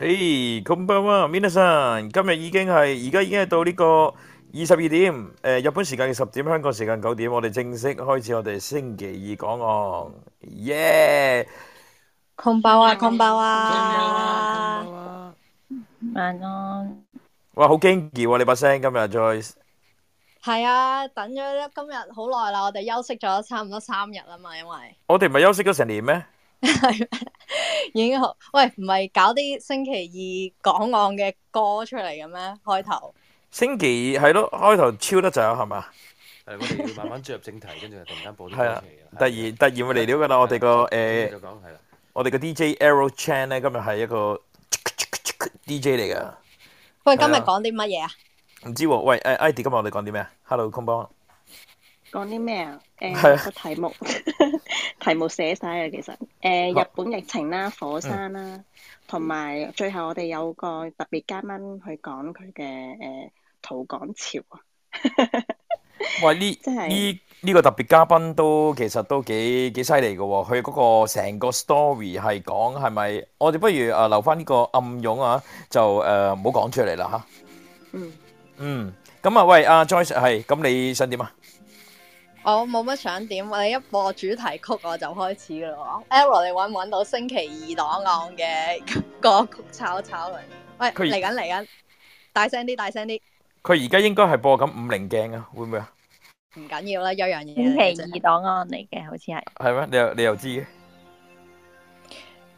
Hey，嘿、啊，こんばんは，皆さん，今日已經係，而家已經係到呢個二十二點，誒、呃，日本時間嘅十點，香港時間九點，我哋正式開始我哋星期二講案，耶、yeah! 啊！こんばんは，こんばんは，晚、啊、安。哇，好驚訝啊你把聲今日 Joyce。係啊，等咗今日好耐啦，我哋休息咗差唔多三日啦嘛，因為，我哋唔係休息咗成年咩？係， 已經好。喂，唔係搞啲星期二港案嘅歌出嚟嘅咩？開頭星期二係咯，開頭超得獎係嘛？係我哋要慢慢進入正題，跟住突然間播啲星期二。係啊，突然突然會嚟料噶啦，我哋個誒，我哋個 DJ Arrow Chan 咧，今日係一個叮叮叮叮 DJ 嚟噶。喂，哎 ID，今日講啲乜嘢啊？唔知喎，喂 i d d 今日我哋講啲咩啊？Hello，come on 講啲咩啊？誒，個題目題目寫晒啦。其實誒，日本疫情啦，火山啦，同埋最後我哋有個特別嘉賓去講佢嘅誒逃港潮啊。喂，呢真係呢呢個特別嘉賓都其實都幾幾犀利噶。佢嗰個成個 story 係講，係咪？我哋不如啊留翻呢個暗湧啊，就誒唔好講出嚟啦吓。嗯嗯，咁啊，喂，阿 Joyce，係咁，你想點啊？我冇乜想點，我哋一播主題曲我就開始噶咯。Ellie，er、你搵唔搵到星期二檔案嘅歌曲炒炒嚟？喂，嚟緊嚟緊，大聲啲，大聲啲。佢而家應該係播緊五零鏡啊，會唔會啊？唔緊要啦，有樣嘢。樣樣樣樣星期二檔案嚟嘅，好似係。係咩？你又你又知嘅？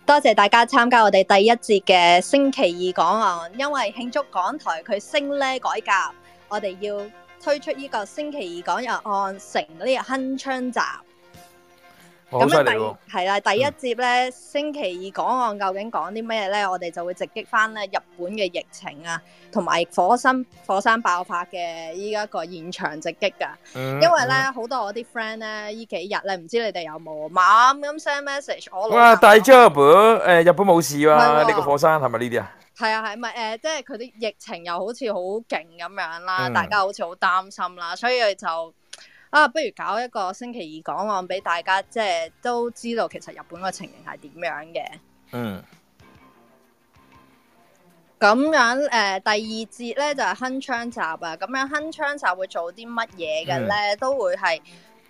多謝大家參加我哋第一節嘅星期二檔案，因為慶祝港台佢升呢改革，我哋要。推出呢個星期二港日案成呢個鏗鏘集，咁哇樣第係啦，哇第一節咧星期二港案究竟講啲咩咧？我哋就會直擊翻咧日本嘅疫情啊，同埋火山火山爆發嘅呢一個現場直擊噶。嗯嗯、因為咧好多我啲 friend 咧呢幾日咧唔知你哋有冇猛咁 send message 我，哇大 j 本，誒，日本冇事啊，嗯、你個火山係咪呢啲啊？係啊，係咪誒？即係佢啲疫情又好似好勁咁樣啦，嗯、大家好似好擔心啦，所以就啊，不如搞一個星期二講案俾大家，即係都知道其實日本個情形係點樣嘅。嗯。咁樣誒、呃，第二節咧就係、是、鏗鏘集啊！咁樣鏗鏘集會做啲乜嘢嘅咧？嗯、都會係。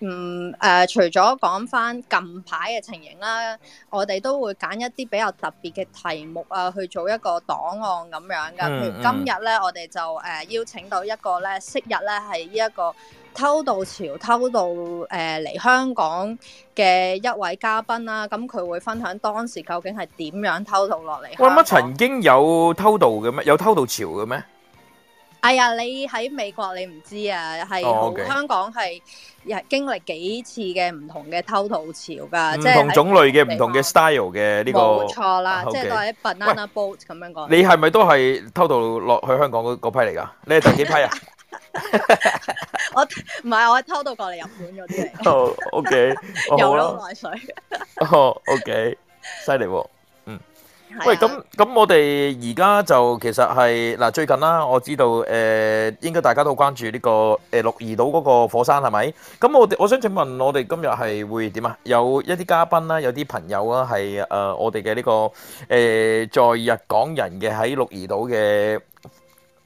嗯，誒、呃，除咗講返近排嘅情形啦，我哋都會揀一啲比較特別嘅題目啊，去做一個檔案咁樣㗎。譬如今日咧，我哋就誒、呃、邀請到一個咧，昔日咧係呢一個偷渡潮偷渡誒嚟、呃、香港嘅一位嘉賓啦。咁、嗯、佢會分享當時究竟係點樣偷渡落嚟。我乜曾經有偷渡嘅咩？有偷渡潮嘅咩？哎呀，你喺美國你唔知啊，係 Okay. 香港係。亦係經歷幾次嘅唔同嘅偷渡潮㗎，即係唔同種類嘅唔同嘅 style 嘅呢、呢個。冇錯啦，啊 okay、即係都係 banana boat 咁喂樣講。你係咪都係偷渡落去香港嗰批嚟㗎？你係第幾批啊？ 我唔係，我係偷渡過嚟日本嗰啲嚟。O K，有咯。遊龍玩水。O K，犀利喎。喂，咁咁我哋而家就其實係嗱、啊、最近啦、啊，我知道誒、呃、應該大家都好關注呢、呢個誒鹿兒島嗰個火山係咪？咁我哋我想請問我哋今日係會點啊？有一啲嘉賓啦、啊，有啲朋友啊，係誒、呃、我哋嘅呢個誒、呃、在日港人嘅喺鹿兒島嘅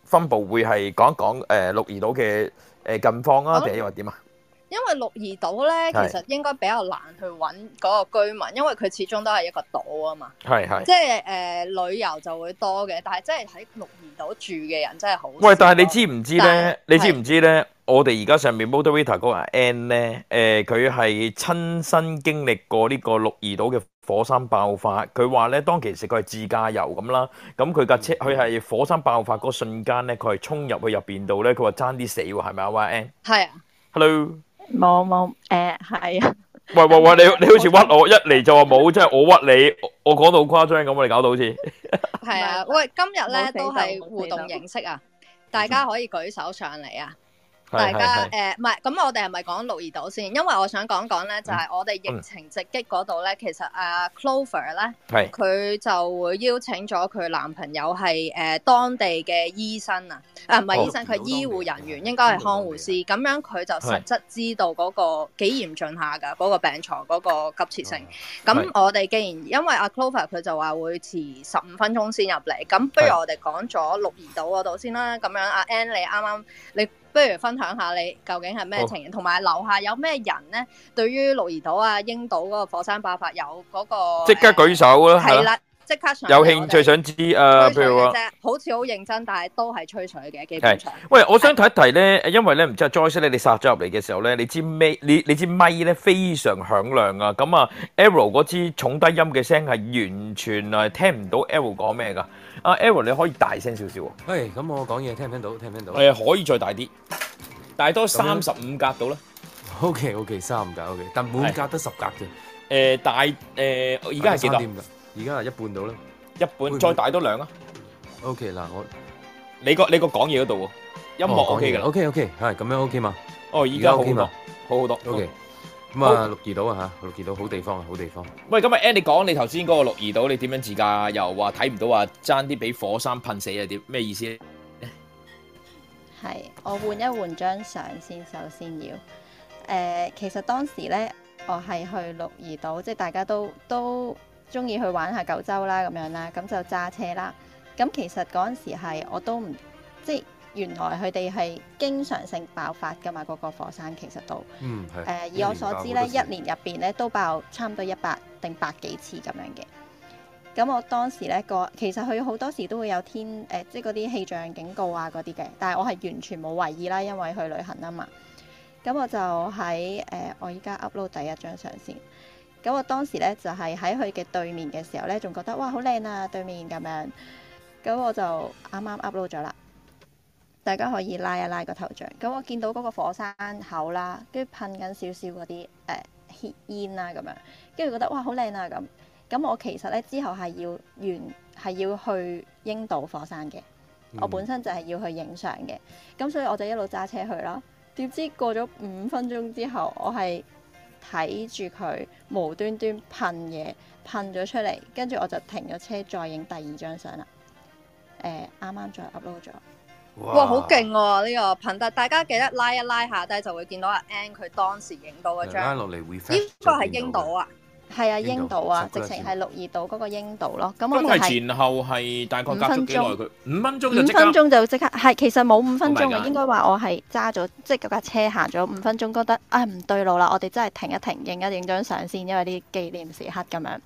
分佈，會係講一講誒鹿兒島嘅誒近況啊？定係點啊？Okay. 因為鹿兒島咧，其實應該比較難去揾嗰個居民，的因為佢始終都係一個島啊嘛。係係的，即係誒、呃、旅遊就會多嘅，但係即係喺鹿兒島住嘅人真係好。喂，但係你知唔知咧？但你知唔知咧？的我哋而家上面 m o t i r i t a r 嗰個阿 N 咧，誒佢係親身經歷過呢個鹿兒島嘅火山爆發。佢話咧，當其時佢係自駕遊咁啦，咁佢架車佢係、嗯、火山爆發嗰瞬間咧，佢係衝入去入邊度咧，佢話爭啲死係咪啊？Y N 係啊，Hello。冇冇，誒係啊！欸、喂喂喂，你你好似屈我， 一嚟就話冇，即係我屈你，我講到好誇張咁，我哋搞到好似係啊！喂，今日咧都係互動形式啊，大家可以舉手上嚟啊。 大家誒唔係咁，我哋係咪講鹿兒島先？因為我想講講咧，就係我哋疫情直擊嗰度咧，其實阿 Clover 咧，佢就會邀請咗佢男朋友係誒當地嘅醫生啊，誒唔係醫生，佢醫護人員應該係看護師。咁樣佢就實質知道嗰個幾嚴峻下噶，嗰個病床，嗰個急切性。咁我哋既然因為阿 Clover 佢就話會遲十五分鐘先入嚟，咁不如我哋講咗鹿兒島嗰度先啦。咁樣阿 Ann，你啱啱你。不如分享下你究竟係咩情形，同埋樓下有咩人咧？對於鹿兒島啊、櫻島嗰個火山爆發有嗰、那個，即刻舉手啦！呃係啦。即刻有興趣想知啊，譬如話，好似好認真，但係都係吹水嘅基本場。係，喂，我想提一提咧，因為咧，唔知啊，Joyce 咧，你殺咗入嚟嘅時候咧，你知咩？你你知咪咧非常響亮啊！咁啊，Arrow 嗰支重低音嘅聲係完全係聽唔到 Arrow 講咩㗎。啊，Arrow，你可以大聲少少喎。係，咁我講嘢聽唔聽到？聽唔聽到？係啊，可以再大啲，大多三十五格到啦。OK，OK，三五格 OK，但滿格得十格啫。誒，大誒，而家係幾點㗎？而家啊，一半到啦，一半會會再大多兩啊。O K，嗱我你個你個講嘢嗰度喎，音樂 O K 㗎喇。O K O K，係咁樣 O K 嘛。哦，而家 OK, okay, okay、哦、多，好好多。O K，咁啊，鹿兒島啊吓，鹿兒島好地方啊，好地方。地方喂，今日 a n 講你頭先嗰個鹿兒島，你駕點樣自駕？又話睇唔到話爭啲俾火山噴死啊？點咩意思咧？係 我換一換張相先，首先要誒、呃，其實當時咧，我係去鹿兒島，即係大家都都。中意去玩下九州啦咁樣啦，咁就揸車啦。咁其實嗰陣時係我都唔，即係原來佢哋係經常性爆發噶嘛，嗰個火山其實都誒以我所知，咧，一年入邊咧都爆差唔多一百定百幾次咁樣嘅。咁我當時咧個，其實佢好多時都會有天誒、呃、即係嗰啲氣象警告啊嗰啲嘅，但係我係完全冇懷疑啦，因為去旅行啊嘛。咁我就喺誒、呃、我依家 upload 第一張相先。咁我當時咧就係喺佢嘅對面嘅時候咧，仲覺得哇好靚啊，對面咁樣，咁我就啱啱 upload 咗啦。大家可以拉一拉個頭像。咁我見到嗰個火山口啦，跟住噴緊少少嗰啲誒煙啦、啊、咁樣，跟住覺得哇好靚啊咁。咁我其實咧之後係要完係要去英島火山嘅，我本身就係要去影相嘅。咁、嗯、所以我就一路揸車去啦。點知過咗五分鐘之後，我係～睇住佢無端端噴嘢，噴咗出嚟，跟住我就停咗車，再影第二張相啦。呃，啱啱再 upload 咗，哇，好勁喎！呢、啊呢個噴得，大家記得拉一拉下低，就會見到阿 N 佢當時影到嗰張。拉落嚟 refine，呢係應該啊！係啊，英島啊，道直情係六二島嗰個英島咯。咁我係前後係大概隔咗幾五分鐘，五分鐘就即刻係其實冇五分鐘嘅，應該話我係揸咗即係架車行咗五分鐘，覺得啊唔、哎、對路啦，我哋真係停一停，影一影張相先，因為啲紀念時刻咁樣。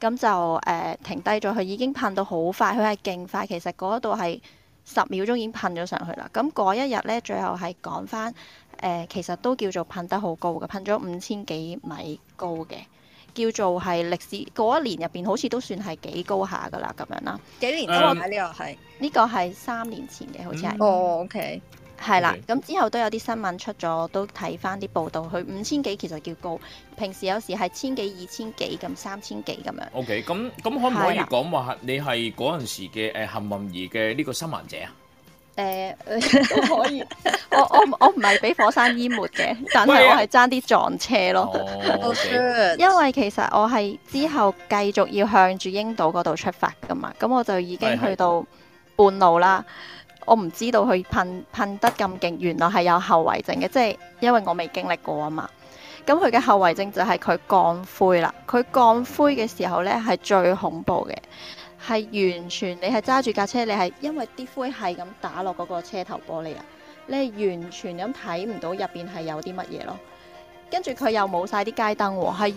咁就誒、呃、停低咗，佢已經噴到好快，佢係勁快。其實嗰度係十秒鐘已經噴咗上去啦。咁嗰一日咧，最後係講翻誒，其實都叫做噴得好高嘅，噴咗五千幾米高嘅。叫做係歷史嗰一年入邊，好似都算係幾高下噶啦，咁樣啦。幾年前我睇呢個係？呢個係三年前嘅，好似係。嗯、哦，OK。係啦，咁 Okay. 之後都有啲新聞出咗，都睇翻啲報道，佢五千幾其實叫高，平時有時係千幾、二千幾、咁三千幾咁樣。OK，咁咁可唔可以講話啦你係嗰陣時嘅誒幸運兒嘅呢個生還者啊？誒、uh, 可以， 我我我唔係俾火山淹沒嘅，但係我係爭啲撞車咯。 因為其實我係之後繼續要向住櫻島嗰度出發噶嘛，咁我就已經去到半路啦。我唔知道佢噴噴得咁勁，原來係有後遺症嘅，即係因為我未經歷過啊嘛。咁佢嘅後遺症就係佢降灰啦。佢降灰嘅時候呢係最恐怖嘅。係完全，你係揸住架車，你係因為啲灰係咁打落嗰個車頭玻璃啊，你係完全咁睇唔到入邊係有啲乜嘢咯。跟住佢又冇晒啲街燈喎，係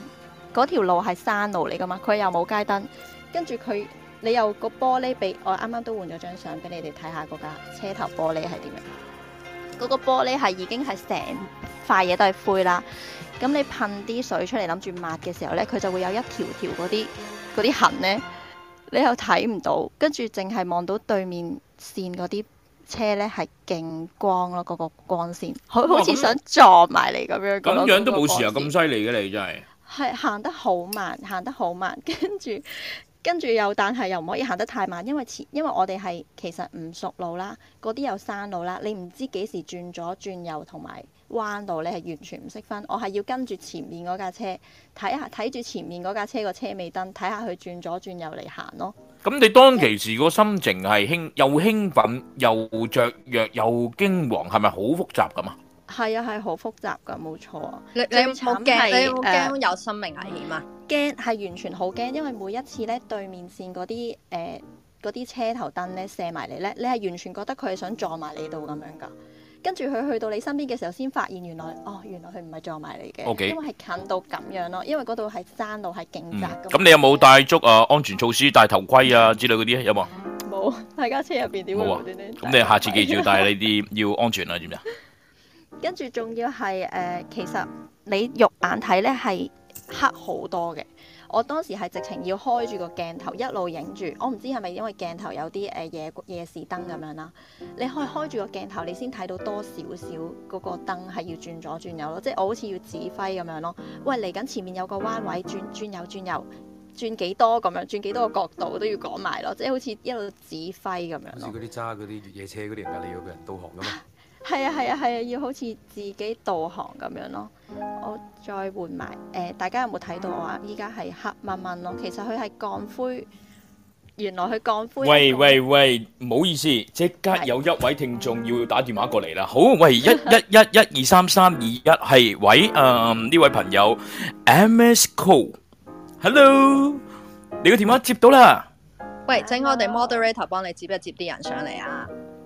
嗰條路係山路嚟噶嘛，佢又冇街燈。跟住佢你又個玻璃俾我啱啱都換咗張相俾你哋睇下架車頭玻璃係點樣。嗰個玻璃係已經係成塊嘢都係灰啦。咁你噴啲水出嚟諗住抹嘅時候呢，佢就會有一條條嗰啲嗰啲痕呢。你又睇唔到，跟住淨係望到對面線嗰啲車呢係勁光咯，嗰、那個光線，好好似想撞埋你咁樣。咁、哦那個、樣都冇事啊？咁犀利嘅你真係。係行得好慢，行得好慢，跟住跟住又，但係又唔可以行得太慢，因為前因為我哋係其實唔熟路啦，嗰啲有山路啦，你唔知幾時轉左轉右同埋。彎道你係完全唔識分。我係要跟住前面嗰架車睇下，睇住前面嗰架車個車尾燈，睇下佢轉左轉右嚟行咯。咁你當其時個心情係興又興奮又著藥又驚惶，係咪好複雜噶嘛？係啊，係好複雜噶，冇錯。你有有你有冇驚？呃、有生命危險啊？驚係完全好驚，因為每一次咧對面線嗰啲誒嗰啲車頭燈咧射埋嚟咧，你係完全覺得佢係想撞埋你度咁樣噶。跟住佢去到你身邊嘅時候，先發現原來哦，原來佢唔係撞埋你嘅 Okay.，因為係近到咁樣咯，因為嗰度係山路係勁窄嘅。咁、嗯、你有冇帶足啊安全措施，戴頭盔啊之類嗰啲有冇？冇，大家車入邊點會冇呢啲？咁你下次記住帶你啲要安全啊，知唔知啊？ 跟住仲要係誒、呃，其實你肉眼睇咧係黑好多嘅。我當時係直情要開住個鏡頭一路影住，我唔知係咪因為鏡頭有啲誒、呃、夜夜視燈咁樣啦。你可以開住個鏡頭，你先睇到多少少嗰個燈係要轉左轉右咯，即係我好似要指揮咁樣咯。喂，嚟緊前面有個彎位，轉轉右轉右，轉幾多咁樣，轉幾多個角度都要講埋咯，即係好似一路指揮咁樣咯。好似嗰啲揸嗰啲夜車嗰啲人㗎，你要畀人導航㗎嘛？係啊係啊係啊，要好似自己導航咁樣咯。我再換埋誒，大家有冇睇到啊？依家係黑掹掹咯。其實佢係鋼灰，原來佢鋼灰。喂喂喂，唔好意思，即刻有一位聽眾要打電話過嚟啦。好，喂一一一一二三三二一，係喂，誒呢位朋友，MS Cole，Hello，你個電話接到啦。喂，請我哋 Moderator 幫你接一接啲人上嚟啊。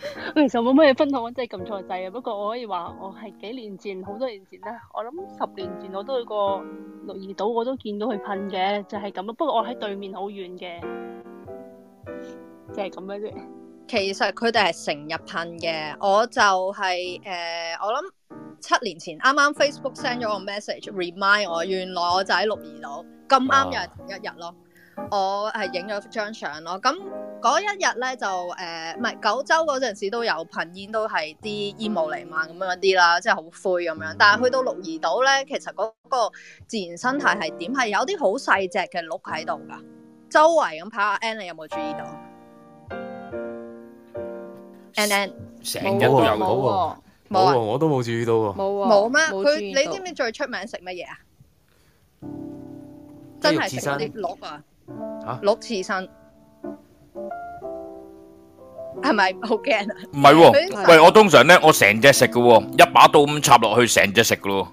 其實冇咩分享，真係撳錯掣啊！不過我可以話，我係幾年前，好多年前啦，我諗十年前我都去過鹿兒島，我都見到佢噴嘅，就係咁咯。不過我喺對面好遠嘅，就係咁樣嘅。其實佢哋係成日噴嘅，我就係誒，我諗七年前啱啱 Facebook send 咗個 message remind 我，原來我就喺鹿兒島咁啱又係同一日咯。我係影咗張相咯，咁嗰一日咧就誒，唔、呃、係九州嗰陣時都有噴煙，煙都係啲煙霧彌漫咁樣啲啦，即係好灰咁樣。但係去到鹿兒島咧，其實嗰個自然生態係點？係有啲好細隻嘅鹿喺度噶，周圍咁跑。Ann，你有冇注意到？Ann，成日都有冇？冇，我都冇注意到。冇冇咩？佢他你知唔知最出名食乜嘢啊？真係食嗰啲鹿啊！吓，鹿刺身係咪好驚啊？唔係喎，哦、 喂，我通常咧，我成隻食噶，一把刀咁插落去，成隻食噶咯。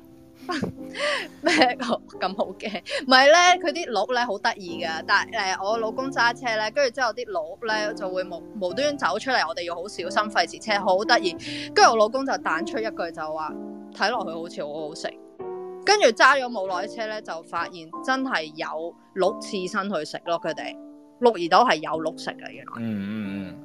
咩咁 好驚？唔係咧，佢啲鹿咧好得意噶，但係、呃、我老公揸車咧，跟住之後啲鹿咧就會無無端端走出嚟，我哋要好小心費事車，好得意。跟住我老公就彈出一句就話，睇落去好似好好食。跟住揸咗冇耐啲車咧，就發現真係有鹿刺身去食咯！佢哋鹿兒島係有鹿食嚟嘅，嗯嗯嗯，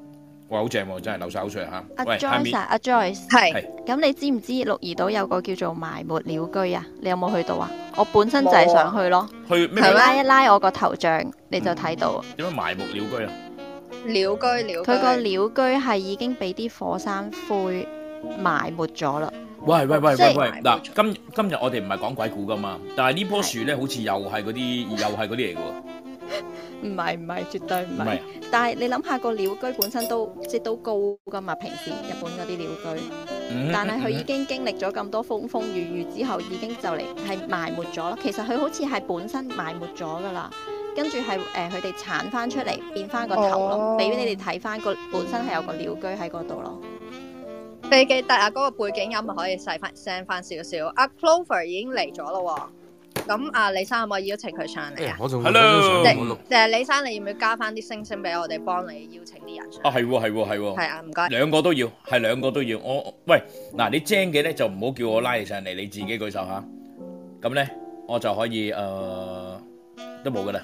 哇，好正喎、哦！真係流口水吓阿 Joyce，阿 Joyce，係。咁你知唔知鹿兒島有個叫做埋沒鳥居啊？你有冇去到啊？我本身就係想去咯。去咩、哦？去，去拉一拉我個頭像，你就睇到。點、嗯、樣埋沒鳥居啊？鳥居，鳥居。佢個鳥居係已經俾啲火山灰埋沒咗啦。喂喂喂喂喂，嗱，今今日我哋唔係講鬼故噶嘛，但係呢棵樹咧，的好似又係嗰啲， 又係嗰啲嚟噶喎。唔係，唔係，絕對唔係。啊、但係你諗下，個鳥居本身都即係都高噶嘛，平時日本嗰啲鳥居。嗯、但係佢已經經歷咗咁多風風雨雨之後，已經就嚟係埋沒咗咯。其實佢好似係本身埋沒咗噶啦，跟住係誒佢哋鏟翻出嚟，變翻個頭咯，俾你哋睇翻個本身係有個鳥居喺嗰度咯。你記得啊，嗰個背景音咪可以細翻聲翻少少。阿 Clover 已經嚟咗咯，咁啊李生可唔可以邀請佢上嚟啊？我仲未邀請佢。誒，李生你要唔要加翻啲星星俾我哋，幫你邀請啲人上？啊，係喎，係喎，係喎。係啊，唔該。兩個都要，係兩個都要。我喂，嗱你精嘅咧就唔好叫我拉你上嚟，你自己舉手吓。咁咧我就可以誒，都冇噶啦。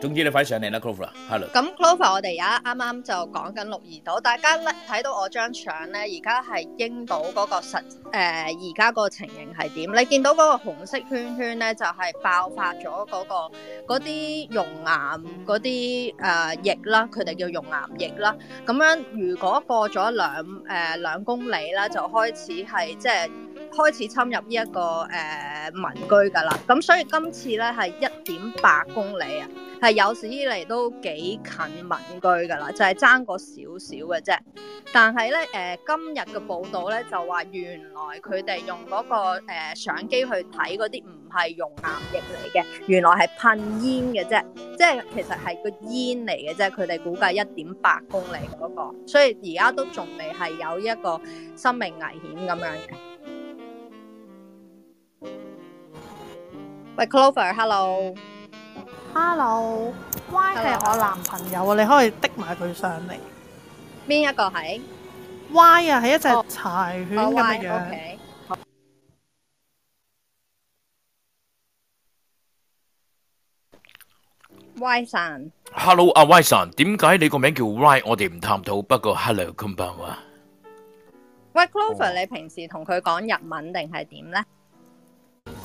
總之你快上嚟啦，Clover。Hello ver, 剛剛。咁 Clover，我哋而家啱啱就講緊鹿兒島。大家咧睇到我張相咧，而家係英島嗰個實誒，而家個情形係點？你見到嗰個紅色圈圈咧，就係、是、爆發咗嗰、那個嗰啲溶岩嗰啲誒液啦，佢哋叫溶岩液啦。咁樣如果過咗兩誒、呃、兩公里啦，就開始係即係。開始侵入呢、這、一個誒、呃、民居㗎啦，咁所以今次呢係一點八公里啊，係有史以嚟都幾近民居㗎啦，就係、是、爭過少少嘅啫。但係呢，誒、呃，今日嘅報導呢就話原來佢哋用嗰、那個、呃、相機去睇嗰啲唔係熔岩液嚟嘅，原來係噴煙嘅啫，即係其實係個煙嚟嘅啫。佢哋估計一點八公里嗰、那個，所以而家都仲未係有一個生命危險咁樣嘅。喂，Clover，hello，hello，Y 係我男朋友啊，Hello，你可以滴埋佢上嚟。邊一個係 Y 啊？係一隻柴犬咁嘅樣。Hello, Yson，Hello，阿 Yson，點解你個名叫 Y？我哋唔探討。不過 Hello，こんばんは。喂，Clover，oh. 你平時同佢講日文定係點咧？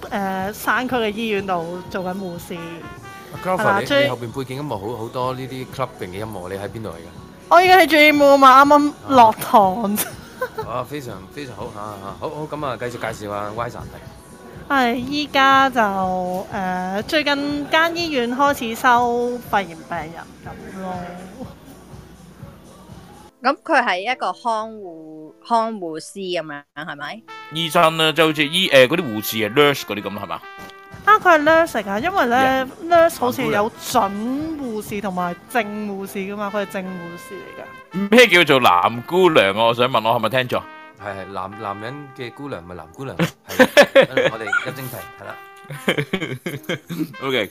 誒、呃、山區嘅醫院度做緊護士。Clara，啊、的你後邊背景音樂好好多呢啲 clubbing 嘅音樂，你喺邊度嚟㗎？我而家喺 JMO 嘛，啱啱、啊、落堂。啊， 啊，非常非常好嚇嚇、啊，好好咁啊、嗯，繼續介紹啊 Y さん。係依家就誒、呃、最近間醫院開始收肺炎病人咁咯。咁佢係一個看護。看護師咁樣係咪？醫生咧就好似醫誒嗰啲護士啊，nurse 嗰啲咁啦係嘛？啊，佢係 nurse 啊，因為咧 nurse 好似有準護士同埋正護士噶嘛，佢係正護士嚟噶。咩叫做男姑娘啊？我想問我係咪聽錯？係男男人嘅姑娘，唔係男姑娘，係我哋今朝題係啦。OK。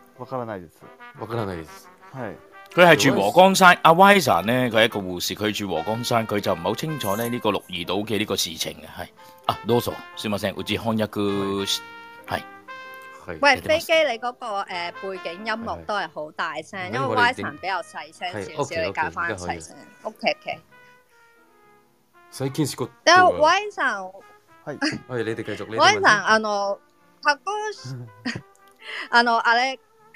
唔係。佢係住和歌山，阿威神咧佢係一個護士，佢住和歌山，佢就唔係好清楚咧呢個鹿兒島嘅呢個事情嘅係。啊，哆嗦，先唔先？我接翻一個，係。係。喂，飛機你嗰個誒背景音樂都係好大聲，因為威神比較細聲少少，你校翻一齊聲。OK OK。所以 Kinsco，但係威神係。係你哋繼續。威神，あの、各國、あの、あれ。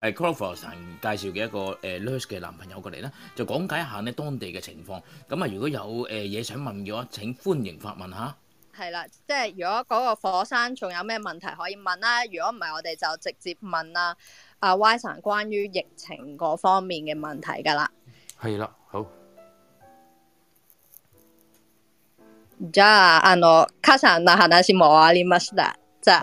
係 Crawford 神介紹嘅一個誒 l u s 嘅男朋友過嚟啦，就講解一下咧當地嘅情況。咁啊，如果有誒嘢想問嘅話，請歡迎發問嚇。係啦，即係如果嗰個火山仲有咩問題可以問啦，啊，如果唔係我哋就直接問啊啊 Y s o n 關於疫情嗰方面嘅問題噶啦。係啦，好。Ja and can na hana s mo s da. Ja。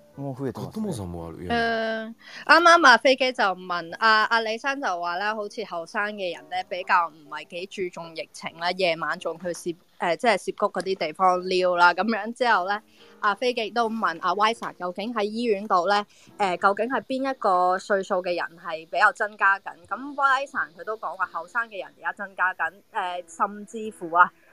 我佢哋都冇就冇啊，啱啱阿飛機就問阿阿、啊、李生就話咧，好似後生嘅人咧比較唔係幾注重疫情咧，夜晚仲去涉誒、呃、即係涉谷嗰啲地方撩啦。咁樣之後咧，阿、啊、飛機都問阿 Y 神究竟喺醫院度咧誒，究竟係邊一個歲數嘅人係比較增加緊？咁 Y 神佢都講話後生嘅人而家增加緊，誒、呃、甚至乎啊～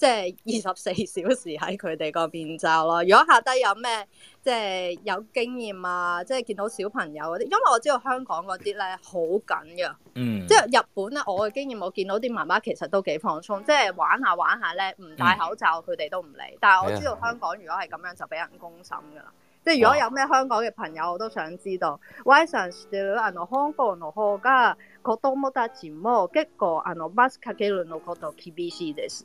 即係二十四小時喺佢哋個面罩咯。如果下低有咩即係有經驗啊，即、就、係、是、見到小朋友嗰啲，因為我知道香港嗰啲咧好緊㗎，嗯、即係日本咧。我嘅經驗我見到啲媽媽其實都幾放鬆，即係玩下玩下咧，唔戴口罩佢哋都唔理。嗯、但係我知道香港如果係咁樣就俾人公審㗎啦。嗯、即係如果有咩香港嘅朋友，我都想知道。w h should y still basketball I that annoy Kong? Kick Could move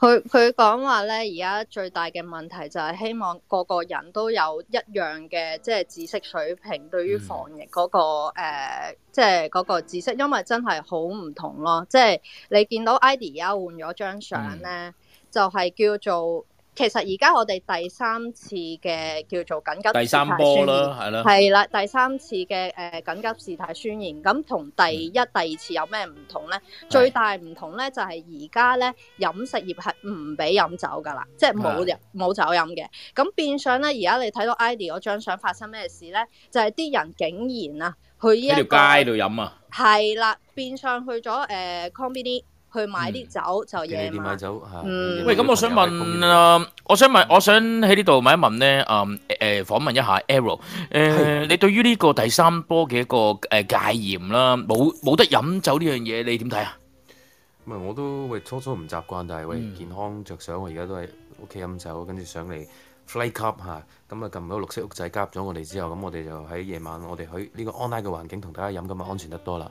佢佢講話咧，而家最大嘅問題就係希望個個人都有一樣嘅，即係知識水平對於防疫嗰個誒，即係嗰個知識，因為真係好唔同咯。即係你見到 Ida 而家換咗張相咧，就係、是嗯、叫做。其實而家我哋第三次嘅叫做緊急，第三波啦，係啦，係啦，第三次嘅誒緊急事態宣言。咁同第，第，呃、第一、嗯、第二次有咩唔同咧？的最大唔同咧就係而家咧飲食業係唔俾飲酒㗎啦，即係冇冇酒飲嘅。咁變相咧，而家你睇到 Eddie 嗰張相發生咩事咧？就係、是、啲人竟然啊，去依一條街度飲啊，係啦，變上去咗誒 c o n v i n 去買啲酒就夜晚。嗯，喂，咁我想問啊，我想問，我想喺呢度問一問咧，嗯，誒訪問一下 Arrow，誒你對於呢個第三波嘅一個誒戒嚴啦，冇冇得飲酒呢樣嘢，你點睇啊？唔係我都喂初初唔習慣，但係喂健康著想，我而家都喺屋企飲酒，跟住上嚟 fly cup 嚇，咁啊撳到綠色屋仔夾咗我哋之後，咁我哋就喺夜晚，我哋喺呢個 online 嘅環境同大家飲，咁啊安全得多啦。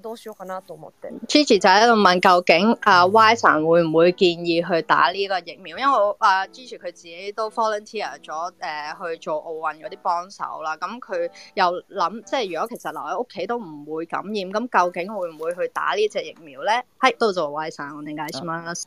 多少咁啦，到目定。Gigi 就喺度問究竟啊、uh, Y 神會唔會建議去打呢個疫苗？因為我啊、uh, Gigi 佢自己都 volunteer 咗誒、呃、去做奧運嗰啲幫手啦。咁、嗯、佢又諗即係如果其實留喺屋企都唔會感染，咁、嗯、究竟會唔會去打呢隻疫苗咧？係い，多謝 Y 神，san, お願いします。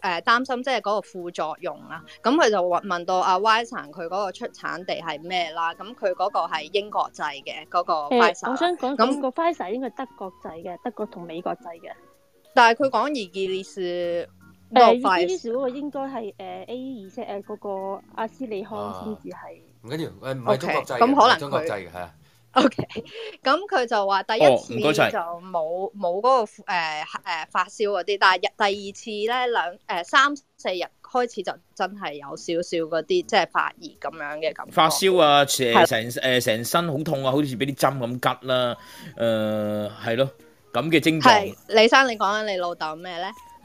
誒擔心即係嗰個副作用啦、啊，咁、嗯、佢就問問到阿 Y a x a 佢嗰個出產地係咩啦？咁佢嗰個係英國製嘅嗰、那個 v a、欸、我想講咁個 v a x 應該係德國製嘅，那德國同美國製嘅。但係佢講 Eagleis 嗰個 a、呃、應該係 A 二劑誒嗰個阿斯利康先至係。唔緊要誒，唔係中國製嘅 Okay, 中國製嘅係啊。O K，咁佢就話第一次就冇冇嗰個誒誒、呃、發燒嗰啲，但係第二次咧兩誒三四日開始就真係有少少嗰啲即係發熱咁樣嘅感覺。發燒啊，成成成身好痛啊，好似俾啲針咁拮啦，誒、呃、係咯咁嘅症狀。係李生，你講緊你老豆咩咧？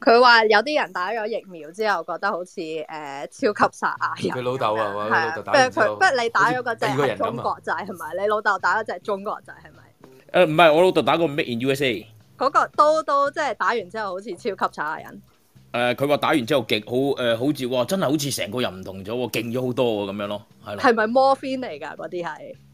佢話有啲人打咗疫苗之後覺得好似誒、呃、超級撒亞人，佢老豆啊，佢老豆打不佢不你打咗嗰隻中國人仔係咪？你老豆打咗隻中國人仔係咪？誒，唔係、呃，我老豆打個 Made in USA 嗰個都都即係打完之後好似超級撒亞人。誒、呃，佢話打完之後極好，誒、呃，好似真係好似成個人唔同咗，勁咗好多咁樣咯，係咯。係咪 morphine 嚟噶？嗰啲係。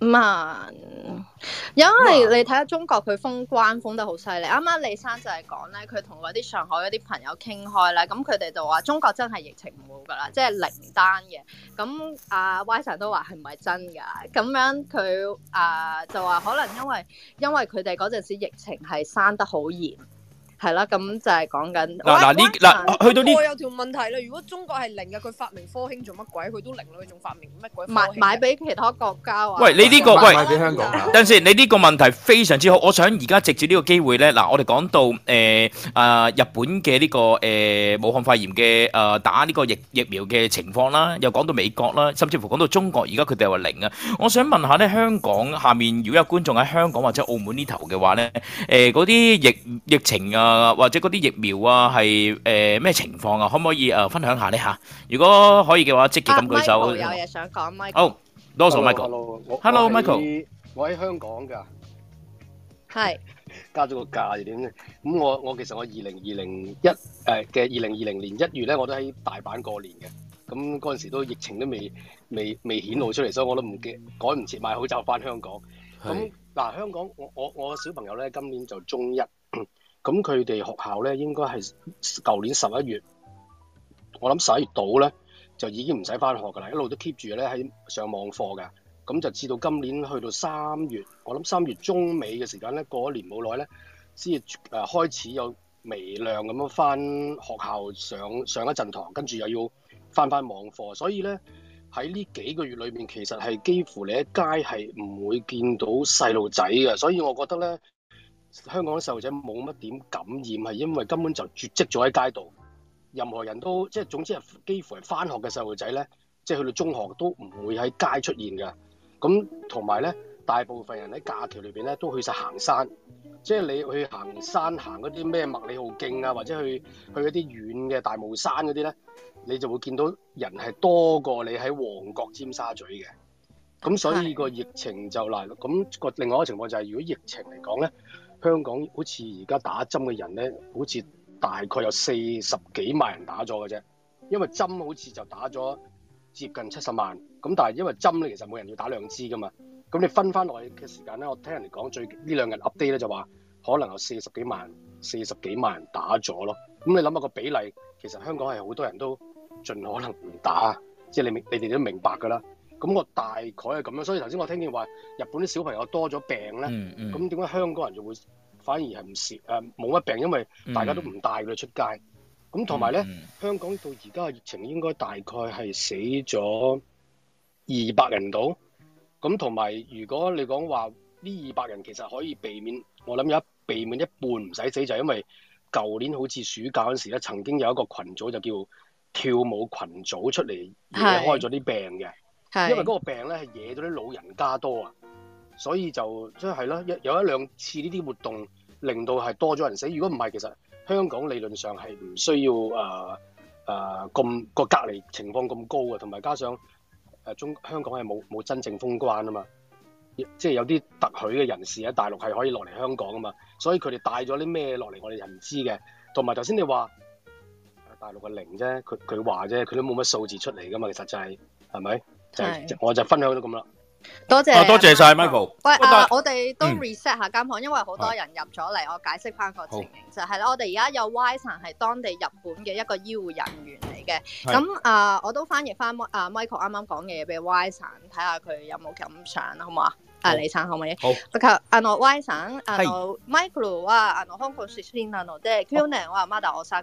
唔係，Man, 因為你睇下中國佢封關封得好犀利。啱啱李生就係講咧，佢同嗰啲上海嗰啲朋友傾開咧，咁佢哋就話中國真係疫情唔好噶啦，即係零單嘅。咁阿 Wyson 都話係唔係真噶？咁樣佢啊就話可能因為因為佢哋嗰陣時疫情係生得好嚴。係啦，咁就係講緊嗱嗱呢嗱去到呢，我有條問題啦。如果中國係零嘅，佢發明科興做乜鬼？佢都零啦，佢仲發明乜鬼？買買俾其他國家啊！喂，你呢個喂，買俾香港。等陣先，你呢個問題非常之好。我想而家藉住呢個機會咧，嗱，我哋講到誒啊、呃呃、日本嘅呢、這個誒、呃、武漢肺炎嘅誒、呃、打呢個疫疫，疫苗嘅情況啦，又講到美國啦，甚至乎講到中國，而家佢哋話零啊。我想問下咧，香港下面如果有觀眾喺香港或者澳門呢頭嘅話咧，誒嗰啲疫疫情啊～誒，或者嗰啲疫苗啊，係誒咩情況啊？可唔可以誒分享下咧吓？如果可以嘅話，積極咁舉手。有嘢想講，Michael。好，多謝 Michael。Hello，Michael，我喺香港噶，係加咗個價點咧？咁我我其實我二零二零一誒嘅二零二零年一月咧，我都喺大阪過年嘅。咁嗰陣時都疫情都未未未顯露出嚟，所以我都唔記得趕唔切買口罩返香港。咁嗱，香港我我我小朋友咧今年就中一。咁佢哋學校咧，應該係舊年十一月，我諗十一月到咧，就已經唔使翻學噶啦，一路都 keep 住咧喺上網課㗎。咁就至到今年去到三月，我諗三月中尾嘅時間咧，過一年冇耐咧，先至誒開始有微量咁樣翻學校上上一陣堂，跟住又要翻翻網課。所以咧喺呢幾個月裏面，其實係幾乎你一街係唔會見到細路仔嘅。所以我覺得咧。香港啲細路仔冇乜點感染，係因為根本就絕跡咗喺街度。任何人都即係總之係幾乎係翻學嘅細路仔咧，即係去到中學都唔會喺街出現嘅。咁同埋咧，大部分人喺假期裏邊咧都去曬行山，即係你去行山行嗰啲咩麥里浩徑啊，或者去去一啲遠嘅大帽山嗰啲咧，你就會見到人係多過你喺旺角尖沙咀嘅。咁所以個疫情就嚟咁、個另外一個情況就係、是，如果疫情嚟講咧。香港好似而家打針嘅人咧，好似大概有四十幾萬人打咗嘅啫，因為針好似就打咗接近七十萬，咁但係因為針咧，其實每人要打兩支噶嘛，咁你分翻落去嘅時間咧，我聽人哋講，最呢兩日 update 咧就話可能有四十幾萬、四十幾萬人打咗咯，咁你諗下個比例，其實香港係好多人都盡可能唔打，即係你明，你哋都明白㗎啦。咁我大概係咁樣，所以頭先我聽見話日本啲小朋友多咗病咧，咁點解香港人就會反而係唔蝕誒冇乜病？因為大家都唔帶佢哋出街。咁同埋咧，呢嗯、香港到而家嘅疫情應該大概係死咗二百人度。咁同埋如果你講話呢二百人其實可以避免，我諗有一避免一半唔使死，就係、因為舊年好似暑假嗰時咧，曾經有一個群組就叫跳舞群組出嚟惹開咗啲病嘅。因為嗰個病咧係惹咗啲老人家多啊，所以就即係咯，有有一兩次呢啲活動令到係多咗人死。如果唔係，其實香港理論上係唔需要誒誒咁個隔離情況咁高嘅，同埋加上誒、呃、中香港係冇冇真正封關啊嘛，即係有啲特許嘅人士喺大陸係可以落嚟香港啊嘛，所以佢哋帶咗啲咩落嚟，我哋就唔知嘅。同埋頭先你話大陸嘅零啫，佢佢話啫，佢都冇乜數字出嚟㗎嘛，其實就係係咪？係，我就分享到咁啦。多謝，多謝晒 Michael。喂，我哋都 reset 下間房，因為好多人入咗嚟，我解釋翻個情形就係咧，我哋而家有 Y 神係當地日本嘅一個醫護人員嚟嘅。咁啊，我都翻譯翻啊 Michael 啱啱講嘅嘢俾 Y 神睇下佢有冇咁想，好嘛？啊李生好唔可好。咁啊，あの Y さんあの Michael はあの香港出身なので去年はまだおさ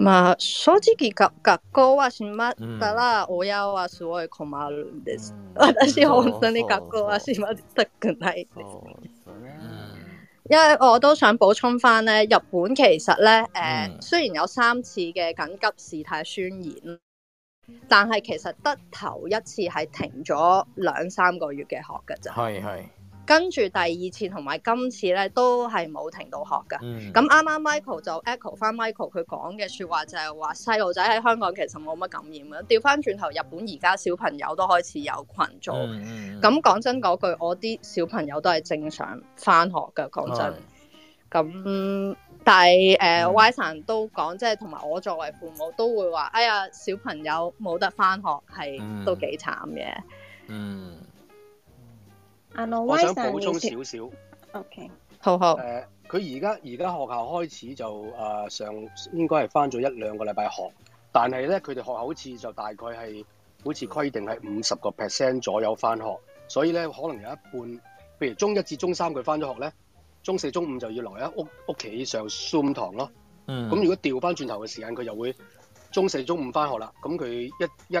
まあ，正直，學校は，閉まったら得啦、嗯，親。 因為我都想補充翻咧，日本其實咧，誒、呃，嗯、雖然有三次嘅緊急事態宣言，但係其實得頭一次係停咗兩三個月嘅學㗎咋。係係。跟住第二次同埋今次咧，都係冇停到學噶。咁啱啱 Michael 就 echo 翻 Michael 佢講嘅説話就說，就係話細路仔喺香港其實冇乜感染嘅。調翻轉頭，日本而家小朋友都開始有群組。咁講、嗯、真嗰句，我啲小朋友都係正常翻學嘅。講真，咁、啊嗯、但係誒 Ysan 都講，即係同埋我作為父母都會話：哎呀，小朋友冇得翻學係都幾慘嘅。嗯。我想補充少少 Okay.、呃。O K，好。誒，佢而家而家學校開始就誒、呃、上，應該係翻咗一兩個禮拜學。但係咧，佢哋學校好似就大概係好似規定係五十個 percent 左右翻學。所以咧，可能有一半，譬如中一至中三佢翻咗學咧，中四中五就要留喺屋屋企上 zoom 堂咯。嗯。咁如果調翻轉頭嘅時間，佢就會中四中五翻學啦。咁佢一一。一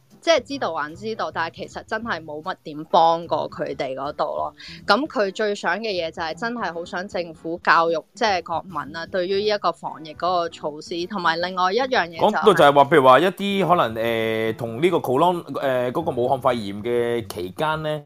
即係知道還知道，但係其實真係冇乜點幫過佢哋嗰度咯。咁佢最想嘅嘢就係真係好想政府教育即係國民啦。對於呢一個防疫嗰個措施，同埋另外一樣嘢，講到就係話，譬如話一啲可能誒同呢個 Coron 誒嗰個武漢肺炎嘅期間咧。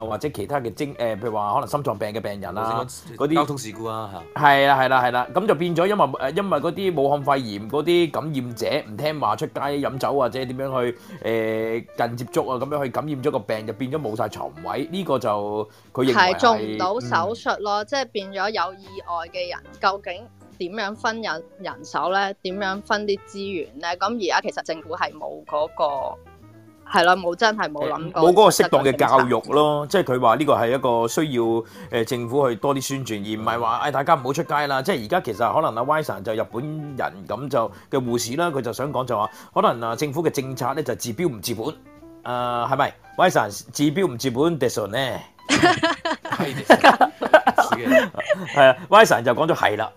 或者其他嘅症誒，譬如話可能心臟病嘅病人啦，嗰啲交通事故啊，係啦係啦係啦，咁就變咗，因為誒因為嗰啲武漢肺炎嗰啲感染者唔聽話出街飲酒或者點樣去誒近接觸啊，咁樣去感染咗個病，就變咗冇晒床位呢個就佢係做唔到手術咯，即係變咗有意外嘅人，究竟點樣分人人手咧？點樣分啲資源咧？咁而家其實政府係冇嗰個。係咯，冇真係冇諗到冇嗰個適當嘅教育咯，即係佢話呢個係一個需要誒政府去多啲宣傳，而唔係話誒大家唔好出街啦。即係而家其實可能阿 Y s o n 就日本人咁就嘅護士啦，佢就想講就話可能啊政府嘅政策咧就治標唔治本，誒係咪 Y s o n 治標唔治本？Desire 呢？係啊，Y s o n 就講咗係啦。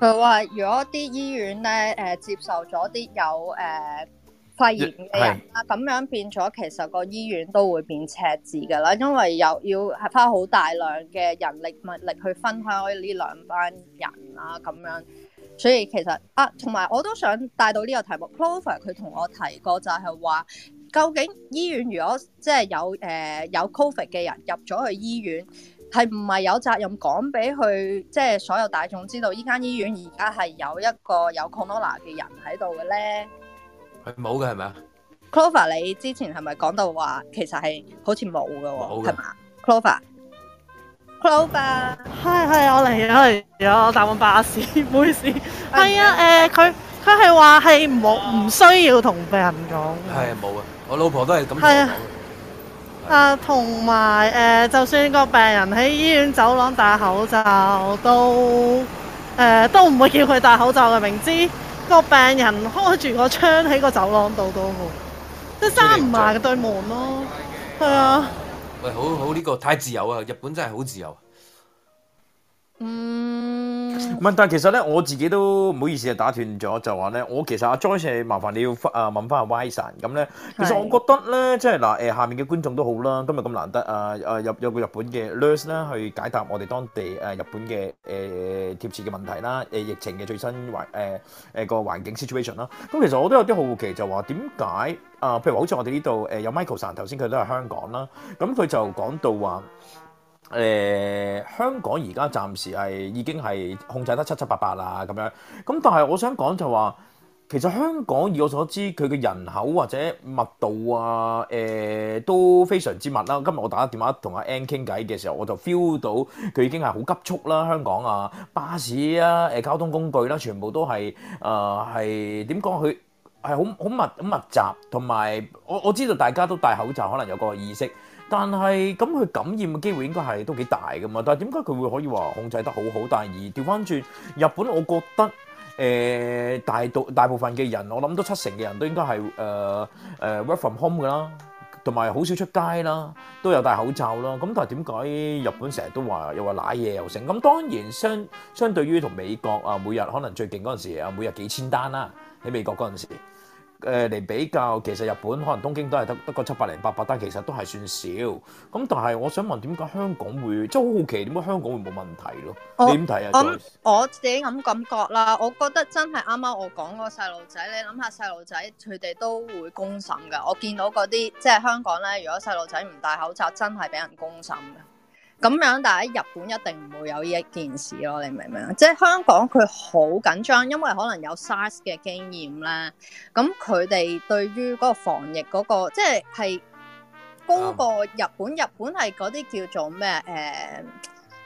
佢話如果啲醫院咧，誒、呃、接受咗啲有誒、呃、肺炎嘅人啦，咁樣變咗，其實個醫院都會變赤字噶啦，因為有要係花好大量嘅人力物力去分開呢兩班人啦、啊，咁樣，所以其實啊，同埋我都想帶到呢個題目，Clover 佢同我提過就係話，究竟醫院如果即係有誒、呃、有 COVID 嘅人入咗去醫院？係唔係有責任講俾佢，即係所有大眾知道依間醫院而家係有一個有 corona 嘅人喺度嘅咧？係冇嘅係咪啊？Clover，你之前係咪講到話其實係好似冇嘅喎？係嘛？Clover，Clover，係，係我嚟咗嚟咗，我搭緊巴士，唔好意思，係啊，誒，佢佢係話係冇，唔需要同病人講。係冇啊，我老婆都係咁同我同埋誒，就算個病人喺醫院走廊戴口罩，都誒、呃、都唔會叫佢戴口罩嘅，明知個病人開住個窗喺個走廊度都好，即係閂唔埋嘅對門咯，係啊。喂，好好呢個太自由啊！日本真係好自由。嗯，唔但係其實咧，我自己都唔好意思啊，打斷咗就話咧，我其實阿、啊、Joyce 麻煩你要翻啊問翻下 Y 神咁咧。其實我覺得咧，的即係嗱誒，下面嘅觀眾都好啦，今日咁難得啊啊、呃，有有個日本嘅 l u r s 啦，去解答我哋當地誒、呃、日本嘅誒貼切嘅問題啦，誒、呃、疫情嘅最新環誒誒個環境 situation 啦、啊。咁、嗯、其實我都有啲好奇，就話點解啊？譬如好似我哋呢度誒有 Michael 神，頭先佢都係香港啦，咁佢就講到話。誒、呃、香港而家暫時係已經係控制得七七八八啦咁樣，咁但係我想講就話，其實香港以我所知，佢嘅人口或者密度啊，誒、呃、都非常之密啦。今日我打電話同阿 N 傾偈嘅時候，我就 feel 到佢已經係好急促啦。香港啊，巴士啊，誒交通工具啦、啊，全部都係啊係點講？佢係好好密咁密集，同埋我我知道大家都戴口罩，可能有個意識。但係咁佢感染嘅機會應該係都幾大㗎嘛？但係點解佢會可以話控制得好好？但係而調返轉日本，我覺得誒、呃、大到大部分嘅人，我諗都七成嘅人都應該係誒誒 work from home 㗎啦，同埋好少出街啦，都有戴口罩啦。咁但係點解日本成日都話又話瀨嘢又盛？咁當然相相對於同美國啊，每日可能最勁嗰陣時啊，每日幾千單啦，喺美國嗰陣時。誒嚟、呃、比較，其實日本可能東京都係得得個七百零八百單，但其實都係算少。咁但係我想問，點解香港會即係好好奇？點解香港會冇問題咯？我你點睇啊？咁我，我自己咁感覺啦，我覺得真係啱啱我講嗰個細路仔，你諗下細路仔佢哋都會公審㗎。我見到嗰啲即係香港咧，如果細路仔唔戴口罩，真係俾人公審嘅。咁樣，但喺日本一定唔會有呢一件事咯，你明唔明啊？即係香港佢好緊張，因為可能有 SARS 嘅經驗啦。咁佢哋對於嗰個防疫嗰、嗰個，即係係高過日本，日本係嗰啲叫做咩誒、呃、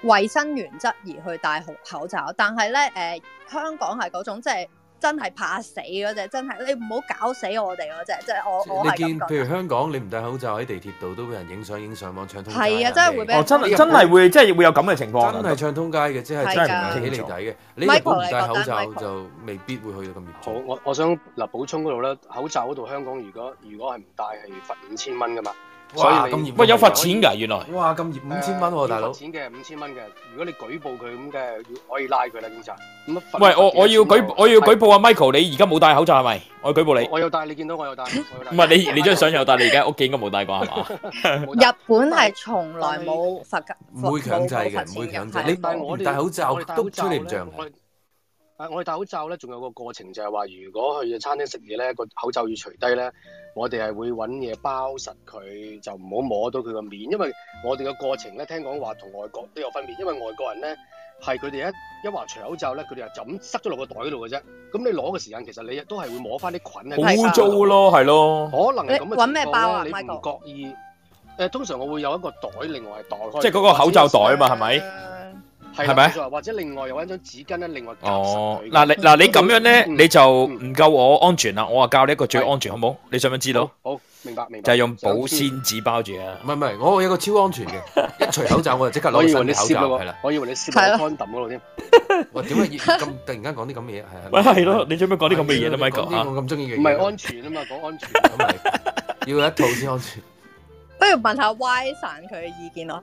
衛生原則而去戴紅口罩，但係咧誒香港係嗰種即係。真係怕死嗰隻，真係你唔好搞死我哋嗰隻，即係我我係。你見譬如香港，你唔戴口罩喺地鐵度，都俾人影相、影相網、唱通街。啊的，家真係會俾人哦，真真係會，即係會，會有咁嘅情況，真係唱通街嘅，即係的真係唔係起零底嘅。你如果唔戴口罩 Michael，就未必會去到咁嚴重。我我想嗱補充嗰度咧，口罩嗰度香港如果如果係唔戴係罰五千蚊㗎嘛。所以你咁熱？喂，有罰錢㗎原來。哇，咁熱五千蚊喎，大佬。罰錢嘅五千蚊嘅，如果你舉報佢咁嘅，可以拉佢啦警察。唔咪我我要舉我要舉報阿 Michael，你而家冇戴口罩係咪？我要舉報你。我有戴，你見到我有戴。唔係你你張相又戴，你而家屋企應該冇戴啩係嘛？日本係從來冇罰金。唔會強制嘅，唔會強制。你唔戴口罩都吹你唔脹嘅。我哋戴口罩咧，仲有個過程就係話，如果去餐廳食嘢咧，個口罩要除低咧，我哋係會揾嘢包實佢，就唔好摸到佢個面，因為我哋嘅過程咧，聽講話同外國都有分別，因為外國人咧係佢哋一一話除口罩咧，佢哋就就咁塞咗落個袋嗰度嘅啫。咁你攞嘅時間，其實你都係會摸翻啲菌喺度。好污糟咯，係咯。可能你揾咩包啊？你唔覺意。誒，通常我會有一個袋，另外係袋開。即係嗰個口罩袋啊嘛，係咪？係咪啊？或者另外又搵一張紙巾咧，另外哦嗱你嗱你咁樣咧，你就唔夠我安全啦。我話教你一個最安全好冇？你想唔想知道？好，明白明白。就係用保鮮紙包住啊！唔係唔係，我有個超安全嘅，一除口罩我就即刻攞新口罩。係啦，我以為你貼個 condom 嗰度添。喂，點解咁突然間講啲咁嘅嘢？係啊，咪係咯？你做咩講啲咁嘅嘢？唔係講啲我咁中意嘅嘢。唔係安全啊嘛，講安全，要一套先安全。不如問下 Y 神佢嘅意見咯。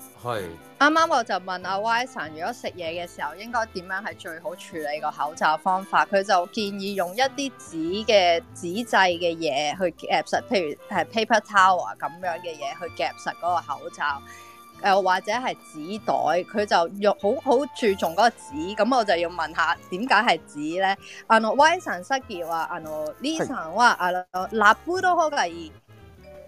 係，啱啱是我就問阿、啊、Wyson，如果食嘢嘅時候應該點樣係最好處理個口罩方法？佢就建議用一啲紙嘅紙製嘅嘢去夾實，譬如係 paper towel 咁樣嘅嘢去夾實嗰個口罩，又、呃、或者係紙袋。佢就用好好注重嗰個紙，咁我就要問下點解係紙咧？阿 Wyson 失言話：阿 Lisa 話阿拉普羅可爾。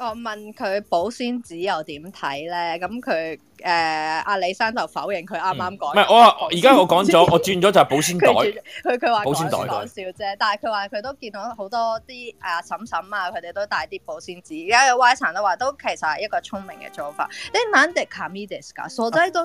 我問佢保鮮紙又點睇咧？咁佢，誒，阿李生就否認佢啱啱講。唔、嗯、係、嗯嗯嗯嗯、我而家我講咗，我轉咗就係保鮮袋。佢佢 保鮮袋講笑啫，但係佢話佢都見到好多啲阿、啊、嬸嬸啊，佢哋都帶啲保鮮紙。而家有 Y 神都話都其實係一個聰明嘅做法。你卡卡傻仔都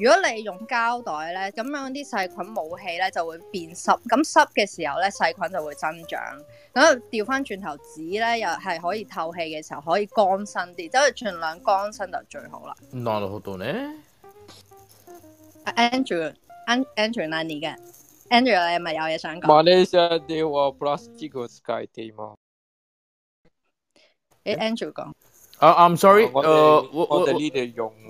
如果你用膠袋咧，咁樣啲細菌武器咧就會變濕，咁濕嘅時候咧細菌就會增長。咁掉翻轉頭紙咧又係可以透氣嘅時候可以乾身啲，即係儘量乾身就最好啦。奈落好多咧。Andrew，Andrew，annie 嘅，Andrew 你係咪有嘢想講？Malaysia 話 plastic 嘅世界啲嘛？Andrew 講。啊，I'm sorry，我、uh，我哋呢度用，用。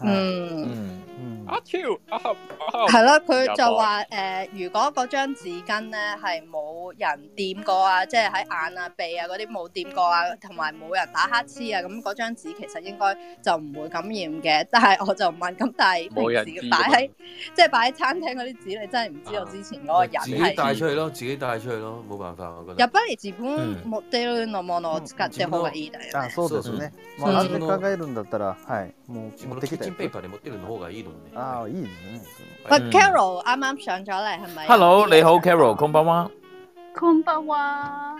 嗯，阿超，係咯，佢就話誒，如果嗰張紙巾咧係冇人掂過啊，即係喺眼啊、鼻啊嗰啲冇掂過啊，同埋冇人打乞嗤啊，咁嗰張紙其實應該就唔會感染嘅。但係我就唔問，咁但係冇人，擺喺即係擺喺餐廳嗰啲紙，你真係唔知道之前嗰個人係。自己帶出去咯，自己帶出去咯，冇辦法，我覺得。入不黎時本，模的ものを使って方がいいだよ。啊，そうですよね。もう考えるんだ先配合 Carol 啱啱上咗嚟，係咪？Hello，你好，Carol，康巴娃。康巴娃，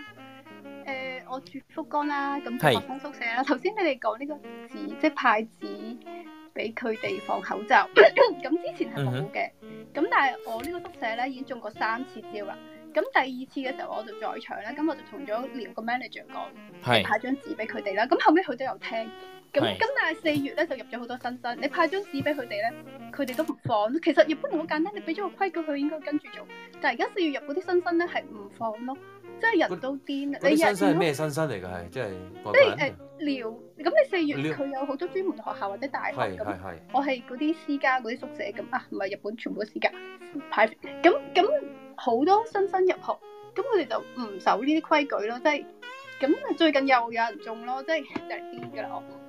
誒、呃，我住福江啦，咁就學生宿舍啦。頭先是你哋講呢個字，即係派紙俾佢哋放口罩。咁 之前係冇嘅，咁、嗯、哼但係我個呢個宿舍咧已經中過三次招啦。咁第二次嘅時候我就在場咧，咁我就同咗個 manager 講，派張紙俾佢哋啦。咁後尾佢都有聽。咁咁但係四月咧就入咗好多新生，你派張紙俾佢哋咧，佢哋都唔放。其實日本人好簡單，你俾咗個規矩，佢應該跟住做。但係而家四月入嗰啲新生咧係唔放咯，即係人都癲啦。你啲新生係咩新生嚟噶？係即係即係誒、呃，聊咁你四月佢聊有好多專門學校或者大學嘅，我係嗰啲私家嗰啲宿舍咁啊，唔係日本全部嘅私家派咁咁好多新生入學，咁佢哋就唔守呢啲規矩咯，即係咁最近又有人中咯，即係就癲噶啦哦！我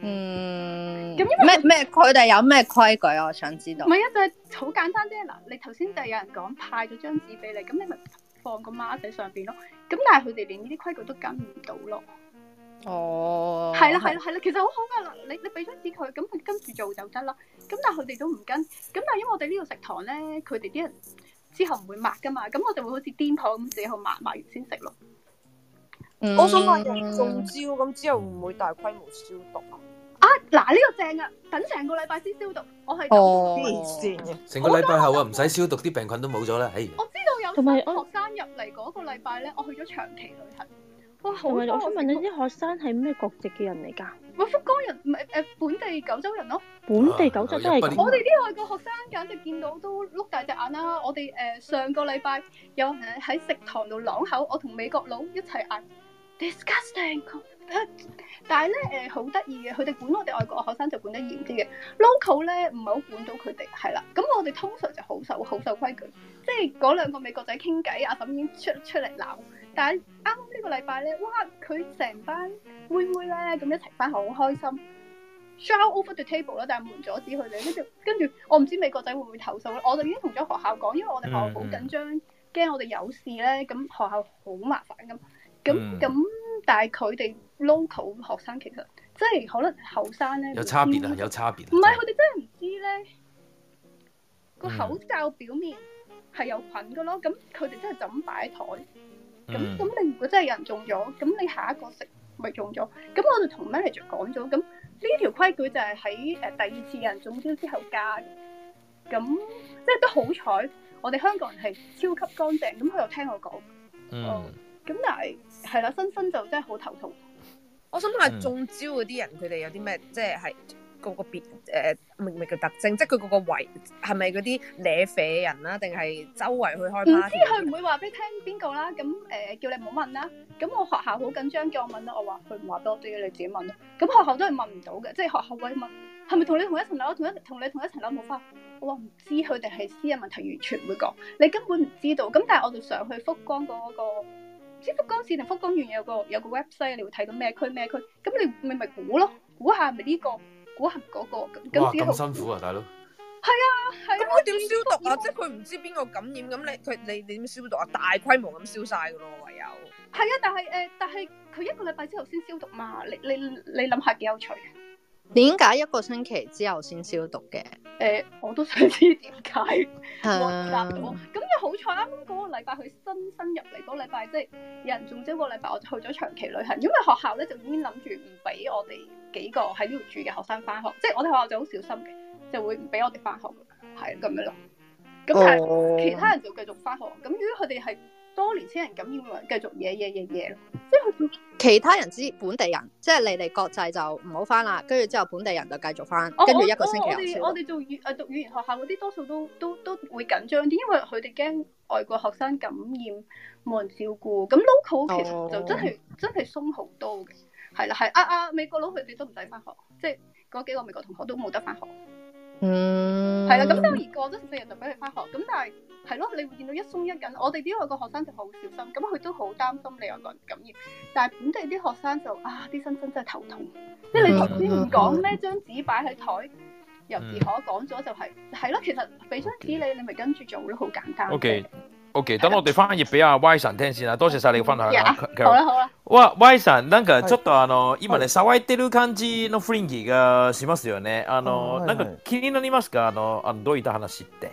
嗯，咁因為咩咩佢哋有咩規矩啊？我想知道。唔係啊，就係好簡單啫。嗱，你頭先就有人講，派咗張紙俾你，咁你咪放個孖仔上邊咯。咁但係佢哋連呢啲規矩都跟唔到咯。哦。係啦係啦係啦，其實好好噶啦。你你俾張紙佢，咁佢跟住做就得啦。咁但係佢哋都唔跟。咁但係因為我哋呢度食堂咧，佢哋啲人之後唔會抹噶嘛。咁我就會好似癲婆咁寫好抹，抹完先食咯。我想問，中招咁之後會唔會大規模消毒啊？啊嗱，呢個正噶等成個禮拜先消毒，我喺度。成個禮拜後啊，唔使消毒，啲病菌都冇咗啦。哎，我知道有。同埋，我學生入嚟嗰個禮拜咧，我去咗長期旅行。哇，好啊！我想問下啲學生係咩國籍嘅人嚟噶？我係福岡人，唔係誒本地九州人咯。本地九州都係我哋啲外國學生，簡直見到都碌大隻眼啦！我哋誒上個禮拜有人喺食堂度朗口，我同美國佬一齊嗌。Disgusting 但係咧，誒、呃，好得意嘅，佢哋管我哋外國學生就管得嚴啲嘅，local 咧唔係好管到佢哋，係啦。咁我哋通常就好守好守規矩，即係嗰兩個美國仔傾偈啊，阿嬸已經出出嚟鬧。但係啱啱呢個禮拜咧，哇！佢成班妹妹咧咁一齊翻學，好開心 ，shout over the table 啦，但係唔阻止佢哋。跟住跟住，我唔知美國仔會唔會投訴。我哋已經同咗學校講，因為我哋學校好緊張，驚、mm hmm. 我哋有事咧，咁學校好麻煩咁。咁咁，嗯、但係佢哋 local 學生其實即係可能後生咧，有差別啊，有差別。唔係佢哋真係唔知咧，個、嗯、口罩表面係有菌噶咯。咁佢哋真係就咁擺台。咁咁、嗯，你如果真係有人中咗，咁你下一個食咪中咗。咁我就同 manager 講咗，咁呢條規矩就係喺誒第二次有人中招之後加嘅。咁即係都好彩，我哋香港人係超級乾淨。咁佢又聽我講。嗯。咁但係係啦，新生就真係好頭痛。我想問下中招嗰啲人，佢哋有啲咩？即係係個個別誒，明明嘅特徵，即係佢個個位係咪嗰啲咧啡人啦、啊？定係周圍去開？唔知佢唔會話俾你聽邊個啦？咁、呃、誒，叫你唔好問啦。咁我學校好緊張叫我問啦。我話佢唔話俾我知，你自己問啦。咁學校都係問唔到嘅，即係學校會問係咪同你同一層樓，同一同你同一層樓冇花。我話唔知佢哋係私人問題，完全唔會講，你根本唔知道。咁但係我哋上去福光嗰、那個。知福江市同福江苑有個有個 website，你會睇到咩區咩區？咁你咪咪估咯，估下咪呢個，估下嗰個。哇！咁辛苦啊，大佬。係啊，係啊。咁佢點消毒啊？即係佢唔知邊個感染，咁你佢你你點消毒啊？大規模咁消晒㗎咯，唯有。係啊，但係誒，但係佢一個禮拜之後先消毒嘛。你你你諗下幾有趣啊？點解一個星期之後先消毒嘅？誒、呃，我都想知點解。係。 咁你 好彩啱啱嗰個禮拜佢新生入嚟嗰個禮拜，即係有人中招嗰個禮拜，我就去咗長期旅行。因為學校咧就已經諗住唔俾我哋幾個喺呢度住嘅學生翻學，即係我哋學校就好小心嘅，就會唔俾我哋翻學嘅，係咁樣咯。咁但係其他人就繼續翻學。咁、哦、如果佢哋係。多年青人感染咪繼續嘢嘢嘢嘢咯，即係其他人知本地人，即係你哋國際就唔好返啦。跟住之後本地人就繼續返，跟住、哦、一個星期我哋做語誒讀語言學校嗰啲多數都都都會緊張啲，因為佢哋驚外國學生感染冇人照顧。咁 local 其實就真係、哦、真係鬆好多嘅，係啦，係啊，啊美國佬佢哋都唔使返學，即係嗰幾個美國同學都冇得返學。嗯，係啦，咁當然過咗十四日就俾佢返學，咁但係。係咯，你會見到一鬆一緊。我哋啲外國學生就係好小心，咁佢都好擔心你有個人感染。但係本地啲學生就啊，啲身心真係頭痛。即係你頭先唔講咩，張紙擺喺台，由自可講咗就係係咯。其實俾張紙你，你咪跟住做咯，好簡單。OK，OK，等我哋翻譯俾阿 Y 神聽先啊！多謝晒你嘅分享啊！好啦好啦。喂 Y 神，なんかちょっとあの今ね騒いでる感じの雰囲気がしますよね。あのなんか気になりますかあのあのどういった話って。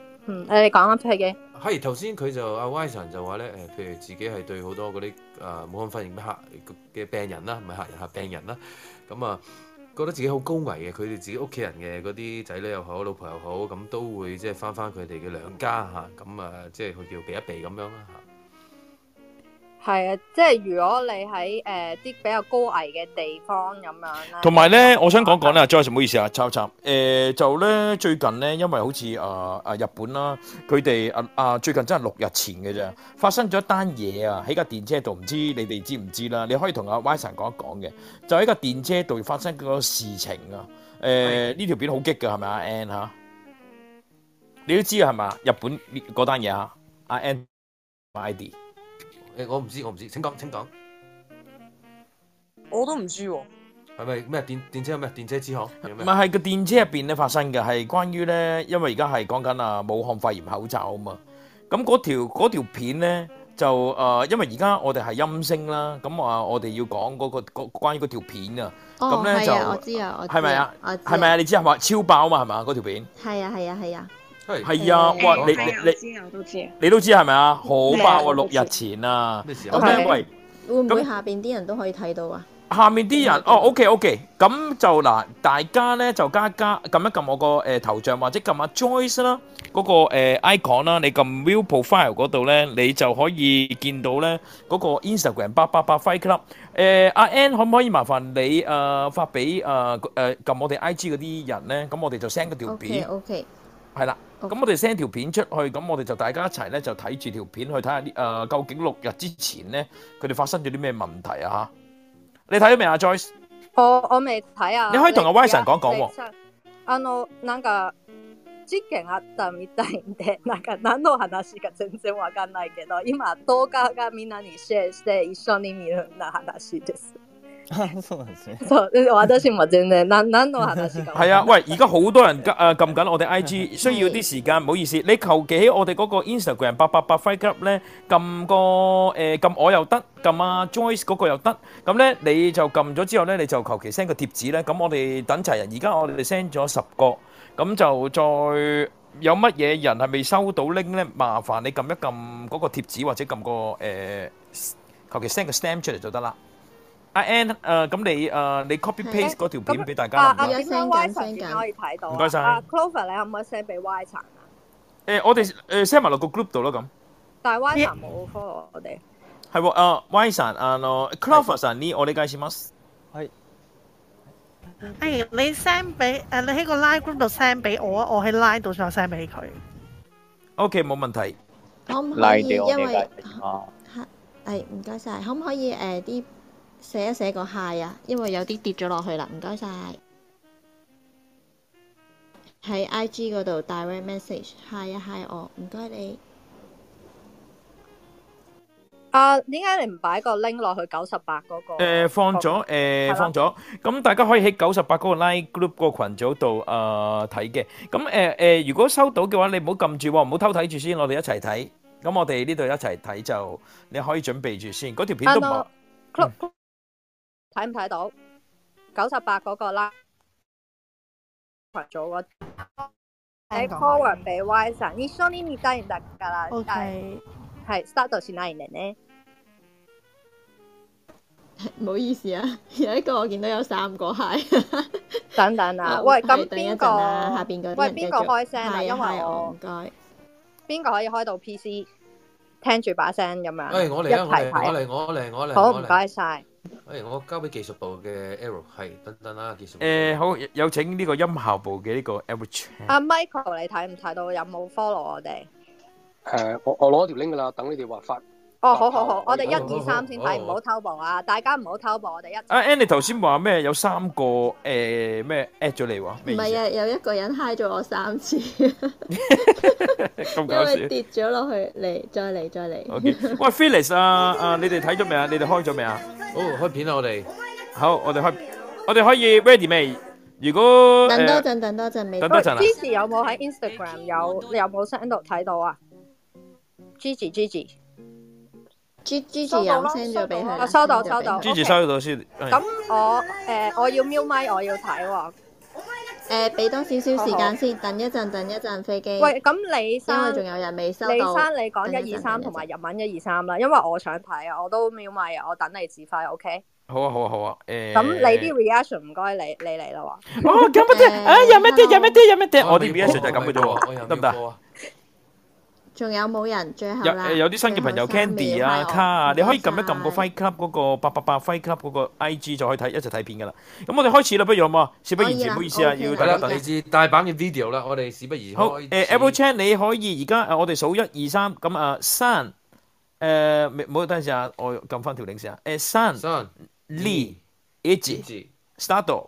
嗯，誒講啱出嚟嘅，係頭、 啊、先佢就阿 Wyson 就話咧，誒，譬如自己係對好多嗰啲誒武漢肺炎咩客嘅病人啦，唔係客人嚇病人啦，咁啊，覺得自己好高危嘅，佢哋自己屋企人嘅嗰啲仔女又好，老婆又好，咁、嗯、都會即係翻翻佢哋嘅兩家嚇，咁、嗯、啊、嗯，即係佢叫避一避咁樣啦嚇。嗯。係啊，即係如果你喺誒啲比較高危嘅地方咁樣啦。同埋咧，我想講講咧、啊、，Joyce 唔好意思啊，插一插誒，就咧最近咧，因為好似啊啊日本啦、啊，佢哋啊啊最近真係六日前嘅咋，發生咗一單嘢啊，喺架電車度，唔知你哋知唔知啦？你可以同阿 y s o n 講一講嘅，就喺架電車度發生個事情啊。誒、呃，呢條的片好激噶，係咪啊？An 吓，你都知啊，係嘛？日本嗰單嘢啊，阿 An，ID。誒，我唔知，我唔知，請講，請講。我都唔知喎、哦。係咪咩電電車咩電車痴漢？唔係，係個 電車入邊咧發生嘅，係關於咧，因為而家係講緊啊武漢肺炎口罩啊嘛。咁嗰條條片咧就誒、呃，因為而家我哋係音聲啦，咁啊我哋要講嗰、那個關於、那個關於嗰條片啊。哦就，係啊，我知是是啊，我係咪啊？係咪啊？你知係咪超爆啊嘛？係咪啊？嗰、那、條、個、片。係啊係啊係啊。係呀，哇！你你你，你都知係咪啊？好爆啊！六日前啊，咁咧，喂，會唔會下邊啲人都可以睇到啊？下面啲人，哦，OK OK，咁就嗱，大家咧就加一加，撳一撳我個誒頭像，或者撳下 Joyce 啦，嗰個誒 icon 啦，你撳 View Profile 嗰度咧，你就可以見到咧嗰個 Instagram 八八八 Fight Club。誒，阿 Ann 可唔可以麻煩你誒發俾誒誒撳我哋 IG 嗰啲人咧？咁我哋就 send 嗰條片。係啦，咁我哋 send 條片出去，咁我哋就大家一齊咧就睇住條片去睇下呢，誒、呃、究竟六日之前咧佢哋發生咗啲咩問題啊嚇？你睇咗未啊 Joyce？我我未睇啊。你可以、啊、同阿 Wison 講講喎。做下先，我話多先冇轉咧，難難到話多時間。係啊，喂，而家好多人撳誒撳緊我哋 I G，需要啲時間，唔好意思。你求其喺我哋嗰個 Instagram 八八八 fight club 咧，撳個誒撳我又得，撳阿 Joyce 嗰個又得，咁咧你就撳咗之後咧，你就求其 send 個貼紙咧，咁我哋等齊人。而家我哋 send 咗十個，咁就再有乜嘢人係未收到拎咧，麻煩你撳一撳嗰個貼紙或者撳個誒求其 send 個 stamp 出嚟就得啦。阿 Ann，誒，咁你誒，你 copy paste 嗰條片俾大家，唔該。阿，點解 Y 層可以睇到？唔該晒。阿 Clover，你可唔可以 send 俾 Y 層啊？誒，我哋誒 send 埋落個 group 度咯，咁。但係 Y 層冇 follow 我哋。係，誒，Y 層啊，諾 Clover 層，你我哋介紹嗎？係。誒，你 send 俾誒，你喺個 line group 度 send 俾我啊，我喺 line 度再 send 俾佢。OK，冇問題。可唔可以因為？哦。係，唔該晒。可唔可以誒？啲寫一寫個 hi 啊，因為有啲跌咗落去啦，唔該晒。喺 IG 嗰度 Direct Message hi 啊 hi 我，唔該你。啊，點解你唔擺個拎落去九十八嗰個？誒放咗誒放咗，咁大家可以喺九十八嗰個 Line Group 嗰個群組度啊睇嘅。咁誒誒，如果收到嘅話，你唔好撳住喎，唔好偷睇住先，我哋一齊睇。咁我哋呢度一齊睇就，你可以準備住先，嗰條片都冇。睇唔睇到九十八嗰個啦？群組我喺 Power 俾 Y 你上年生噶啦，係係 Start 到是廿零咧。唔好意思啊，有一個我見到有三個係。等等啊，喂，咁邊個？喂，邊個開聲啊？因為我唔該，邊個可以開到 PC？聽住把聲咁樣。喂，我嚟一我嚟，我嚟，我嚟，我嚟。好唔該晒。誒，我交俾技術部嘅 Aaron，係等等啦，技術部。誒，好，有請呢個音效部嘅呢個 Andrew。阿 Michael，你睇唔睇到有冇 follow 我哋？誒，我我攞條 link 噶啦，等你哋話發。哦，好好好，我哋一二三先睇，唔好偷步啊！大家唔好偷步，我哋一。啊 Andy 頭先話咩？有三個誒咩 at 咗你話？唔係啊，有一個人 hi 咗我三次。咁搞笑！因為跌咗落去，嚟再嚟再嚟。好嘅。喂，Felix 啊啊！你哋睇咗未啊？你哋開咗未啊？哦，開片啊，我哋。好，我哋開。我哋可以 ready 未？如果等多陣，等多陣未？等多陣啊！Gigi 有冇喺 Instagram 有你有冇 send 到睇到啊？Gigi，Gigi。Gigi 有 send 咗俾佢，我收到收到，Gigi 收到先。咁我誒，我要瞄麥，我要睇喎。誒，俾多少少時間先，等一陣，等一陣飛機。喂，咁你生，仲有人未收，你生你講一二三同埋日文一二三啦，因為我想睇啊，我都瞄麥，我等你字塊，OK？好啊好啊好啊，誒。咁你啲 reaction 唔該你你嚟啦喎。哦，咁唔得，誒，有咩啲有咩啲有咩啲，我啲 reaction 就咁唔得喎，得唔得？仲有冇人最後啦？有有啲新嘅朋友 Candy 啊、卡啊，你可以撳一撳個 Fight Club 嗰個八八八 Fight Club 嗰個 IG 就可以睇，一齊睇片噶啦。咁我哋開始啦，不如啊嘛？事不宜遲，唔好意思啊，要大家等，你知大版嘅 video 啦。我哋事不宜開。好，誒 Apple Chan 你可以而家誒我哋數一二三咁啊，Sun 誒唔好，等陣啊，我撳翻條 link 先啊。誒 Sun Lee H Stato。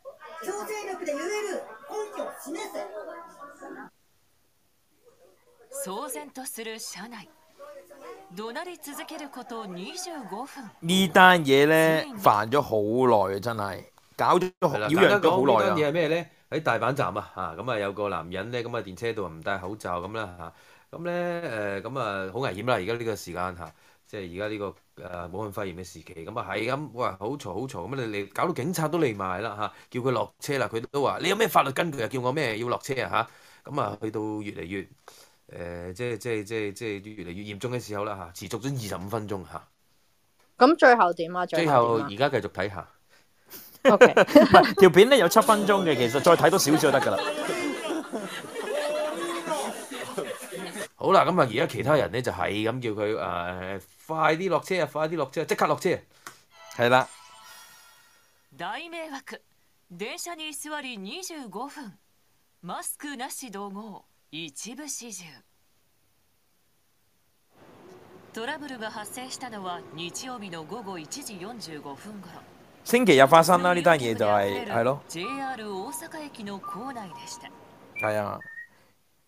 呢單嘢咧煩咗好耐啊，真係搞咗好耐。講關鍵嘅係咩咧？喺大阪站啊，嚇咁啊有個男人咧咁啊電車度唔戴口罩咁啦嚇，咁咧誒咁啊好危險啦！而家呢個時間嚇、啊嗯啊啊這個啊啊，即係而家呢個。誒，武漢肺炎嘅時期，咁啊係咁，哇，好嘈好嘈，咁你嚟搞到警察都嚟埋啦嚇，叫佢落車啦，佢都話你有咩法律根據啊？叫我咩要落車啊嚇？咁啊，去到越嚟越誒、呃，即係即係即係即係越嚟越嚴重嘅時候啦嚇、啊，持續咗二十五分鐘嚇。咁、啊、最後點啊？最後而家繼續睇下、啊。 OK， 條片咧有七分鐘嘅，其實再睇多少少就得㗎啦。 好啦，咁啊，而家其他人咧就係咁叫佢誒，快啲落車啊，快啲落車，即刻落車，係啦。大迷惑電車に座り25分マスクなし同行一部始終。トラブルが発生したのは日曜日の午後1時45分頃。星期日發生啦，呢單嘢就係係咯。J R 大阪駅の構內でした。係啊。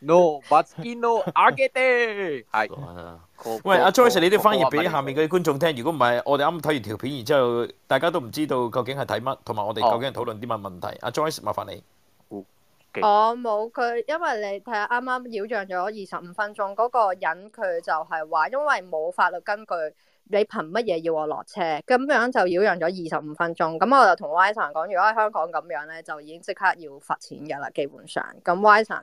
No，butino 阿嘅爹係喂，阿 Joyce，你都翻譯俾下面嗰啲觀眾聽。如果唔係，我哋啱啱睇完條片，然之後大家都唔知道究竟係睇乜，同埋我哋究竟係討論啲乜問題。阿 Joyce，麻煩你。我冇佢，因為你睇下啱啱擾攘咗二十五分鐘嗰個人，佢就係話因為冇法律根據，你憑乜嘢要我落車咁樣，就擾攘咗二十五分鐘。咁我就同 Yson 講，如果喺香港咁樣咧，就已經即刻要罰錢噶啦，基本上咁 Yson。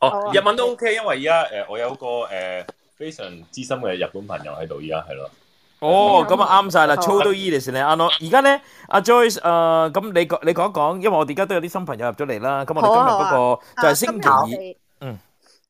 哦，日文都 OK，因為而家誒，我有個誒、呃、非常資深嘅日本朋友喺度，而家係咯。嗯、哦，咁、嗯、啊啱晒啦，粗都 easy，啊呃、你阿咯。而家咧，阿 Joyce 誒，咁你講你講一講，因為我哋而家都有啲新朋友入咗嚟啦，咁我哋今日嗰個就係星期二，啊啊啊、嗯。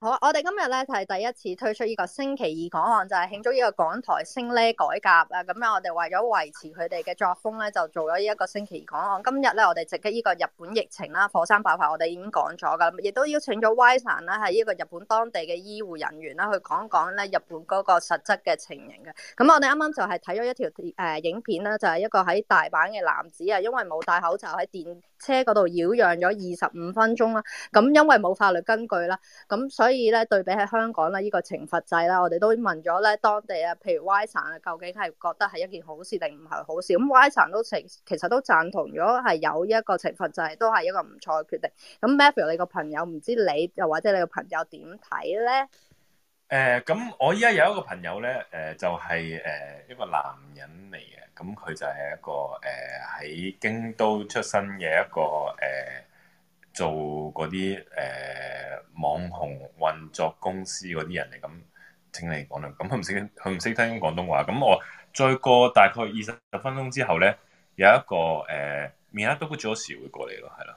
好，我哋今日咧就係、是、第一次推出呢個星期二講案，就係慶祝呢個港台升呢改革啊！咁樣我哋為咗維持佢哋嘅作風咧，就做咗呢一個星期二講案、就是、案。今日咧，我哋直擊呢個日本疫情啦，火山爆發，我哋已經講咗㗎，亦都邀請咗 Y 神啦，係呢個日本當地嘅醫護人員啦，去講講咧日本嗰個實質嘅情形嘅。咁我哋啱啱就係睇咗一條誒、呃、影片啦，就係、是、一個喺大阪嘅男子啊，因為冇戴口罩喺電。車嗰度擾攘咗二十五分鐘啦，咁因為冇法律根據啦，咁所以咧對比喺香港咧呢個懲罰制啦，我哋都問咗咧當地啊，譬如 Y 省啊，究竟係覺得係一件好事定唔係好事？咁 Y 省都懲其實都贊同咗係有一個懲罰制都係一個唔錯嘅決定。咁 Matthew 你個朋友唔知你又或者你個朋友點睇咧？誒咁，uh, 我依家有一個朋友咧，誒、呃、就係誒一個男人嚟嘅，咁佢就係一個誒喺、呃、京都出身嘅一個誒、呃、做嗰啲誒網紅運作公司嗰啲人嚟，咁請你講啦。咁佢唔識，佢唔識聽廣東話，咁、嗯、我再過大概二十分鐘之後咧，有一個誒面額多咗時會過嚟咯，係啦。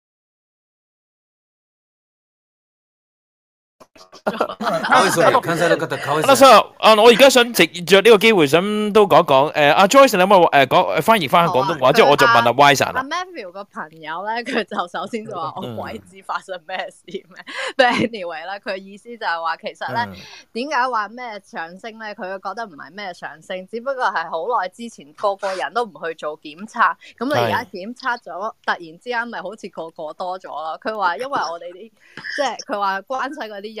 啊啊、我而家想直接着呢個機會，想都講一講誒，阿 Joyce 你有冇誒講翻譯翻喺廣東話？啊、之後我就問阿 Y 神啦。阿、啊啊、Matthew 個朋友咧，佢就首先就話我鬼知發生咩事咩。anyway 咧、嗯，佢意思就係話，其實咧點解話咩上升咧？佢覺得唔係咩上升，只不過係好耐之前個個人都唔去做檢測，咁你而家檢測咗，是突然之間咪 好似個個多咗咯？佢話因為我哋啲即係佢話關晒嗰啲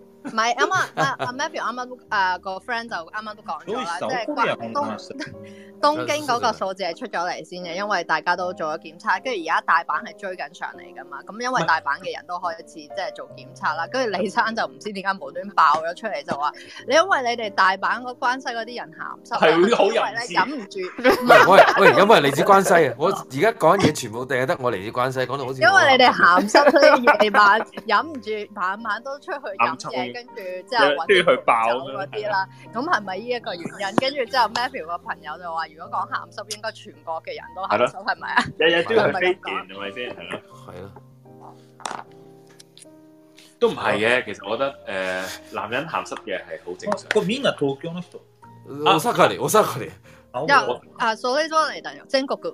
唔係啱啱啊啊，Mabel 啱啱都啊個 friend 就啱啱都講咗啦，即係關東東京嗰個數字係出咗嚟先嘅，因為大家都做咗檢測，跟住而家大阪係追緊上嚟㗎嘛，咁因為大阪嘅人都開始即係做檢測啦，跟住李生就唔知點解無端爆咗出嚟就話你，因為你哋大阪嗰關西嗰啲人鹹濕，係會好人先，忍唔住。唔係喂喂，有冇人嚟自關西啊？我而家講嘢全部淨得我嚟自關西，講到好似因為你哋鹹濕，你夜晚忍唔住晚晚都出去飲嘢。跟住之後揾佢去爆嗰啲啦，咁係咪呢一個原因？跟住 之後，Matthew 個朋友就話：如果講鹹濕，應該全國嘅人都鹹濕，係咪啊？日日吧都係飛機，係咪先？係咯， 係咯，都唔係嘅。其實我覺得，誒、呃，男人鹹濕嘅係好正常。みんな東京の人。お魚、啊、お魚。じゃあ、あ有、そ、啊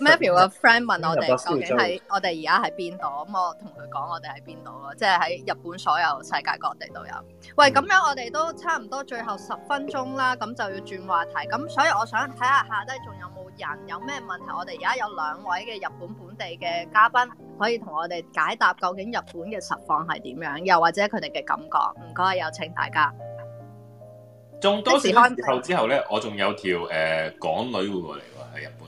Mabel 嘅 friend 問我哋邊究竟喺邊我哋而家喺邊度，咁、嗯、我同佢講我哋喺邊度咯，即係喺日本所有世界各地都有。喂，咁樣我哋都差唔多最後十分鐘啦，咁就要轉話題。咁所以我想睇下下低仲有冇人有咩問題，我哋而家有兩位嘅日本本地嘅嘉賓可以同我哋解答究竟日本嘅實況係點樣，又或者佢哋嘅感覺。唔該，有請大家。仲多時開後之後咧，我仲有條誒、呃、港女會過嚟喎，喺日本。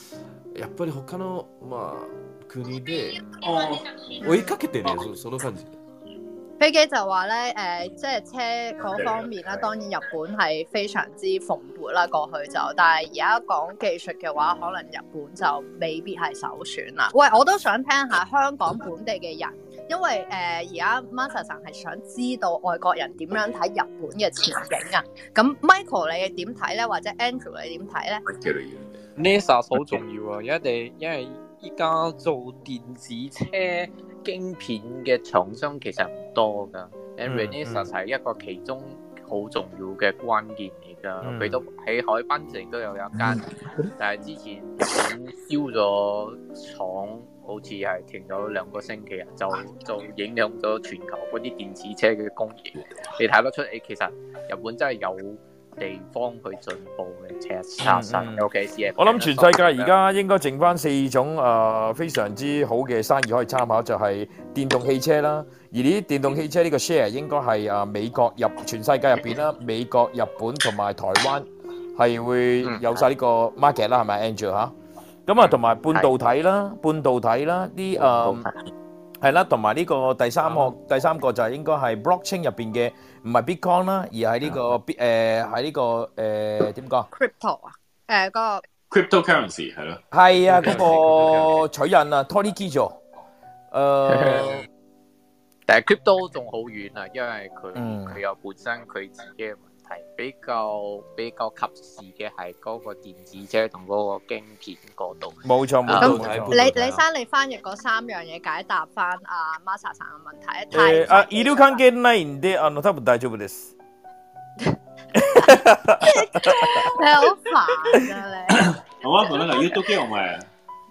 やっぱり他の國で、啊、追い掛けてね、哦、その感じ。飛機就話咧，誒、呃，即、就、係、是、車嗰方面啦，嗯嗯、當然日本係非常之蓬勃啦，過去就，但係而家講技術嘅話，嗯、可能日本就未必係首選啦。喂，我都想聽下香港本地嘅人，因為誒而家 Masa さん係想知道外國人點樣睇日本嘅前景啊。咁 Michael 你點睇咧？或者 Andrew 你點睇咧？嗯嗯嗯嗯。NASA 好重要啊！而家哋，因為依家做電子車晶片嘅廠商其實唔多噶，因為 NASA 係一個其中好重要嘅關鍵嚟噶。佢、嗯、都喺海濱城都有一間，嗯、但係之前燒咗廠，好似係停咗兩個星期啊，就就影響咗全球嗰啲電子車嘅供應。你睇得出，誒、哎、其實日本真係有。地方去進步嘅測測試。O K，我諗全世界而家應該剩翻四種啊，uh, 非常之好嘅生意可以參考，就係、是、電動汽車啦。而呢啲電動汽車呢個 share 應該係啊美國入全世界入邊啦，美國、日本同埋台灣係會有晒呢個 market 啦、嗯，係咪 Andrew 吓咁啊，同埋、嗯、半導體啦，嗯、半導體啦，啲啊係啦，同埋呢個第三個 第三個就係應該係 blockchain 入邊嘅。唔係 Bitcoin 啦，而係呢個 B，誒喺呢個誒點講？Crypto 啊，誒個 Crypto currency 係咯，係啊，嗰個取印啊，Tony 基座誒，但係 Crypto 仲好遠啊，因為佢佢又本身佢自己。比較比較及時嘅係嗰個電子車同嗰個晶片嗰度。冇錯冇錯。咁李李生你翻譯嗰三樣嘢解答翻阿 Masa 嘅問題。一睇、啊啊，醫療関係ないんであの多分大丈夫です。好煩㗎你。阿 m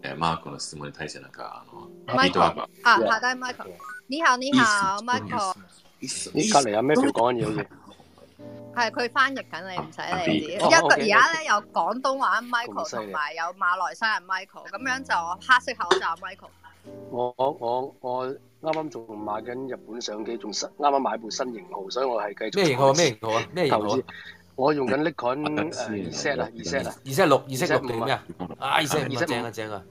Michael 啊，下低 Michael，你好，你好 Michael，你隔離有咩要講嘅嘢？係佢 翻譯緊你，唔使理。一而家咧有廣東話 Michael 同埋 有馬來西亞 Michael，咁樣就黑色口罩 Michael。 我我我啱啱仲買緊日本相機，仲啱啱買部新型號，所以我係繼續。咩型號？咩型號啊？咩型號？我用緊 l i n 二 set 啊，二 set 啊，二 set 六，二 set 六定咩啊？二 set 二 set 正啊，正啊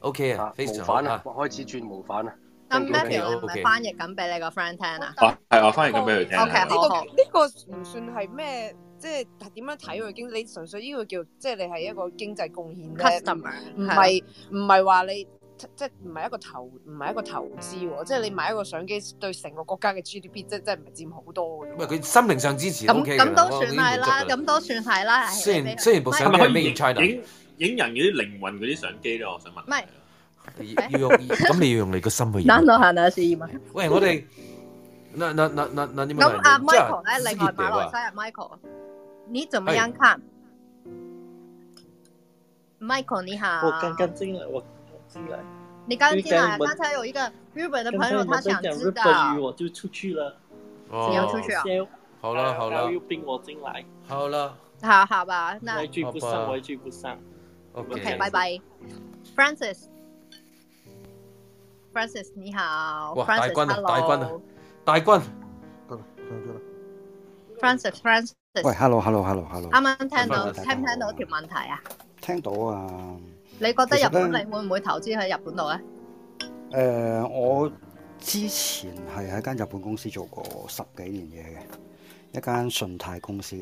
，OK 啊，非常反啊，開始轉模反啊。阿 Matthew 咪翻譯緊俾你個 friend 聽啊？係，我翻譯緊俾佢聽。OK，呢個呢個唔算係咩，即係點樣睇佢已經？你純粹呢個叫即係你係一個經濟貢獻嘅唔係唔係話你。即係唔係一個投唔係一個投資喎？即係你買一個相機對成個國家嘅 GDP，即係真係唔係佔好多嘅。佢心靈上支持咁都算係啦，咁都算係啦。雖然雖然部相機影影人嗰啲靈魂嗰啲相機咧，我想問。唔係，要用咁你要用你個心去影。邊度行啊？是疑問。喂，我哋咁阿 Michael 咧另外馬來西亞，Michael，你怎麼樣看？Michael 你好。你剛進來，剛才有一個日本的朋友，他想知道。我就出去了，你要出去啊？好了好了，又并我進來，好了。好好吧，那。追不上，追不上。OK，拜拜，Francis，Francis，你好。哇，大軍啊，大軍啊，大軍。得啦，Francis，Francis，喂，Hello，Hello，Hello，Hello。啱啱聽到聽唔聽到條問題啊？聽到啊。你覺得日本你會唔會投資喺日本度咧？誒、呃，我之前係喺間日本公司做過十幾年嘢嘅，一間信貸公司，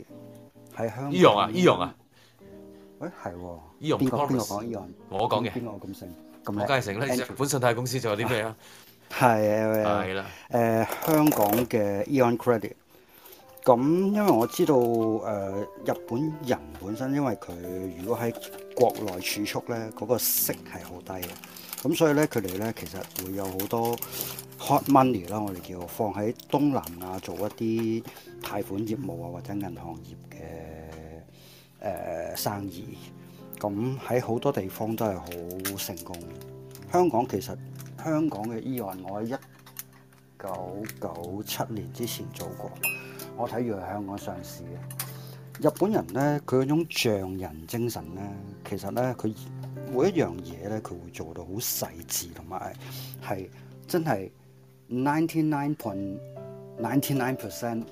喺香港。Eon 啊，Eon 啊，誒係、欸，Eon 邊個邊個講 Eon？Eon、我講嘅，邊個咁成？我梗係成啦。日本信貸公司仲有啲咩啊？係係啦，誒了、啊，香港嘅 Eon Credit。咁因為我知道誒、呃、日本人本身，因為佢如果喺國內儲蓄咧，嗰、那個息係好低嘅。咁所以咧，佢哋咧其實會有好多 hot money 啦，我哋叫放喺東南亞做一啲貸款業務啊，或者銀行業嘅誒、呃、生意。咁喺好多地方都係好成功，香港，其實香港嘅 AEON，我喺一九九七年之前做過。我睇住喺佢香港上市嘅。日本人咧，佢種匠人精神咧，其實咧佢每一樣嘢，咧佢會做到好細緻同埋係真係 ninety nine point ninety nine percent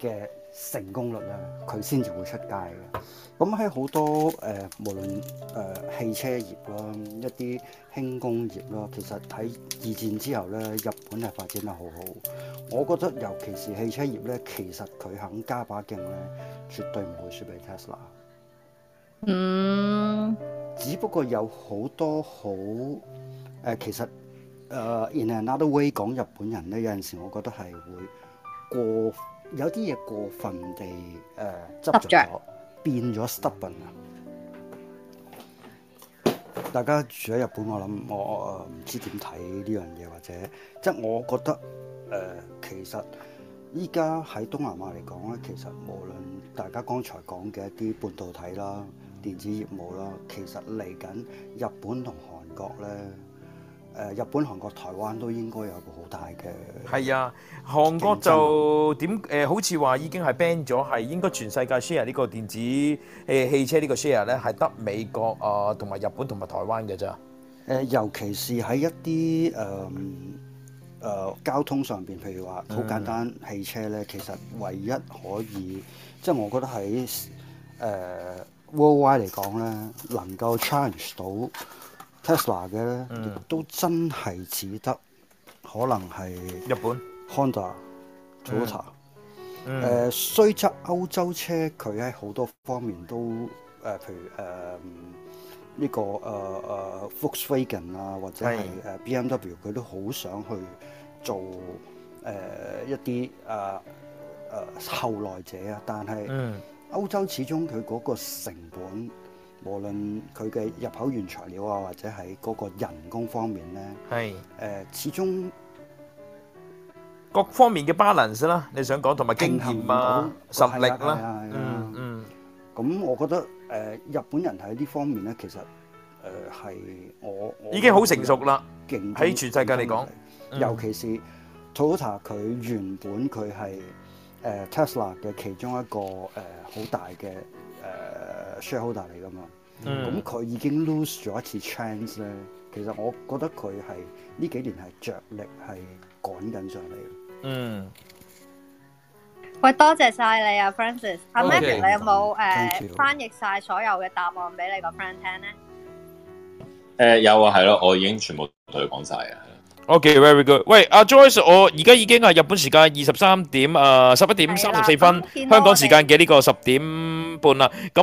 嘅。成功率咧，佢先至會出街嘅。咁喺好多誒、呃，無論誒、呃、汽車業啦，一啲輕工業啦，其實喺二戰之後咧，日本係發展得好好。我覺得尤其是汽車業咧，其實佢肯加把勁咧，絕對唔會輸俾 Tesla。嗯，mm。只不過有好多好誒、呃，其實誒、uh, in another way 講日本人咧，有陣時我覺得係會過。有啲嘢過分地誒、呃、執着咗，變咗 stubborn 啊！大家住喺日本，我諗我、呃、唔知點睇呢樣嘢，或者即係我覺得誒、呃，其實依家喺東南亞嚟講咧，其實無論大家剛才講嘅一啲半導體啦、電子業務啦，其實嚟緊日本同韓國咧。誒日本、韓國、台灣都應該有個好大嘅。係啊，韓國就點誒、呃？好似話已經係 ban 咗，係應該全世界 share 呢個電子誒、呃、汽車呢個 share 咧，係得美國啊同埋日本同埋台灣嘅咋？誒、呃，尤其是喺一啲誒誒交通上邊，譬如話好簡單，嗯、汽車咧，其實唯一可以、嗯、即係我覺得喺誒 worldwide 嚟講咧，能夠 charge 到。Tesla 嘅咧，亦、嗯、都真係只得，可能係日本 Honda、早 o 誒雖則歐洲車佢喺好多方面都誒、呃、譬如誒呢、呃這個誒誒 Fox f a g i n g 啊，或者係誒 BMW，佢都好想去做誒、呃、一啲誒誒後來者啊。但係歐、嗯、洲始終佢嗰個成本。無論佢嘅入口原材料啊，或者喺嗰個人工方面咧，係誒是、呃、始終各方面嘅 balance 啦，你想講同埋經驗啊、實力啦，嗯、啊、嗯，咁、嗯嗯、我覺得誒、呃、日本人喺呢方面咧，其實誒係、呃、我已經好成熟啦，喺全世界嚟講，尤其、嗯、尤其是 Toyota 佢原本佢係誒 Tesla 嘅其中一個誒好大嘅誒。嗯 shareholder 嚟噶嘛？咁佢、嗯、已經 lose 咗一次 chance 咧。其實我覺得佢係呢幾年係着力係趕緊上嚟。嗯。喂，多謝晒你啊，Francis。阿 Maggie，你有冇誒、uh, thank you. 翻譯晒所有嘅答案俾你個 friend 聽咧？誒、呃、有啊，係咯，我已經全部同佢講晒啊。OK、okay, very good。喂，阿、uh, Joyce，我而家已經係日本時間二十三點啊十一點三十四分，嗯、香港時間嘅呢個十點半啦。咁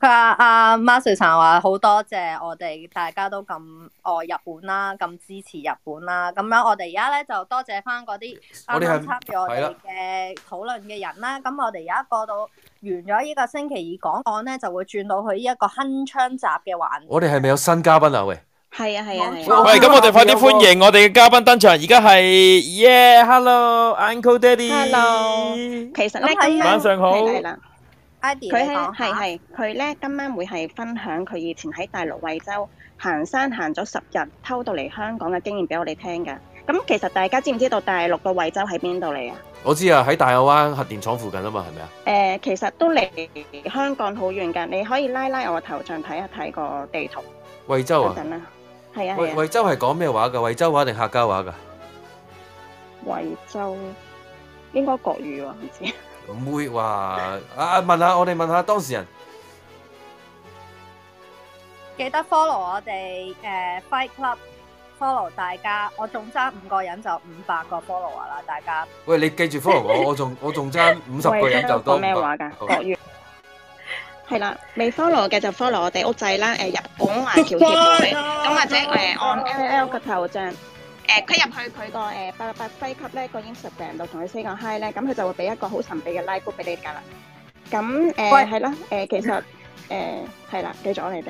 佢話阿 Marcel 話好多謝我哋大家都咁愛日本啦，咁支持日本啦。咁樣我哋而家咧就多謝翻嗰啲啱啱參與我哋嘅討論嘅人啦。咁了我哋而家過到完咗呢個星期二講案咧，就會轉到去呢一個鏗鏘集嘅環節。我哋係咪有新嘉賓啊？喂，係啊，係啊，係啊。喂、啊，咁、啊啊啊、 我哋快啲歡迎我哋嘅嘉賓登場。而家係，Yeah，Hello，Uncle，Daddy。Yeah, Hello, Uncle Daddy, Hello，其實咧，晚上好。佢喺係係佢咧，今晚會係分享佢以前喺大陸惠州行山行咗十日，偷渡嚟香港嘅經驗俾我哋聽噶。咁其實大家知唔知，知道大陸嘅惠州喺邊度嚟啊？我知啊，喺大亞灣核電廠附近啊嘛，係咪啊？誒、呃，其實都離香港好遠噶。你可以拉拉我頭像睇一睇個地圖。惠州啊，係啊。惠，啊惠州係講咩話噶？惠州話定客家話噶？惠州應該國語喎、啊，唔知。唔會話啊！問下我哋問下當事人，記得 follow 我哋誒 Fight Club，follow 大家，我仲爭五個人就五百個 follow 啦，大家。喂，你記住 follow 我，我仲我仲爭五十個人就多。咩話噶？國語。係啦，未 follow 嘅就 follow 我哋屋仔啦，誒日本華僑協會，咁或者誒按 L L 嘅頭像。誒，佢入去佢個誒八八階級咧個 Instagram 度同佢 say 個 hi 咧，咁佢就會俾一個好神秘嘅 live book 俾你噶啦。咁誒係啦，誒其實誒係啦，記咗你哋。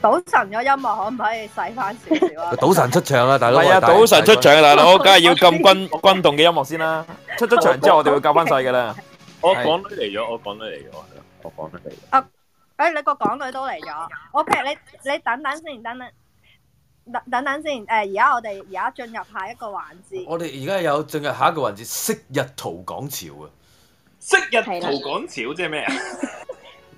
賭神嘅音樂可唔可以細翻少少啊？賭神出場啦，大佬！係啊，賭神出場啦，大佬！我梗係要咁轟轟動嘅音樂先啦。出咗場之後我哋會教翻細噶啦。我港女嚟咗，我港女嚟咗，我港女嚟。阿誒，你個港女都嚟咗。O K，你你等等先，等等。等等先，誒，而家我哋而家進入下一個環節。我哋而家有進入下一個環節，昔日逃港潮啊！昔日逃港潮即係咩啊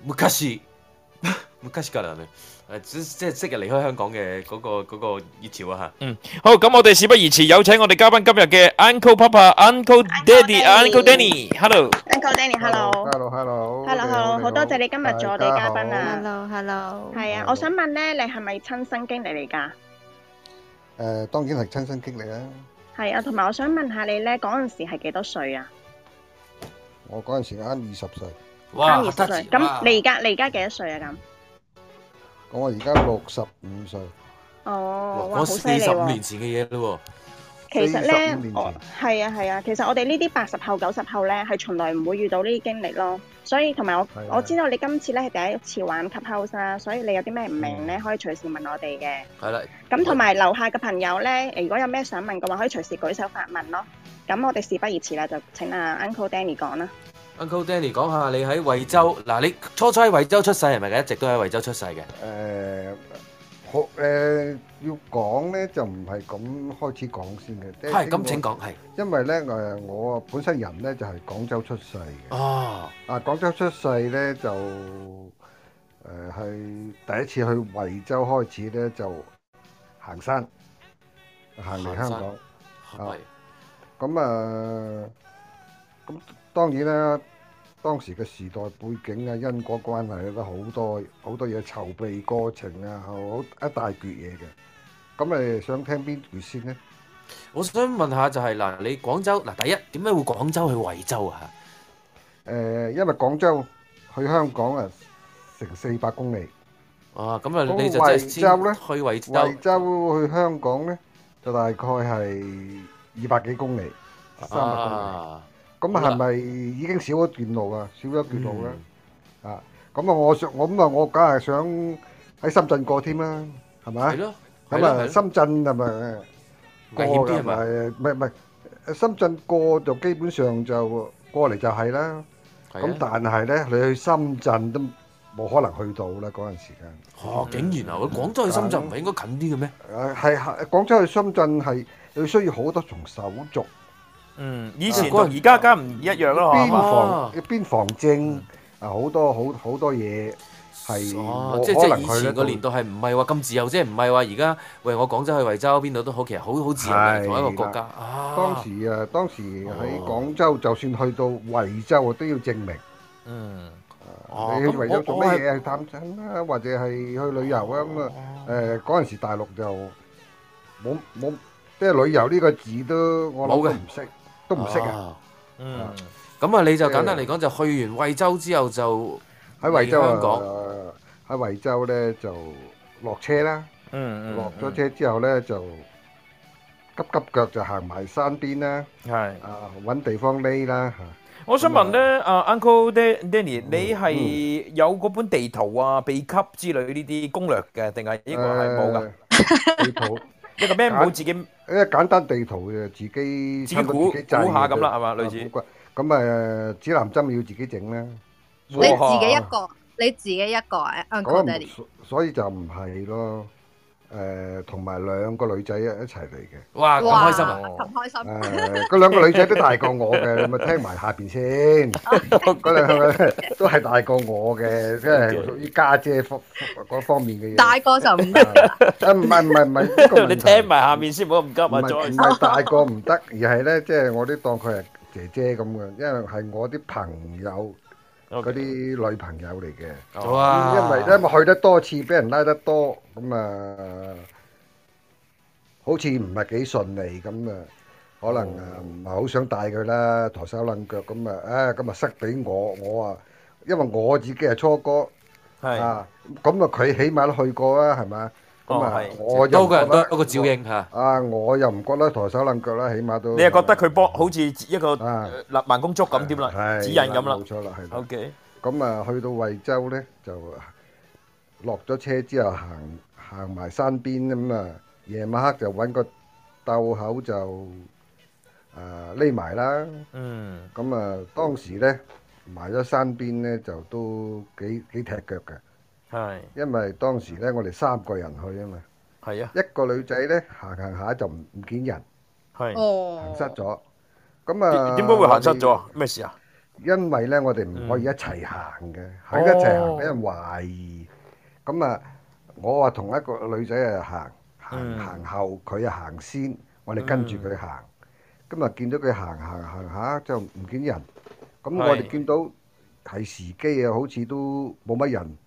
？McCarthy，McCarthy 個人啊，誒，即係即係昔日離開香港嘅嗰個嗰個熱潮啊吓。嗯，好，咁我哋事不宜遲，有請我哋嘉賓今日嘅 Uncle Papa、Uncle Daddy、Uncle Danny，Hello。Uncle Danny，Hello。Hello，Hello。Hello，好多謝你今日做我哋嘉賓啊。Hello，Hello。係啊，我想問咧，你係咪親身經歷嚟㗎？誒、呃，當然係親身經歷啦。係啊，同埋、啊、我想問下你咧，嗰陣時係幾多歲啊？我嗰陣時啱二十歲。哇，二十歲，咁你而家你而家幾多歲啊？咁，我而家六十五歲。哦，哇，好犀利喎！我四十五年前嘅嘢嘞喎。其實咧，我係啊係啊，其實我哋呢啲八十後九十後咧，係從來唔會遇到呢啲經歷咯。所以同埋我我知道你今次咧係第一次玩 Clubhouse 啊，所以你有啲咩唔明咧，可以隨時問我哋嘅。係啦。咁同埋樓下嘅朋友咧，如果有咩想問嘅話，可以隨時舉手發問咯。咁我哋事不宜遲啦，就請阿 Uncle Danny 講啦。Uncle Danny 講下你喺惠州，嗱你初初喺惠州出世係咪？一直都喺惠州出世嘅。誒。我誒要講咧，就唔係咁開始講先嘅。係，咁請講。係，因為咧誒，我啊本身人咧就係廣州出世嘅。哦。啊，廣州出世咧就誒係第一次去惠州開始咧就行山，行嚟香港。係。咁啊，咁當然啦。當時嘅時代背景啊，因果關係啊，都好多好多嘢籌備過程啊，好一大橛嘢嘅。咁誒，想聽邊句先呢？我想問下就係嗱，你廣州嗱，第一點解會廣州去惠州啊？誒，因為廣州去香港啊，成四百公里。啊，咁啊，你就係，去惠州咧？惠州去香港咧，就大概係二百幾公里，三百公里。咁啊，係咪已經少咗段路啊？少咗段路咧，啊！咁啊，我想我咁啊，我梗係想喺深圳過添啦，係咪啊？咁啊，深圳啊咪危險啲嘛？唔係唔係，深圳過就基本上就過嚟就係啦。咁但係咧，你去深圳都冇可能去到啦嗰陣時間。嚇！竟然啊，廣州去深圳唔係應該近啲嘅咩？誒係，廣州去深圳係你需要好多重手續。嗯，以前同而家梗唔一樣啦，嗬。邊防邊防證啊，好多好好多嘢係，即係可能佢個年代係唔係話咁自由，即係唔係話而家喂我廣州去惠州邊度都好，其實好好自由嘅同一個國家。啊，當時啊，當時喺廣州就算去到惠州啊，都要證明。嗯，你去惠州做乜嘢，去探親啊，或者係去旅遊啊咁啊？誒，嗰陣時大陸就冇冇，即係旅遊呢個字都我諗嘅唔識。都唔識啊，嗯，咁啊你就簡單嚟講就去完惠州之後就喺惠州啊，喺惠州咧就落車啦，嗯，落咗車之後咧就急急腳就行埋山邊啦，係啊揾地方匿啦。我想問咧，阿 Uncle Danny，你係有嗰本地圖啊、秘笈之類呢啲攻略嘅，定係應該係冇㗎？一個 map 自己，一個簡，簡單地圖就自己，差自，古自己製下咁啦，係嘛？類似。咁啊、呃，指南針要自己整啦。你自己一個，你自己一個啊，所以就唔係咯。誒同埋兩個女仔一一齊嚟嘅，哇咁開心啊！咁、啊、開心，誒嗰、呃、兩個女仔都大過我嘅， 你咪聽埋下邊先。嗰兩都係大過我嘅，即係屬於家姐方方面嘅嘢。大過就唔得。唔係唔係唔係，你聽埋下面先，唔好唔急啊，再。唔係、這個、大過唔得，而係咧，即、就、係、是、我都當佢係姐姐咁樣，因為係我啲朋友。嗰啲女朋友嚟嘅，因為因為去得多次，俾人拉得多，咁啊，好似唔係幾順利咁啊，可能啊唔係好想帶佢啦，抬手擰腳咁啊，啊咁啊塞俾我，我啊，因為我自己係初哥，啊咁啊佢起碼都去過啊，係嘛？咁啊，我多個人多個照應嚇。啊，我又唔覺得抬手攆腳啦，起碼都你係覺得佢幫好似一個立萬公足咁點啦，指引咁啦。冇錯啦，係。OK。咁啊，去到惠州咧，就落咗車之後行行埋山邊咁啊，夜晚黑就揾個竇口就誒匿埋啦。嗯。咁啊，當時咧埋咗山邊咧，就都幾幾踢腳嘅。係，因為當時咧，我哋三個人去啊嘛。係啊，一個女仔咧行行下就唔唔見人。係是。哦。行失咗。咁、嗯、啊，點解會行失咗咩事啊？因為咧，我哋唔可以一齊行嘅，係一齊、嗯、行俾人懷疑。咁啊、哦嗯，我話同一個女仔啊行行、嗯、行後，佢啊行先，我哋跟住佢行。咁啊、嗯，見到佢行行行下就唔見人。咁、嗯、是我哋見到係時機啊，好似都冇乜人。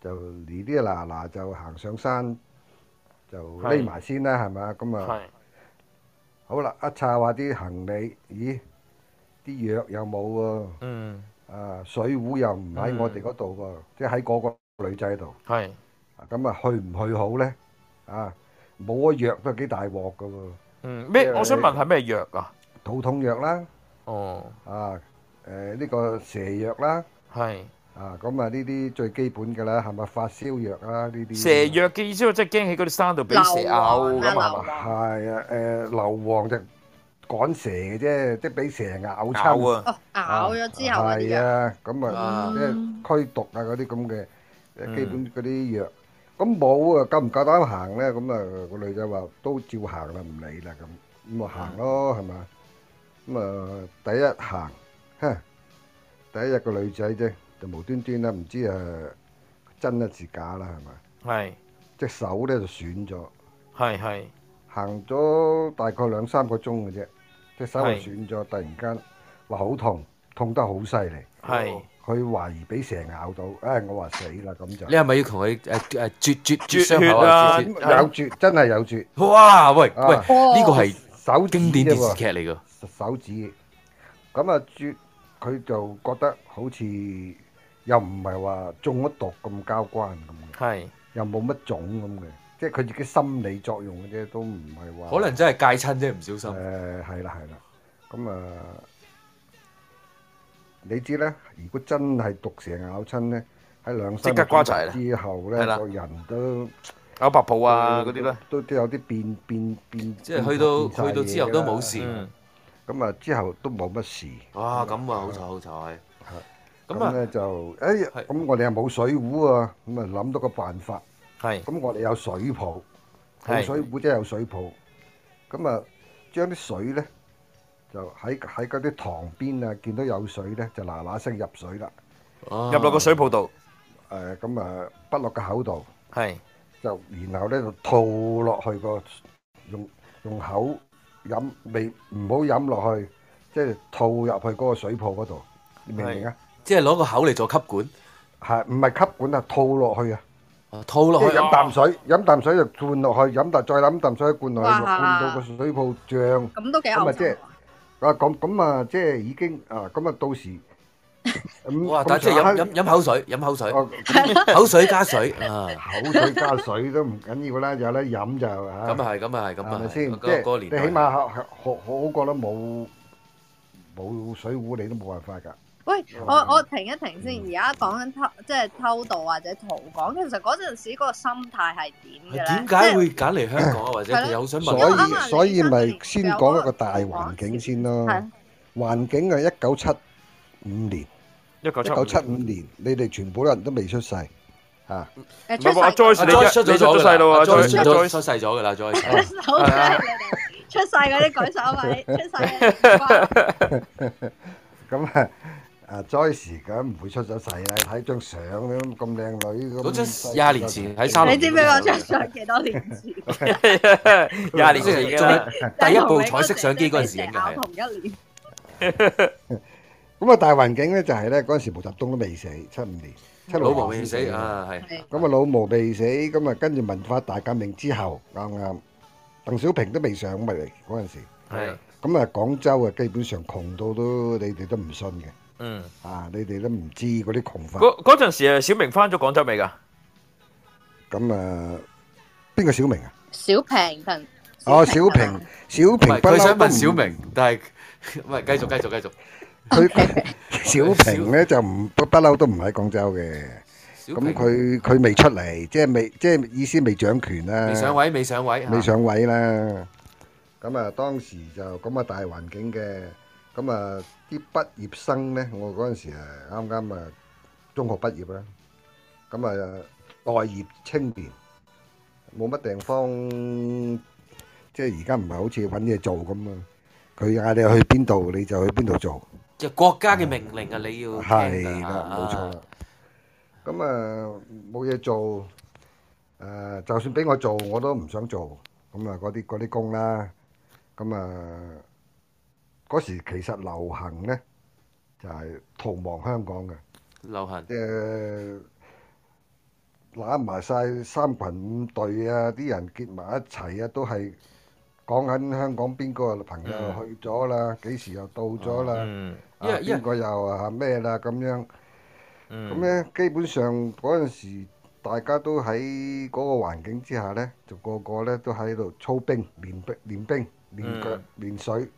就呢啲嗱嗱就行上山，就匿埋先啦，係咪？咁啊，好啦，一查下啲行李，咦？啲藥又冇喎，嗯，啊，水壺又唔喺我哋嗰度喎，即係喺嗰個女仔度，係，咁啊去唔去好咧？啊，冇咗藥都幾大鑊噶喎，嗯，咩？我想問係咩藥啊？肚痛藥啦，哦，啊，誒，呢個蛇藥啦，係。啊，咁啊呢啲最基本嘅啦，係咪發燒藥啦？呢啲蛇藥嘅意思，我真係驚喺嗰啲山度俾蛇咬咁啊！係啊，誒硫磺就趕蛇嘅啫，即係俾蛇咬抽啊！咬咗之後嘅藥，係啊咁啊，即係驅毒啊嗰啲咁嘅基本嗰啲藥。咁冇啊，夠唔夠膽行咧？咁啊個女仔話都照行啦，唔理啦咁咁啊行咯，係嘛咁啊第一行，嚇第一日個女仔啫。無端端啦，唔知誒真還是假啦，係咪？係，隻手咧就損咗。係係，行咗大概兩三個鐘嘅啫，隻手就損咗，突然間話好痛，痛得好犀利。係，佢懷疑俾蛇咬到。唉，我話死啦咁就。你係咪要同佢誒誒，啜啜啜血啊？有啜，真係有啜。哇！喂喂，呢個係手經典電視劇嚟噶。手指。咁啊，啜，佢就覺得好似。又唔係話中咗毒咁交關咁嘅，係又冇乜種咁嘅，即係佢自己心理作用嘅啫，都唔係話可能真係戒親啫，唔小心。誒係啦係啦，咁啊，你知咧，如果真係毒蛇咬親咧，喺兩三即刻瓜柴之後咧，個人都咬白泡啊嗰啲咧，都都有啲變變變，即係去到去到之後都冇事。咁啊，之後都冇乜事。啊，咁啊，好彩好彩。咁咧、啊、就誒，咁、哎、我哋又冇水壺啊，咁啊，諗到個辦法。係咁是，我哋有水泡，有水壺即係有水泡。咁啊是，將啲水咧就喺喺嗰啲塘邊啊，見到有水咧就嗱嗱聲入水啦，入落個水泡度。誒，咁啊，不落個口度。係就然後咧就吐落去個用用口飲未唔好飲落去，即係吐入去嗰個水泡嗰度。你明唔明啊？即係攞個口嚟做吸管，係唔係吸管啊？套落去啊！套落去，飲啖水，飲啖水就灌落去，飲啖再飲啖水灌落去，灌到個水泡脹。咁都幾好。咁啊即係啊咁咁啊即係已經啊咁啊到時。哇！即係飲飲口水，飲口水，口水加水啊！口水加水都唔緊要啦，有得飲就吓。咁啊係，咁啊係，咁啊係。係咪先？即係過年你起碼好好好覺得冇冇水壺，你都冇辦法噶。喂，我我停一停先，而家講緊偷，即係偷渡或者逃港。其實嗰陣時嗰個心態係點嘅咧？點解會揀嚟香港，或者你又好想問？所以所以咪先講一個大環境先咯。環境係，一九七五年，一九一九七五年，你哋全部人都未出世嚇。阿 Joy，Joy 出咗世啦嘛？Joy，Joy 出世咗嘅啦，Joy。出世嗰啲舉手位，出世嘅。咁啊～啊！在時咁唔會出咗世啦，睇張相咁咁靚女咁。嗰張廿年前睇三，你知唔知我張相幾多年？廿年先嚟嘅，第一部彩色相機嗰陣時嚟嘅。啱同一年。咁啊，大環境咧就係咧，嗰陣時毛澤東都未死，七五年、七六年未死啊，係。咁啊，老毛未死，咁啊跟住文化大革命之後啱啱，鄧小平都未上咪嚟嗰陣時。係。咁啊，廣州啊，基本上窮到都你哋都唔信嘅。嗯，啊，你哋都唔知嗰啲情況。嗰嗰陣時啊，小明翻咗廣州未噶？咁啊，邊個小明啊？小平陳。哦，小平，小平，佢想問小明，但係唔係？繼續，繼續，繼續。小平咧就唔不不嬲都唔喺廣州嘅。咁佢佢未出嚟，即係未，即係意思未掌權啦。未上位，未上位。未上位啦。咁啊，當時就咁啊，大環境嘅，咁啊。啲畢業生咧，我嗰陣時誒啱啱誒中學畢業啦，咁誒待業青年，冇乜地方，即係而家唔係好似揾嘢做咁啊。佢嗌你去邊度你就去邊度做，就國家嘅命令啊。你要聽啦，冇錯啦。咁啊冇嘢做，誒就算俾我做我都唔想做，咁啊嗰啲嗰啲工啦，咁啊～嗰時其實流行呢就係、是、逃亡香港嘅流行。誒、呃，攬埋晒三羣五隊啊！啲人結埋一齊啊，都係講緊香港邊個朋友去咗啦，幾 Yeah. 時又到咗啦？Uh, um. yeah, 啊，邊個又啊咩啦咁樣？咁、um. 呢，基本上嗰陣時，大家都喺嗰個環境之下呢，就個個呢都喺度操兵、練兵、練兵、練兵、練腳、練水。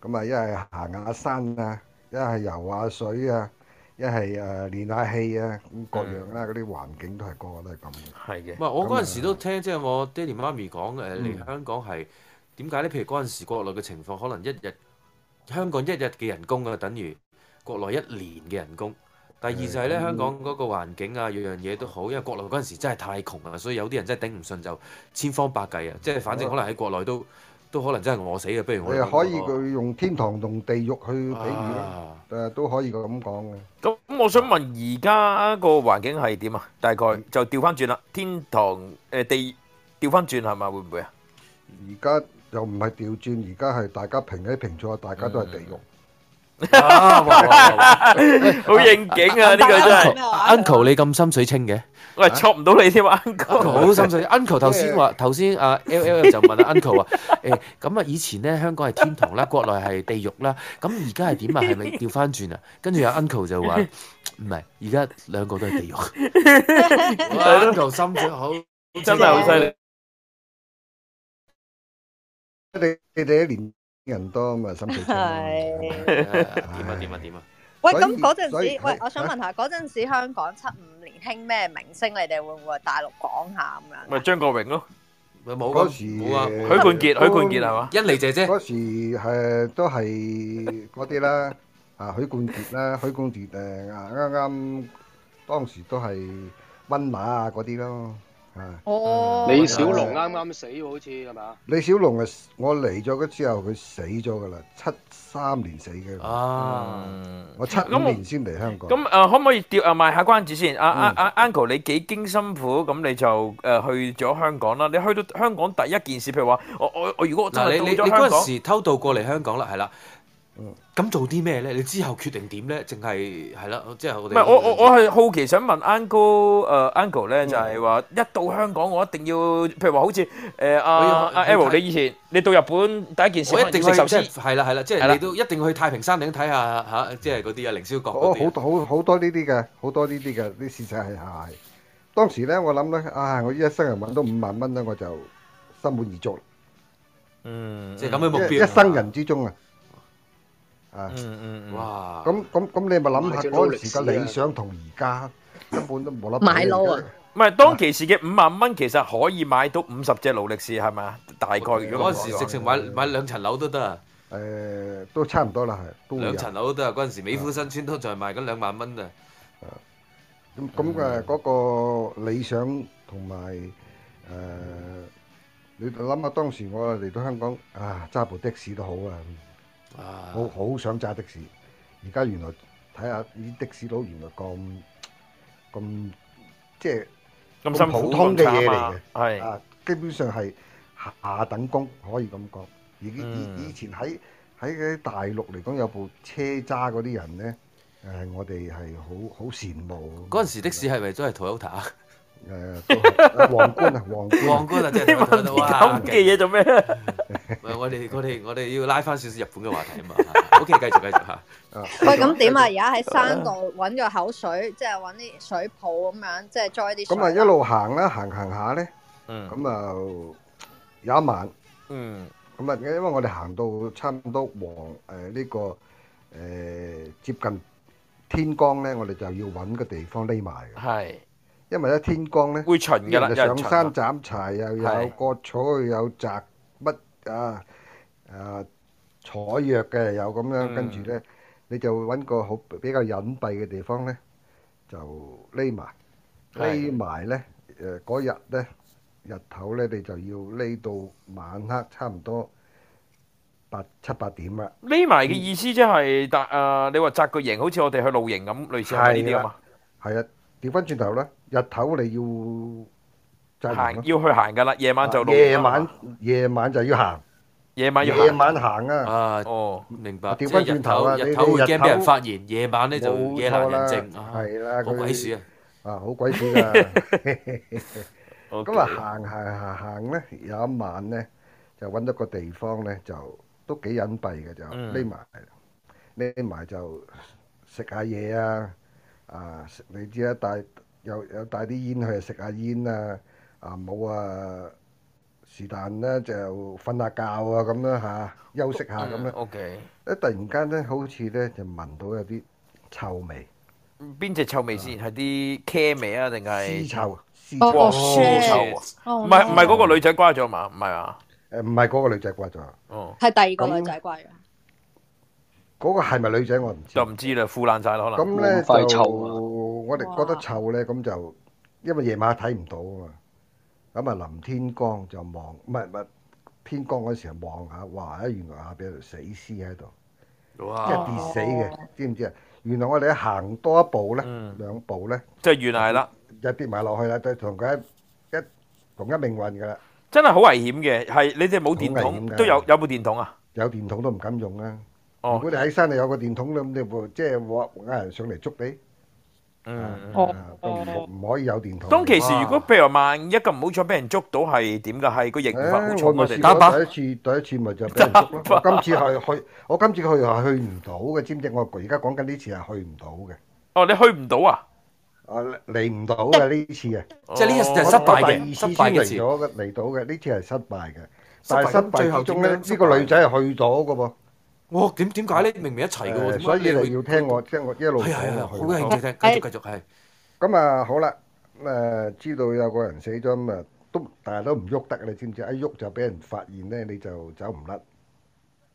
咁啊，一係行下山啊，一係游下、啊、水啊，一係誒練下氣啊，咁各樣啦，嗰啲、嗯、環境都係個個都係咁。係嘅的。唔係麼，我嗰陣時都聽，即、就、係、是、我爹哋媽咪講誒，嚟、嗯、香港係點解咧？譬如嗰陣時國內嘅情況，可能一日香港一日嘅人工啊，等於國內一年嘅人工。第二就係咧，嗯、香港嗰個環境啊，樣樣嘢都好，因為國內嗰陣時真係太窮啊，所以有啲人真係頂唔順就千方百計啊，即係反正可能喺國內都。嗯都可能真係餓死嘅，不如我你 可以佢用天堂同地獄去比喻，誒都、啊、可以咁講嘅，咁咁，我想問而家個環境係點啊？大概就調翻轉啦，天堂誒地調翻轉係咪？會唔會啊？而家又唔係調轉，而家係大家平起平坐，大家都係地獄。嗯啊！好應景啊！呢個真係 Uncle，你咁心水清嘅。喂，錯唔到你添啊，Uncle！好心水，Uncle 頭先話頭先啊，LL 就問啊 Uncle 啊，誒，咁啊以前咧香港係天堂啦，國內係地獄啦，咁而家係點啊？係咪調翻轉啊？跟住阿 Uncle 就話唔係，而家兩個都係地獄。係咯，Uncle 心水好，真係好犀利。你你哋一年？人多咪心氣重，點啊點啊點啊！喂，咁嗰陣時，喂，我想問下，嗰陣時香港七五年興咩明星，你哋會唔會喺大陸講下咁樣？咪張國榮咯，咪冇嗰時冇啊，許冠傑，許冠傑係嘛？欣妮姐姐嗰時係都係嗰啲啦，啊，許冠傑啦，許冠傑誒，啱啱當時都係溫拿啊嗰啲咯。哦，李小龍啱啱死，好似係咪？李小龍係我嚟咗之後，佢死咗噶啦，七三年死嘅。啊，我七五年先嚟香港。咁誒、啊，可唔可以掉啊賣下關子先？阿阿阿 Uncle，你幾經辛苦，咁你就誒去咗香港啦。嗯嗯嗯、你去到香港第一件事，譬如話，我我我如果我真係，你你你嗰陣時偷渡過嚟香港啦，係啦。咁做啲咩咧？你之後決定點咧？淨係係啦，即係我唔係我我我係好奇想問 Uncle，誒 Uncle 咧就係話一到香港我一定要，譬如話好似誒阿阿 Errol，你以前你到日本第一件事我一定食壽司，係啦係啦，即係你都一定要去太平山頂睇下吓，即係嗰啲啊凌霄閣。哦，好多好多呢啲嘅，好多呢啲嘅，啲事實係係。當時咧我諗咧，唉，我一生人搵到五萬蚊咧，我就心滿意足。嗯，即係咁嘅目標，一生人之中啊。嗯嗯，哇！咁咁咁，你咪諗下嗰陣時嘅理想同而家根本都冇得買樓啊。唔係當其時嘅五萬蚊，其實可以買到五十隻勞力士係咪？大概嗰陣時直情買買兩層樓都得。誒，都差唔多啦，係。兩層樓都得，嗰陣時美孚新村都仲係賣緊兩萬蚊啊。咁咁嘅嗰個理想同埋誒，你諗下當時我嚟到香港啊，揸部的士都好啊。啊、我好想揸的士，而家原來睇下啲的士佬原來咁咁即係咁普通嘅嘢嚟嘅。係啊、嗯，嗯、基本上係下等工可以咁講。而以以前喺喺大陸嚟講，有部車揸嗰啲人咧，誒，我哋係好好羨慕。嗰陣時的士係咪真係 Toyota？係啊，皇冠啊，皇冠皇冠啊，即係諗嘅嘢做咩？唔係我哋，我哋，我哋要拉翻少少日本嘅話題啊嘛。OK，繼續，繼續吓。喂，咁點啊？而家喺山度搵個口水，即係搵啲水泡咁樣，即係栽啲。咁啊，一路行啦，行行下咧。嗯。咁啊，有一晚。嗯。咁啊，因為我哋行到差唔多黃誒呢個誒接近天光咧，我哋就要搵個地方匿埋。係。因為咧天光咧，會巡噶啦，又上山斬柴，又有割草，有摘乜啊、啊採藥嘅，有咁樣跟住咧，你就揾個好比較隱蔽嘅地方咧，就匿埋匿埋咧，誒嗰日咧日頭咧，你就要匿到晚黑差唔多八七八點啦。匿埋嘅意思即係，搭啊，你話紮個營，好似我哋去露營咁，類似係呢啲啊嘛，係啊。調翻轉頭啦，日頭你要行，要去行噶啦，夜晚就夜晚夜晚就要行，夜晚要夜晚行啊！啊，哦，明白。調翻轉頭啊！日頭日頭會驚俾人發現，夜晚咧就夜闌人靜，係啦，好鬼祟啊！啊，好鬼祟啊！咁啊，行行行行咧，有一晚咧就搵到個地方咧，就都幾隱蔽嘅，就匿埋匿埋就食下嘢啊！啊！食你知啦，帶有有帶啲煙去食下煙啊！啊冇啊！是但咧就瞓下覺啊咁啦嚇，休息下咁啦。OK。一突然間咧，好似咧就聞到有啲臭味。邊隻臭味先？係啲茄味啊，定係？屍臭。屍臭。Oh, oh，臭啊！唔係唔係嗰個女仔瓜咗嘛？唔係啊？誒唔係嗰個女仔瓜咗。哦、嗯。係第二個女仔瓜嗰個係咪女仔？我唔知就唔知啦，腐爛晒可能咁咧就臭，我哋覺得臭咧，咁就因為夜晚睇唔到啊嘛，咁啊臨天光就望，唔係唔係天光嗰時候望下，哇！一原來下邊有條死屍喺度，一跌死嘅，知唔知啊？原來我哋行多一步咧，兩步咧，即係原來係啦，一跌埋落去啦，就同佢一同一命運噶啦。真係好危險嘅，係你哋冇電筒都有有冇電筒啊？有電筒都唔敢用啊！如果你喺山度有個電筒咧，咁你即係揾人上嚟捉你。嗯，都唔唔可以有電筒。當其時，如果譬如萬一咁，唔好彩俾人捉到，係點噶？係個刑罰好重。我哋打靶。第一次，第一次咪就俾人捉咯。今次係去，我今次去係去唔到嘅。知唔知？我而家講緊呢次係去唔到嘅。哦，你去唔到啊？啊，嚟唔到嘅呢次啊！即係呢一次就失敗嘅，失敗咗嘅嚟到嘅呢次係失敗嘅。但係失敗。最後終於。呢個女仔係去咗嘅噃。我點點解咧？明明一齊㗎喎，所以你要聽我聽我一路係係係，好嘅，繼續聽，繼續繼續係。咁啊，好啦，咁誒知道有個人死咗，咁啊都但係都唔喐得，你知唔知？一喐就俾人發現咧，你就走唔甩。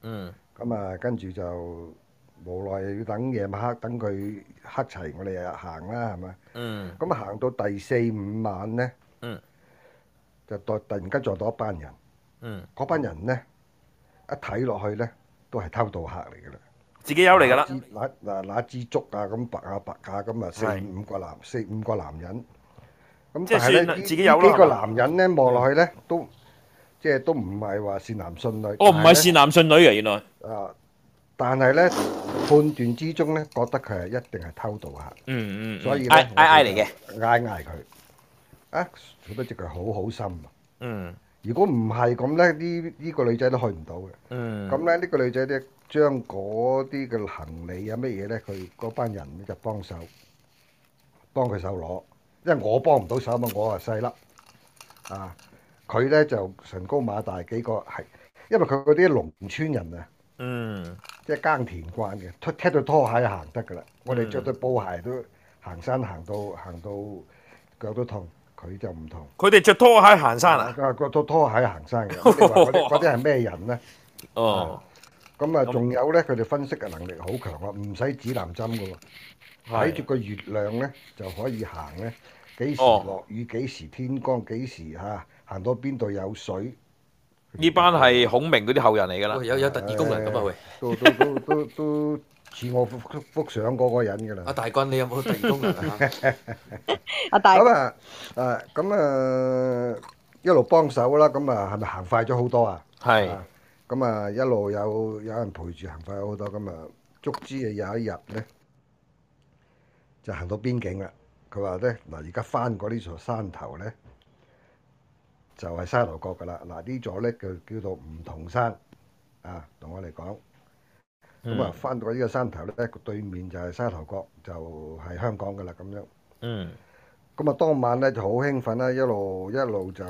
嗯。咁啊，跟住就無奈要等夜晚黑，等佢黑齊，我哋日日行啦，係咪？嗯。咁行到第四五晚咧。嗯。就撞突然間撞到一班人。嗯。嗰班人咧，一睇落去咧。都係偷渡客嚟噶啦，自己有嚟噶啦。那那那支竹啊，咁白啊白架咁啊，四五個男四五個男人，咁即係咧，自己有啦。呢個男人咧望落去咧，都即係都唔係話善男信女。哦，唔係善男信女啊，原來。啊，但係咧判斷之中咧，覺得佢係一定係偷渡客。嗯嗯。所以咧，嗌嗌嚟嘅，嗌嗌佢。啊，佢都直頭好好心啊。嗯。如果唔係咁咧，呢呢、這個女仔都去唔到嘅。咁咧、嗯，呢、這個女仔咧，將嗰啲嘅行李啊，有乜嘢咧，佢嗰班人咧就幫手，幫佢手攞。因為我幫唔到手啊，我啊細粒啊，佢咧就身高馬大幾個係，因為佢嗰啲農村人啊，嗯，即係耕田慣嘅，踢到拖鞋就行得噶啦。嗯、我哋着對布鞋都行山行到行到腳都痛。佢就唔同，佢哋着拖鞋行山啊！啊，著拖拖鞋行山嘅，嗰啲係咩人咧？哦，咁啊，仲有咧，佢哋分析嘅能力好強啊，唔使指南針㗎喎，睇住個月亮咧就可以行咧，幾時落雨，幾時天光，幾時吓行到邊度有水。呢班係孔明嗰啲後人嚟噶啦，有有特異功能咁啊喂！都都都都都。都都都都似我幅相嗰個人㗎喇。阿大軍，你有冇成功啊？阿大。咁啊，誒，咁啊一路幫手啦。咁啊，係咪行快咗好多啊？係。咁啊，一路有有人陪住，行快咗好多。咁啊，足之啊有一日咧，就行到邊境啦。佢話咧嗱，而家翻過呢座山頭咧，就係沙頭角噶啦。嗱，呢座咧叫叫做梧桐山。啊，同我嚟講。咁啊，翻、嗯、到呢依個山頭咧，對面就係沙頭角，就係、是、香港噶啦咁樣。嗯。咁啊，當晚咧就好興奮啦，一路一路就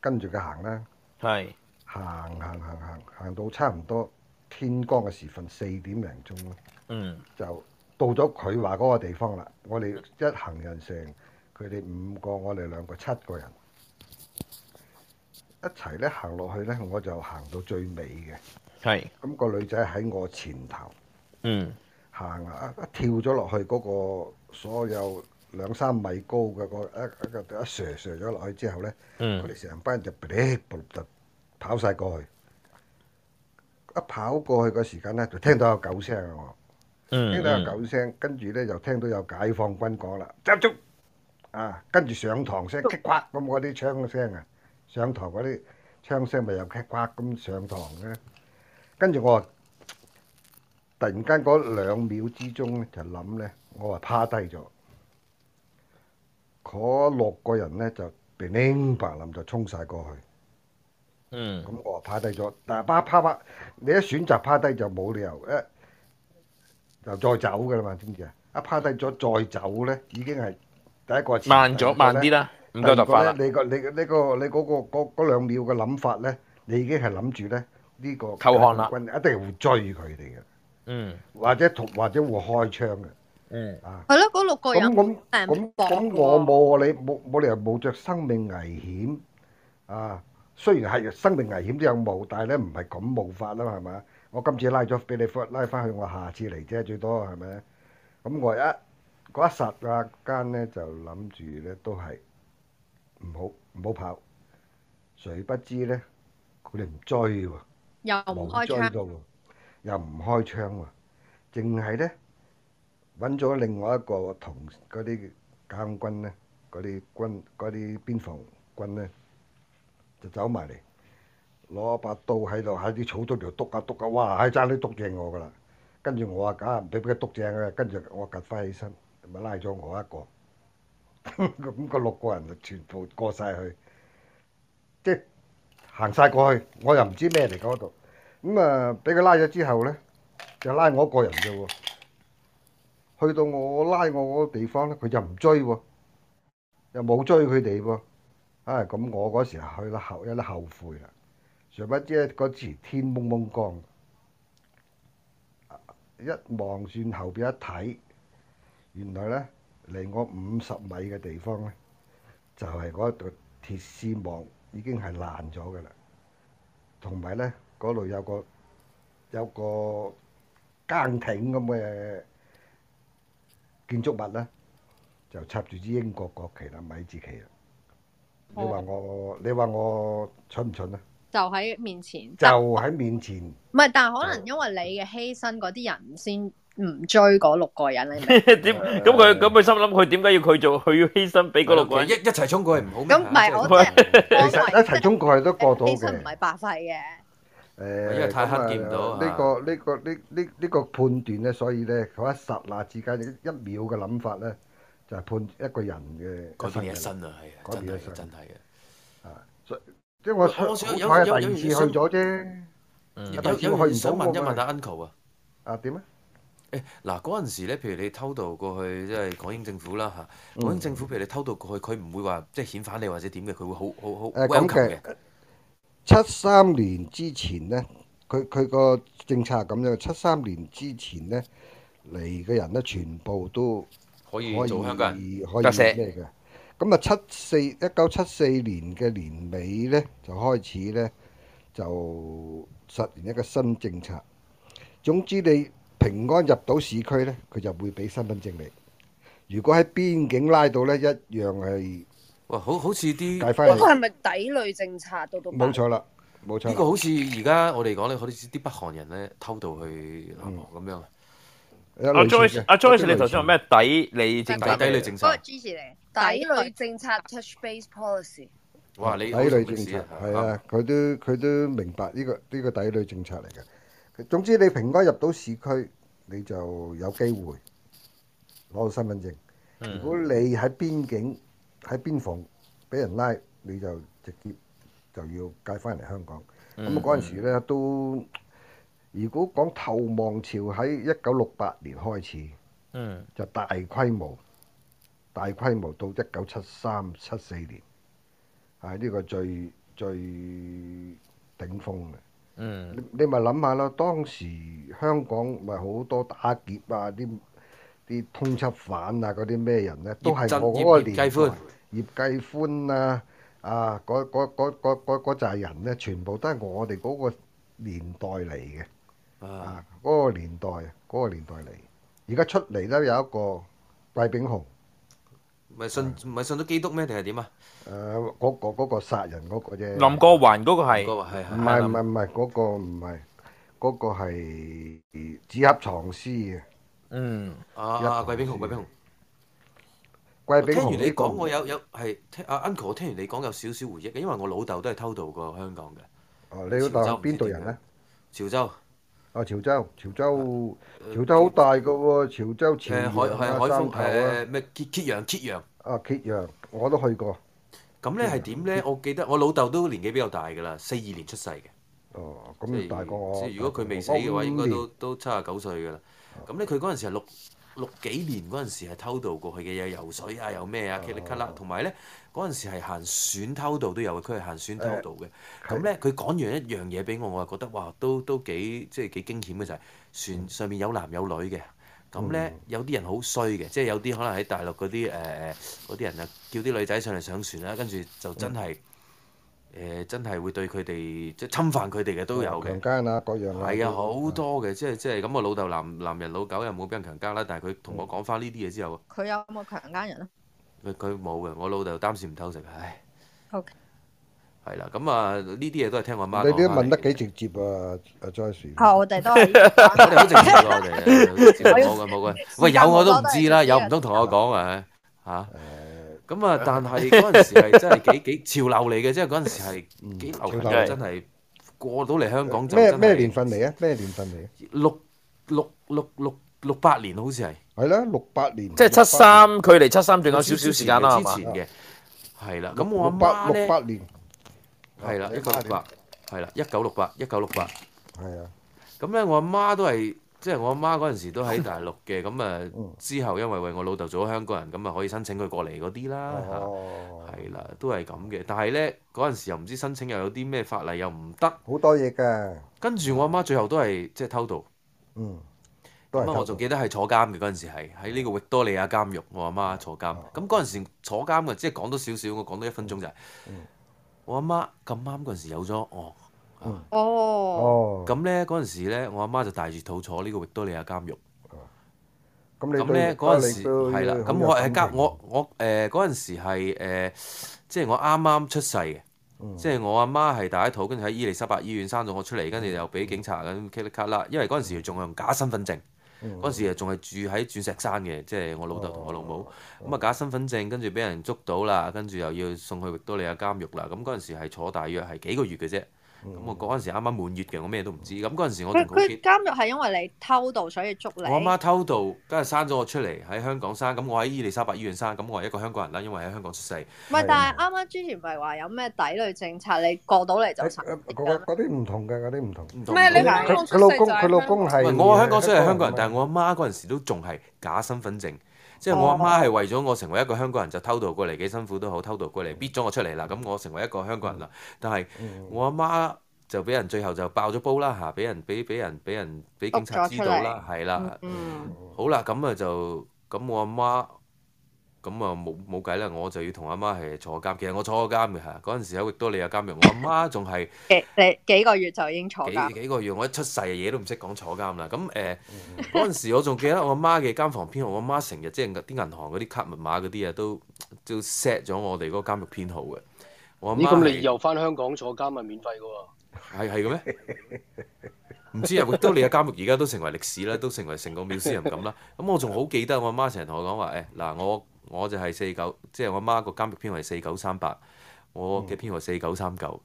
跟住佢行啦。係是。行行行行，行到差唔多天光嘅時分，四點零鐘。嗯。就到咗佢話嗰個地方啦。我哋一行人成佢哋五個，我哋兩個七個人，一齊咧行落去咧，我就行到最尾嘅。係咁，個女仔喺我前頭，嗯，行啊，一跳咗落去嗰個所有兩三米高嘅嗰一一個一瀡瀡咗落去之後咧，嗯，佢哋成班人就噼啵就跑晒過去。一跑過去嗰時間咧，就聽到有狗聲啊！我聽到有狗聲，跟住咧又聽到有解放軍講啦，抓捉啊！跟住上堂聲咔咁嗰啲槍聲啊，上堂嗰啲槍聲咪又咔咁上堂咧。跟住我話，突然間嗰兩秒之中咧，就諗咧，我話趴低咗，嗰六個人咧就被拎白林就衝晒過去。嗯，咁我話趴低咗，但係趴趴趴，你一選擇趴低就冇理由，一就再走㗎喇嘛，知唔知啊？一趴低咗再走咧，已經係第一個。慢咗，慢啲啦。唔該，阿發。你個你個你呢個你嗰個嗰嗰兩秒嘅諗法咧，你已經係諗住咧。呢個投降啦，軍一定會追佢哋嘅。嗯，或者同或者會開槍嘅。嗯啊，係咯，嗰六個人咁咁咁我冇你冇我哋又冒着生命危險啊！雖然係生命危險都有冒，但係咧唔係咁冒法啦，係嘛？我今次拉咗俾你翻拉翻去，我下次嚟啫，最多係咪？咁我一嗰一霎間咧就諗住咧都係唔好唔好跑，誰不知咧佢哋唔追喎。又唔開槍，又唔開槍喎，淨係咧揾咗另外一個同嗰啲監軍咧，嗰啲軍嗰啲邊防軍咧，就走埋嚟攞一把刀喺度喺啲草堆度篤下篤下，哇！喺爭啲篤正我噶啦，跟住我啊，梗係唔俾佢篤正佢！」跟住我趌翻起身，咪拉咗我一個， 咁個六個人就全部過晒去，即係。行晒過去，我又唔知咩嚟嗰度，咁啊，俾佢拉咗之後咧，就拉我一個人啫喎。去到我拉我嗰個地方咧，佢就唔追喎，哦，又冇追佢哋喎。咁、哎、我嗰時啊去啦後有啲後悔啦。誰不知咧，嗰時天蒙蒙光，一望轉後邊一睇，原來咧離我五十米嘅地方咧，就係嗰度鐵絲網。已經係爛咗嘅啦，同埋咧嗰度有個有個崗亭咁嘅建築物咧，就插住支英國國旗啦，米字旗啦。你話我、嗯、你話我蠢唔蠢啊？就喺面前。就喺面前。唔係，但係可能因為你嘅犧牲嗰啲人先。嗯唔追嗰六個人咧，點咁佢咁佢心諗，佢點解要佢做，佢要犧牲俾嗰六個人一一齊衝過去唔好咩？咁唔係我係一齊衝過去都過到嘅，犧牲唔係白費嘅。誒，因為太黑見到呢個呢個呢呢呢個判斷咧，所以咧嗰一剎那之間一一秒嘅諗法咧，就係判一個人嘅嗰啲人生啊，係，嗰啲人生係啊，即係我我想因為第二次去咗啫，第二次去唔到我問一問阿 Uncle 啊，啊點咧？誒嗱，嗰陣時咧，譬如你偷渡過去，即係港英政府啦嚇。港英政府譬如你偷渡過去，佢唔會話即係遣返你或者點嘅，佢會好好好 welcome 嘅。七三年之前咧，佢佢個政策係咁樣。七三年之前咧嚟嘅人咧，全部都可以做香港人，可以咩嘅？咁啊，七四一九七四年嘅年尾咧，就開始咧就實現一個新政策。總之你，平安入到市區咧，佢就會俾身份證明。如果喺邊境拉到咧，一樣係哇，好好似啲。哇，係咪抵壘政策到到冇錯啦，冇錯。呢個好似而家我哋講咧，好似啲北韓人咧偷渡去南韓咁樣。阿 Joyce，阿 Joyce，你頭先話咩？抵壘政策？抵壘政策。嗰個 Gigi 抵壘政策 Touch Base Policy。哇，你抵壘政策係啊，佢都佢都明白呢個呢個抵壘政策嚟嘅。總之，你平安入到市區，你就有機會攞到身份證。嗯、如果你喺邊境、喺、嗯、邊防俾人拉，你就直接就要介翻嚟香港。咁啊、嗯，嗰陣時咧都，如果講逃亡潮喺一九六八年開始，嗯、就大規模、大規模到一九七三、七四年，係呢個最最頂峰嘅。嗯、你你咪諗下咯，當時香港咪好多打劫啊，啲啲通緝犯啊，嗰啲咩人呢？震都係我嗰個年代，葉繼寬啊，啊，嗰嗰扎人呢，全部都係我哋嗰個年代嚟嘅。啊，嗰、啊那個年代啊，嗰、那個年代嚟，而家出嚟咧有一個季炳雄。唔係信唔係信咗基督咩？定係點啊？誒，嗰個嗰個殺人嗰個啫。林國環嗰個係，唔係唔係唔係嗰個唔係，嗰個係紙盒藏屍啊！嗯，啊，貴兵雄，貴兵雄，貴兵雄。聽完你講，我有有係聽阿 Uncle，我聽完你講有少少回憶，因為我老豆都係偷渡過香港嘅。哦，你老豆邊度人咧？潮州。啊！潮州，潮州，潮州好大噶喎、啊！潮州潮、啊、潮汕、海海三峽、啊，咩揭揭陽、揭陽。啊！揭陽，我都去過。咁咧係點咧？呢陽我記得我老豆都年紀比較大噶啦，四二年出世嘅。哦，咁大過我。即係以如果佢未死嘅話，年應該都都七廿九歲噶啦。咁咧，佢嗰陣時係六。六幾年嗰陣時係偷渡過去嘅，嘢，游水啊，有咩啊，崎嶇啦。同埋咧，嗰陣時係行船偷渡都有嘅，佢係行船偷渡嘅。咁咧、uh,，佢講、uh, 完一樣嘢俾我，我係覺得哇，都都幾即係幾驚險嘅就係、是、船上面有男有女嘅。咁咧，uh, 有啲人好衰嘅，即係有啲可能喺大陸嗰啲誒誒嗰啲人啊，叫啲女仔上嚟上船啦，跟住就真係。Uh, 誒真係會對佢哋即係侵犯佢哋嘅都有嘅，強奸啊，嗰樣係啊好多嘅，即係即係咁我老豆男男人老狗又冇俾人強奸啦，但係佢同我講翻呢啲嘢之後，佢有冇強奸人咧？佢佢冇嘅，我老豆當時唔偷食，唉。O K。係啦，咁啊呢啲嘢都係聽我媽。你啲問得幾直接啊，阿 Joyce？好，我哋都。你好直接啊，我哋。冇嘅，冇嘅。喂，有我都唔知啦，有唔通同我講啊？嚇？咁啊！但係嗰陣時係真係幾幾潮流嚟嘅，即係嗰陣時係幾流行真係過到嚟香港就真係咩年份嚟啊？咩年份嚟？六六六六六八年好似係，係啦，六八年即係七三，距離七三仲有少少時間啦，之前嘅，係啦，咁我阿媽六八年，係啦，一九六八係啦，一九六八一九六八係啊，咁咧我阿媽都係。即係我阿媽嗰陣時都喺大陸嘅，咁、嗯、誒、嗯、之後因為為我老豆做咗香港人，咁誒可以申請佢過嚟嗰啲啦，嚇係啦，都係咁嘅。但係咧嗰陣時又唔知申請又有啲咩法例又唔得，好多嘢㗎。跟住我阿媽最後都係、嗯、即係偷渡，嗯，都媽媽我仲記得係坐監嘅嗰陣時係喺呢個維多利亞監獄，我阿媽坐監。咁嗰陣時坐監嘅，即係講多少少，我講多一分鐘就係、嗯嗯、我阿媽咁啱嗰陣時有咗我。哦哦。哦，咁咧嗰陣時咧，我阿媽就大住肚坐呢個域多利亞監獄。咁咁咧嗰陣時係啦，咁我係隔我我誒嗰陣時係誒，即係我啱啱出世嘅，即係我阿媽係大住肚，跟住喺伊利沙伯醫院生咗我出嚟，跟住又俾警察咁 click 啦，因為嗰陣時仲係用假身份證，嗰陣時仲係住喺鑽石山嘅，即係我老豆同我老母咁啊，假身份證跟住俾人捉到啦，跟住又要送去域多利亞監獄啦。咁嗰陣時係坐大約係幾個月嘅啫。咁我嗰陣時啱啱滿月嘅，我咩都唔知。咁嗰陣時我同佢監獄係因為你偷渡所以捉你。我媽偷渡，跟住生咗我出嚟喺香港生。咁我喺伊利沙伯醫院生。咁我係一個香港人啦，因為喺香港出世。唔係，但係啱啱之前唔係話有咩抵壘政策，你過到嚟就查。嗰啲唔同嘅，嗰啲唔同。唔係你香港佢老公，佢老公係我香港雖然係香，香港人，但係我阿媽嗰陣時都仲係假身份證。嗯即係我阿媽係為咗我成為一個香港人就偷渡過嚟，幾辛苦都好偷渡過嚟，搣咗我出嚟啦，咁我成為一個香港人啦。但係我阿媽就俾人最後就爆咗煲啦嚇，俾人俾俾人俾人俾警察知道啦，係啦，好啦咁啊就咁我阿媽。咁啊冇冇計啦！我就要同阿媽係坐監。其實我坐過監嘅嚇，嗰陣時喺維多利亞監獄，我阿媽仲係幾幾個月就已經坐監。幾個月我一出世嘅嘢都唔識講坐監啦。咁誒嗰陣時我仲記得我阿媽嘅監房編號，我阿媽成日即係啲銀行嗰啲卡密碼嗰啲啊，都都 set 咗我哋嗰個監獄編號嘅。我阿媽咦？咁你又翻香港坐監係免費㗎？喎，係係嘅咩？ 唔知啊，都你嘅監獄而家都成為歷史啦，都成為成個 museum 咁啦。咁我仲好記得我阿媽成日同我講話，誒、欸、嗱，我我就係四九，即係我阿媽個監獄編號四九三八，我嘅編號四九三九。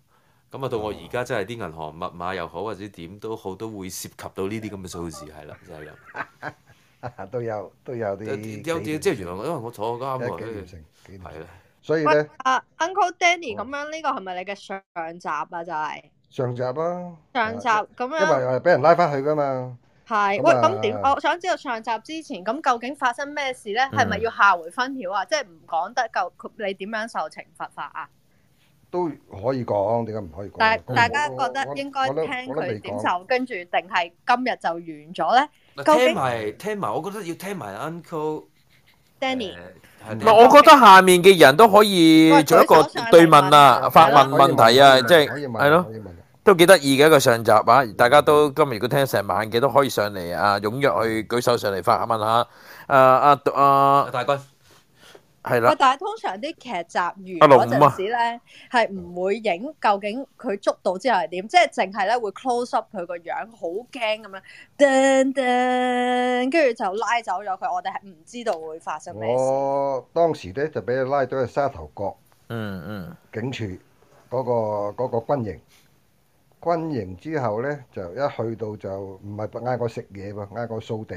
咁啊，到我而家真係啲銀行密碼又好，或者點都好，都會涉及到呢啲咁嘅數字，係啦，真係有，都有都有啲即係原來因為我坐監啊，係啦，就是、所以咧、uh，Uncle Danny 咁、oh. 樣呢個係咪你嘅上集啊？就係。上集咯，上集咁樣，因為係俾人拉翻去噶嘛。係，喂，咁點？我想知道上集之前咁究竟發生咩事咧？係咪要下回分曉啊？即係唔講得夠，佢你點樣受懲罰法啊？都可以講，點解唔可以講？但係大家覺得應該聽佢點受，跟住定係今日就完咗咧？聽埋，聽埋，我覺得要聽埋 Uncle Danny。嗱，我覺得下面嘅人都可以做一個對問啊，發問問題啊，即係係咯。都幾得意嘅一個上集啊！大家都今日如果聽成晚嘅都可以上嚟啊，踴躍去舉手上嚟發下問下。誒誒誒，啊啊、大軍係啦。啊啊、但係通常啲劇集完嗰陣時咧，係唔會影究竟佢捉到之後係點，即係淨係咧會 close up 佢個樣好驚咁樣，叮叮，跟住就拉走咗佢。我哋係唔知道會發生咩事。我當時咧就俾佢拉到去沙頭角，嗯嗯，警署嗰個嗰個嗰個軍營。軍營之後咧，就一去到就唔係嗌我食嘢喎，嗌我掃地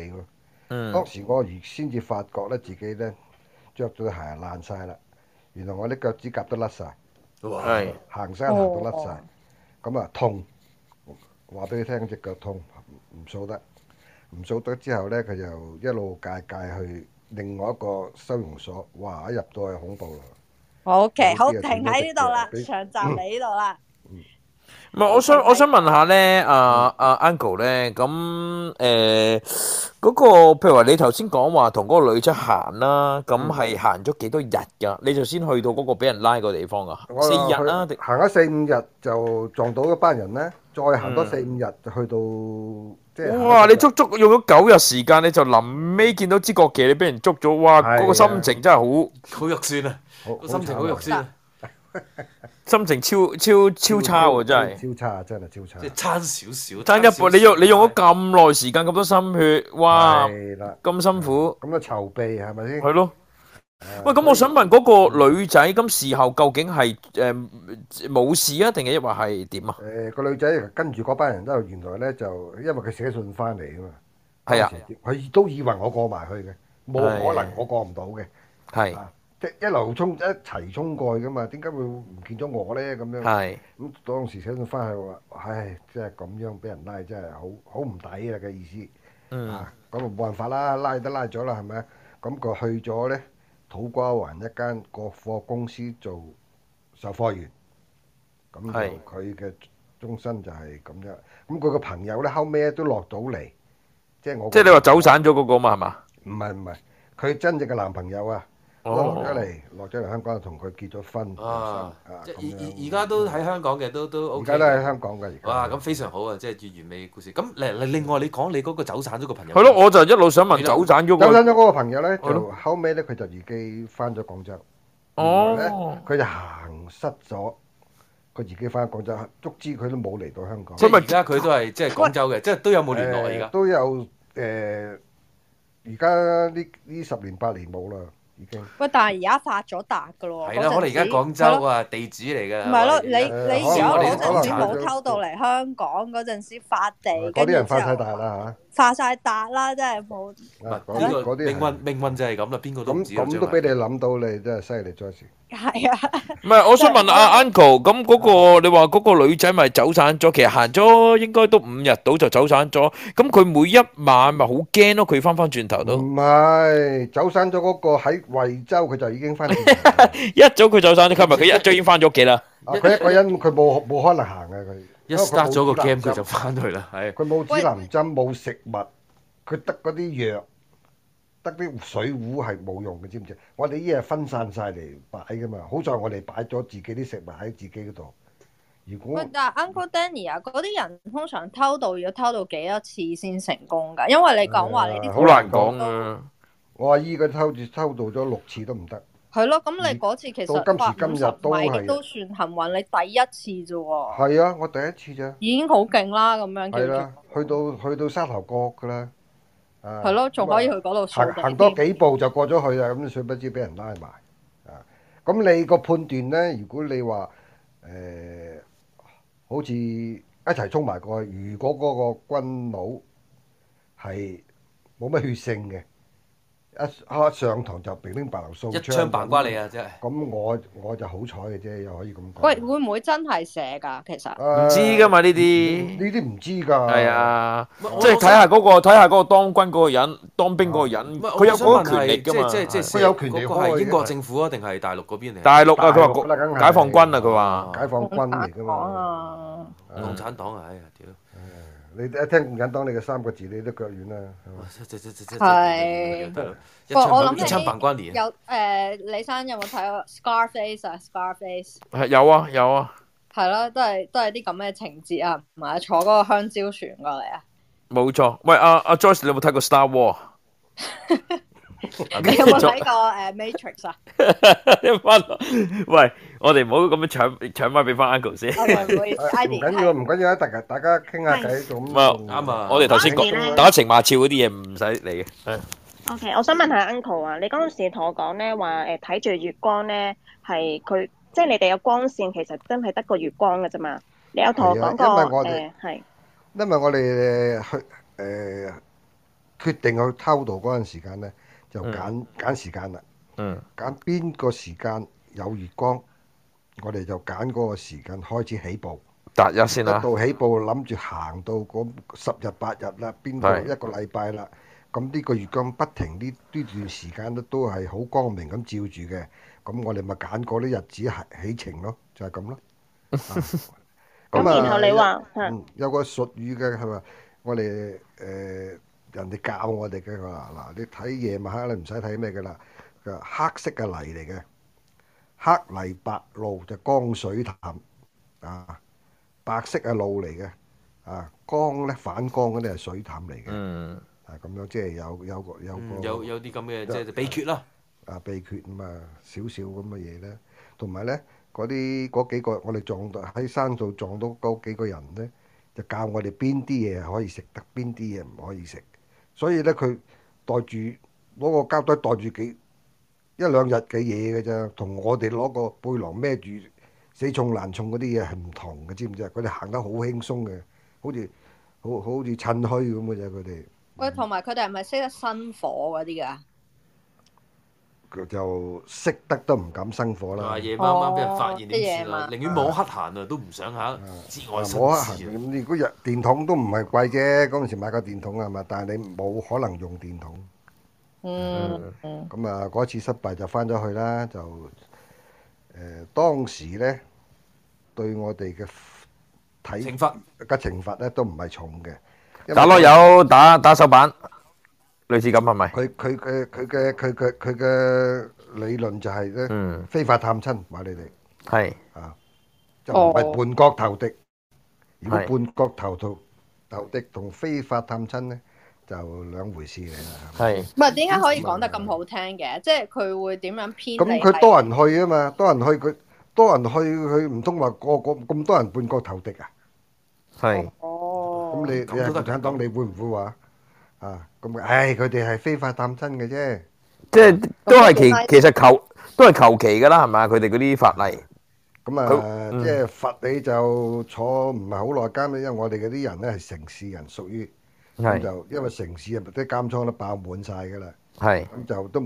喎。當時我先至發覺咧，自己咧著住對鞋係爛曬啦。原來我啲腳趾甲都甩曬，係行山行到甩曬，咁啊痛。話俾佢聽隻腳痛，唔掃得，唔掃得之後咧，佢就一路戒戒去另外一個收容所。哇！一入到去恐怖啦。好嘅，好停喺呢度啦，長集嚟呢度啦。唔係，我想我想問下咧，阿阿 uncle 咧，咁誒嗰個，譬如話你頭先講話同嗰個女出行啦，咁係行咗幾多日噶？你就先去到嗰個俾人拉個地方啊？啊四日啦，啊，行咗四五日就撞到一班人咧，再行多四五日就去到。嗯，即哇！你足足用咗九日時間，你就臨尾見到支國旗，你俾人捉咗，哇！嗰，哎，呀個心情真係好，哎，好肉酸啊，個，啊、心情好肉酸，啊。 心情超超超差喎，真係超差，真係超差。即係差少少，差一步。你用你用咗咁耐時間，咁多心血，哇，咁辛苦。咁多籌備係咪先？係咯。喂，咁我想問嗰個女仔，咁事後究竟係誒冇事啊？定嘅話係點啊？誒個女仔跟住嗰班人都原來咧，就因為佢寫信翻嚟啊嘛。係啊，佢都以為我過埋去嘅，冇可能我過唔到嘅。係。即係一路衝一齊衝過去嘅嘛，點解會唔見咗我咧？咁樣咁當時寫咗翻去話，唉，即係咁樣俾人拉，真係好好唔抵啦嘅意思。嗯，咁啊冇辦法啦，拉都拉咗啦，係咪啊？咁佢去咗咧，土瓜灣一間國貨公司做售貨員。係。咁就佢嘅終身就係咁樣。咁佢個朋友咧後尾都落到嚟，即係我。即係你話走散咗嗰個嘛？係嘛？唔係唔係，佢真正嘅男朋友啊！落咗嚟，落咗嚟香港，同佢結咗婚啊！即而而而家都喺香港嘅，都都而家都喺香港嘅。哇！咁非常好啊，即係最完美嘅故事。咁咧，另外你講你嗰個走散咗個朋友係咯，我就一路想問走散咗。走散咗嗰個朋友咧，就後尾咧，佢就自己翻咗廣州。哦，佢就行失咗，佢自己翻廣州，足知佢都冇嚟到香港。即係而家佢都係即係廣州嘅，即係都有冇聯絡而家都有誒？而家呢呢十年八年冇啦。喂，但係而家發咗達噶咯喎！係啦的，我哋而家廣州啊，地址嚟嘅。唔係咯，你了你陣有陣時冇偷渡嚟香港嗰陣時發地，嗰啲人發太大啦嚇。化曬達啦，真係冇。嗱，嗰啲，嗰啲，命運命運就係咁啦，邊個都唔知。咁咁都俾你諗到，你真係犀利，再時。係啊。唔係，我想問阿 Uncle，咁嗰個你話嗰個女仔咪走散咗，其實行咗應該都五日到就走散咗。咁佢每一晚咪好驚咯，佢翻翻轉頭都。唔係走散咗嗰個喺惠州，佢就已經翻嚟。一早佢走散，今日佢一早已經翻咗屋企啦。佢一個人，佢冇冇可能行嘅佢。一 start 咗個 game 佢就翻去啦，係佢冇指南針冇食物，佢得嗰啲藥，得啲水壺係冇用嘅，知唔知？我哋呢樣分散晒嚟擺噶嘛，好在我哋擺咗自己啲食物喺自己嗰度。如果但係 Uncle Danny 啊，嗰啲人通常偷渡要偷到幾多次先成功噶？因為你講話你啲好難講啊！我阿姨佢偷住偷渡咗六次都唔得。係咯，咁你嗰次其實百五十米嘅都算幸運，你第一次啫。係啊，我第一次啫。已經好勁啦，咁樣。係啦。去到去到沙頭角噶啦。係咯了，仲因為 可以去嗰度行，行多幾步就過咗去啊！咁，殊不知俾人拉埋。啊，咁你個判斷咧？如果你話誒、呃，好似一齊衝埋過去，如果嗰個軍佬係冇乜血性嘅。一嚇上堂，就冰冰白流一槍扮瓜你啊！真係咁，我我就好彩嘅啫，又可以咁講。喂，會唔會真係寫㗎？其實唔知㗎嘛？呢啲呢啲唔知㗎。係啊，即係睇下嗰個睇下嗰個當軍嗰個人，當兵嗰個人，佢有嗰個權力㗎嘛？即係即係，嗰個係英國政府啊，定係大陸嗰邊嚟？大陸啊，佢話解放軍啊，佢話解放軍嚟㗎嘛？共產黨啊，共產黨啊，屌！你一聽唔緊當，你嘅三個字你都腳軟啦，啊，係嘛？係。不過我諗起有誒、呃，李生有冇睇過《Scarface》啊？《Scarface》係有啊，有啊。係咯，都係都係啲咁嘅情節啊，同埋坐嗰個香蕉船過嚟啊。冇錯，喂阿阿 Joyce，你有冇睇過《Star War》？你有冇睇過誒《Matrix》啊？一、啊、蚊、 啊，喂。 我哋唔好咁樣搶搶翻俾翻 Uncle 先，唔緊要，唔緊要，大家大家傾下偈咁。唔係啱啊！我哋頭先講打情罵俏嗰啲嘢，唔使理嘅。係。OK，我想問下 Uncle 啊，你嗰陣時同我講咧話，誒睇住月光咧，係佢即係你哋嘅光線，其實真係得個月光噶咋嘛？你有同我講過誒？係。因為我哋去誒決定去偷渡嗰陣時間咧，就揀揀時間啦。嗯。揀邊個時間有月光？我哋就揀嗰個時間開始起步，達一先啦。到起步諗住行到嗰十日八日啦，邊度一個禮拜啦？咁呢個月咁不停呢呢段時間都都係好光明咁照住嘅。咁我哋咪揀嗰啲日子起起程咯，就係咁啦。咁然後你話，有個術語嘅係咪？我哋誒人哋教我哋嘅話，嗱，你睇夜晚黑你唔使睇咩嘅啦，黑色嘅泥嚟嘅。黑泥白露就江、是、水潭啊！白色係露嚟嘅啊，江咧反光嗰啲係水潭嚟嘅啊，咁樣即係有有個、嗯、有個有有啲咁嘅即係秘訣啦啊，秘訣啊嘛，少少咁嘅嘢咧，同埋咧嗰啲嗰幾個我哋撞到喺山度撞到嗰幾個人咧，就教我哋邊啲嘢可以食得，邊啲嘢唔可以食。所以咧佢袋住攞個膠袋袋住幾。一兩日嘅嘢嘅啫，同我哋攞個背囊孭住死重難重嗰啲嘢係唔同嘅，知唔知啊？佢哋行得好輕鬆嘅，好似好好似趁墟咁嘅啫。佢哋。喂，同埋佢哋係咪識得生火嗰啲㗎？佢就識得都唔敢生火啦。夜晚晚俾人發現點算啦？寧願冇黑行啊，都唔想下自愛生。冇黑行咁，如果日電筒都唔係貴啫，嗰陣時買個電筒係咪？但係你冇可能用電筒。嗯，咁啊，嗰次失敗就返咗去啦，就誒當時咧對我哋嘅體罰嘅懲罰咧都唔係重嘅，打囉柚打打手板，類似咁係咪？佢佢嘅佢嘅佢嘅佢嘅理論就係咧，非法探親話你哋係啊，就唔係叛國投敵，而叛國投投敵同非法探親咧。就兩回事嚟啦。係。唔係點解可以講得咁好聽嘅？即係佢會點樣編？咁佢多人去啊嘛，多人去佢多人去佢唔通話個個咁多人半國投敵啊？係。哦。咁你你共產黨，你會唔會話啊？咁唉，佢哋係非法探親嘅啫。即係都係其其實求都係求其㗎啦，係嘛？佢哋嗰啲法例。咁啊，即係罰你就坐唔係好耐監啦，因為我哋嗰啲人咧係城市人，屬於。咁就因為城市入面啲監倉都爆滿曬㗎啦。係。咁就都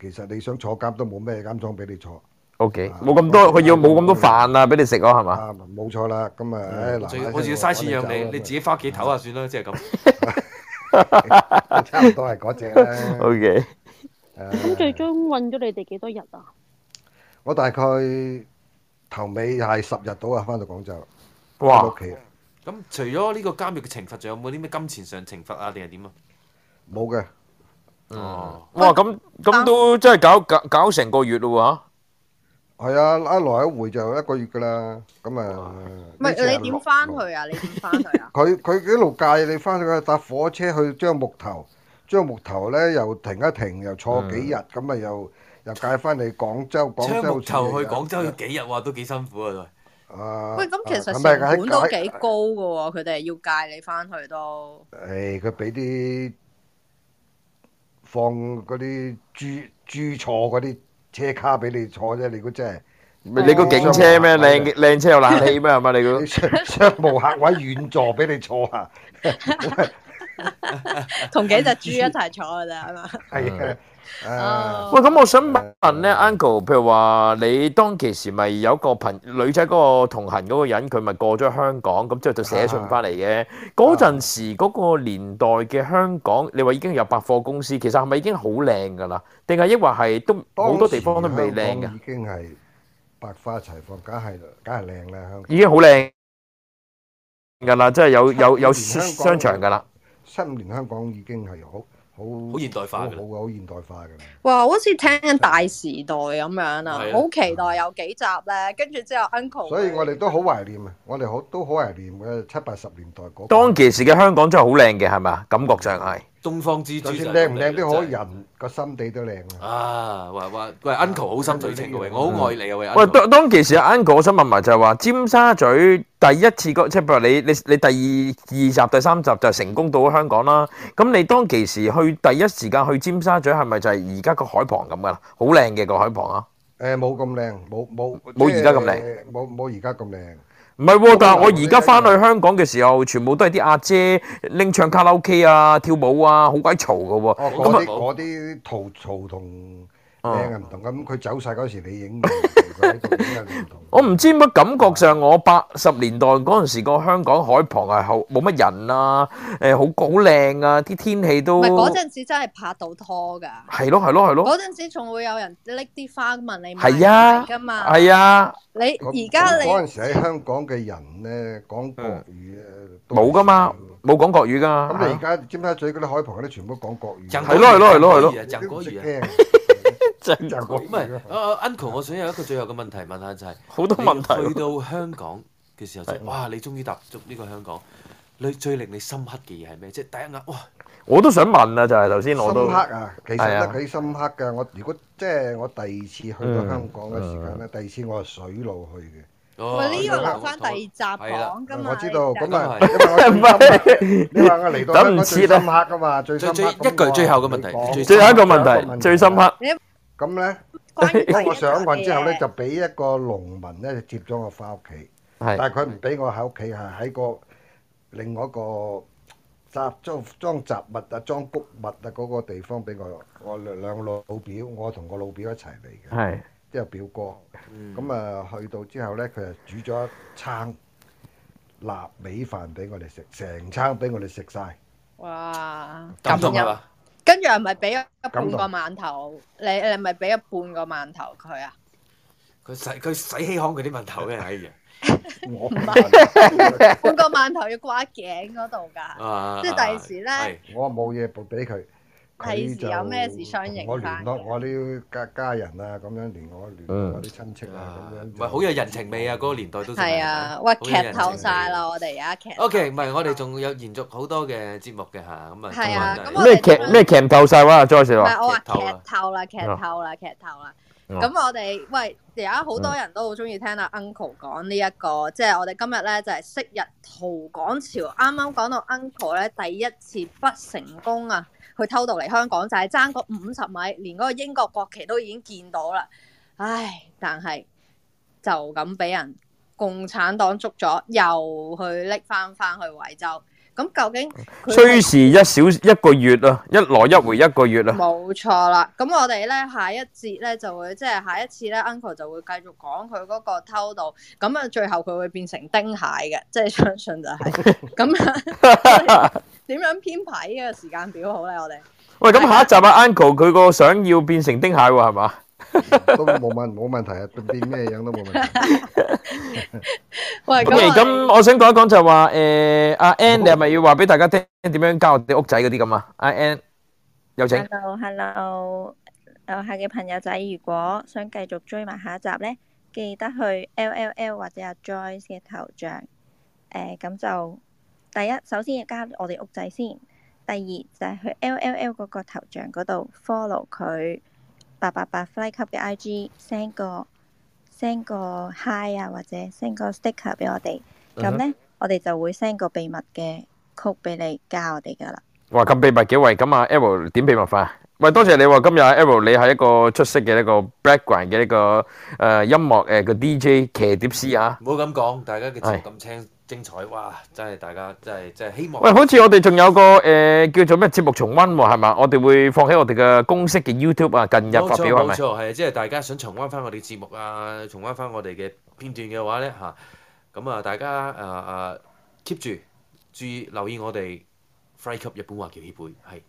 其實你想坐監都冇咩監倉俾你坐。O K。冇咁多，佢要冇咁多飯啊，俾你食啊，係嘛？冇錯啦。咁啊，嗱，我仲要嘥錢養你，你自己返屋企唞下，算啦，即係咁。差唔多係嗰隻啦。O K。誒。咁最終運咗你哋幾多日啊？我大概頭尾係十日到啊，翻到廣州屋企啊。咁除咗呢個監獄嘅懲罰，仲有冇啲咩金錢上懲罰啊？定係點啊？冇嘅。哦。哇，咁咁都真係搞搞搞成個月咯喎。係啊，一來一回就一個月㗎喇。咁啊。唔係你點翻去啊？你點翻去啊？佢佢一路介你翻去搭火車去樟木頭，樟木頭咧又停一停，又坐幾日，咁啊又又介翻嚟廣州。樟木頭去廣州要幾日哇？都幾辛苦啊！喂，咁其實成本都幾高嘅喎，佢哋、啊、要介你返去都。誒、哎，佢俾啲放嗰啲豬豬坐嗰啲車卡俾你坐啫，你估真係？咪、嗯、你個警車咩？靚靚、嗯、車有冷氣咩？係咪 你個？商務 客位軟座俾你坐啊！ 同幾隻豬一齊坐嘅咋係嘛？係啊，喂，咁我想問咧，Uncle，譬如話你當其時咪有個朋女仔嗰個同行嗰個人，佢咪過咗香港，咁之後就寫信翻嚟嘅。嗰陣時嗰個年代嘅香港，你話已經有百貨公司，其實係咪已經好靚噶啦？定係抑或係都好多地方都未靚嘅？當時香港已經係百花齊放，梗係梗係靚啦，已經好靚噶啦，即係有有有商場噶啦。七五年香港已經係好好好現代化好現代化嘅。哇！好似聽緊大時代咁樣啊，好的期待有幾集咧。跟住之後，Uncle，所以我哋都好懷念啊的，我哋好都好懷念嘅七八十年代嗰。當其時嘅香港真係好靚嘅，係咪？感覺上係。東方之珠就靚唔靚都好，人個心地都靚啊！啊，喂喂喂，Uncle 好心水清嘅喂，我好愛你啊喂！喂，當當其時啊，Uncle，我想問埋就係話，尖沙咀第一次個即係譬如你你你第二二集第三集就成功到咗香港啦。咁你當其時去第一時間去尖沙咀係咪就係而家個海旁咁噶啦？好靚嘅個海旁啊！誒，冇咁靚，冇冇冇而家咁靚，冇冇而家咁靚。唔係喎，但係我而家翻去香港嘅時候，嗯、全部都係啲阿姐拎唱卡拉 OK 啊、跳舞啊，好鬼嘈㗎喎。咁啊，嗰啲嘈嘈同。麼靚係唔同咁，佢走晒嗰時你影嘅，我唔知乜感覺上。我八十年代嗰陣時個香港海傍係冇乜人啊，誒，好好靚啊，啲天氣都唔係嗰陣時真係拍到拖噶。係咯係咯係咯，嗰陣時仲會有人拎啲花問你買嘅嘛。係啊，你而家你嗰陣時喺香港嘅人咧講國語啊，冇噶嘛。冇講國語噶，咁你而家尖沙咀嗰啲海旁嗰啲全部都講國語，係咯係咯係咯，爭國語啊！爭國語啊！咁咪啊，Uncle，我想有一個最後嘅問題問下，就係好多問題。去到香港嘅時候，就哇，你終於踏足呢個香港，你最令你深刻嘅嘢係咩？即係第一眼：「哇，我都想問啊，就係頭先我都深刻啊，其實得幾深刻㗎。我如果即係我第二次去到香港嘅時間咧，第二次我係水路去嘅。呢個留翻第二集講噶嘛，我知道咁啊，咁唔似啦，深刻噶嘛，最最一句最後嘅問題，最後一個問題，最深刻。咁咧，我上岸之後咧，就俾一個農民咧接咗我翻屋企，但係佢唔俾我喺屋企，係喺個另外一個雜裝裝雜物啊、裝谷物啊嗰個地方俾我。我兩兩個老表，我同個老表一齊嚟嘅。即係表哥，咁啊去到之後咧，佢就煮咗一餐臘味飯俾我哋食，成餐俾我哋食曬。哇！感動啊！跟住係咪俾咗半個饅頭？你你係咪俾咗半個饅頭佢啊？佢洗佢洗起烘嗰啲饅頭咧，我唔係半個饅頭要掛頸嗰度㗎。啊！即係第二時咧，我啊冇嘢俾佢。係有咩事相認？我我啲家家人啊，咁樣連我聯絡我啲親戚啊，咁樣唔係好有人情味啊！嗰、那個年代都係啊，喂！啊、劇透晒啦，我哋而家劇。OK，唔係我哋仲有延續好多嘅節目嘅嚇，咁啊咩、嗯、樣劇咩劇透晒？喎？Joyce 我話劇透啦，劇透啦、嗯，劇透啦！咁、嗯、我哋喂而家好多人都好中意聽阿 Uncle 講呢、這、一個，即、就、係、是、我哋今日咧就係昔日逃港潮，啱啱講到 Uncle 咧第一次不成功啊！佢偷渡嚟香港就係爭嗰五十米，連嗰個英國國旗都已經見到啦！唉，但係就咁俾人共產黨捉咗，又去拎翻翻去惠州。咁究竟需時一小一個月啊，一來一回一個月啊，冇錯啦。咁我哋咧下一節咧就會即係下一次咧 Uncle 就會繼續講佢嗰個偷渡，咁啊最後佢會變成丁蟹嘅，即係相信就係咁樣。點樣編排呢個時間表好咧？我哋喂，咁下一集啊 Uncle 佢個想要變成丁蟹係嘛？都冇問冇問題啊，變咩樣都冇問題。喂，咁咁，我想講一講就話，誒，阿 Ann，你係咪要話俾大家聽點樣加我哋屋仔嗰啲咁啊？阿 Ann，有請。Hello，Hello，樓下嘅朋友仔，如果想繼續追埋下一集呢，記得去 LLL 或者阿 Joyce 嘅頭像。誒，咁就第一，首先要加我哋屋仔先；第二就係去 LLL 嗰個頭像嗰度 follow 佢。八八八 fly 級嘅 IG，send 個 send 個 hi 啊，或者 send 個 sticker 俾我哋，咁呢，uh huh. 我哋就會 send 個秘密嘅曲俾你教我哋噶啦。哇，咁秘密幾位？咁啊，Evel 點秘密法？喂，多謝你喎今日 Evel 你係一個出色嘅一個 background l 嘅一個誒、呃、音樂誒個 DJ 騎碟師啊。唔好咁講，大家嘅字咁清。精彩哇！真係大家真係真係希望喂，好似我哋仲有個誒、呃、叫做咩節目重溫喎、啊，係嘛？我哋會放喺我哋嘅公式嘅 YouTube 啊，近日發表。冇錯，係，即係大家想重溫翻我哋節目啊，重溫翻我哋嘅片段嘅話咧吓，咁啊大家啊啊 keep 住注意留意我哋 Free 級日本話劇協會係。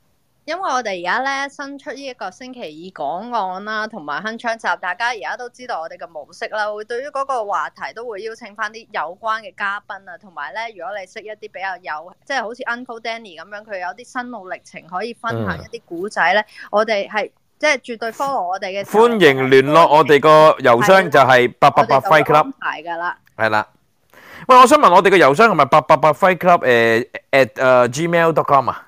因為我哋而家咧新出呢一個星期二檔案啦，啊，同埋鏗鏘集，大家而家都知道我哋嘅模式啦。會對於嗰個話題都會邀請翻啲有關嘅嘉賓啊，同埋咧，如果你識一啲比較有，即係好似 Uncle Danny 咁樣，佢有啲心路歷程可以分享一啲古仔咧。嗯、我哋係即係絕對 follow、嗯、我哋嘅。歡迎聯絡我哋個郵箱的就係八八八 Fight Club。係噶啦，係啦。喂，我想問我哋嘅郵箱係咪八八八 Fight Club 誒 at 誒 gmail dot com 啊？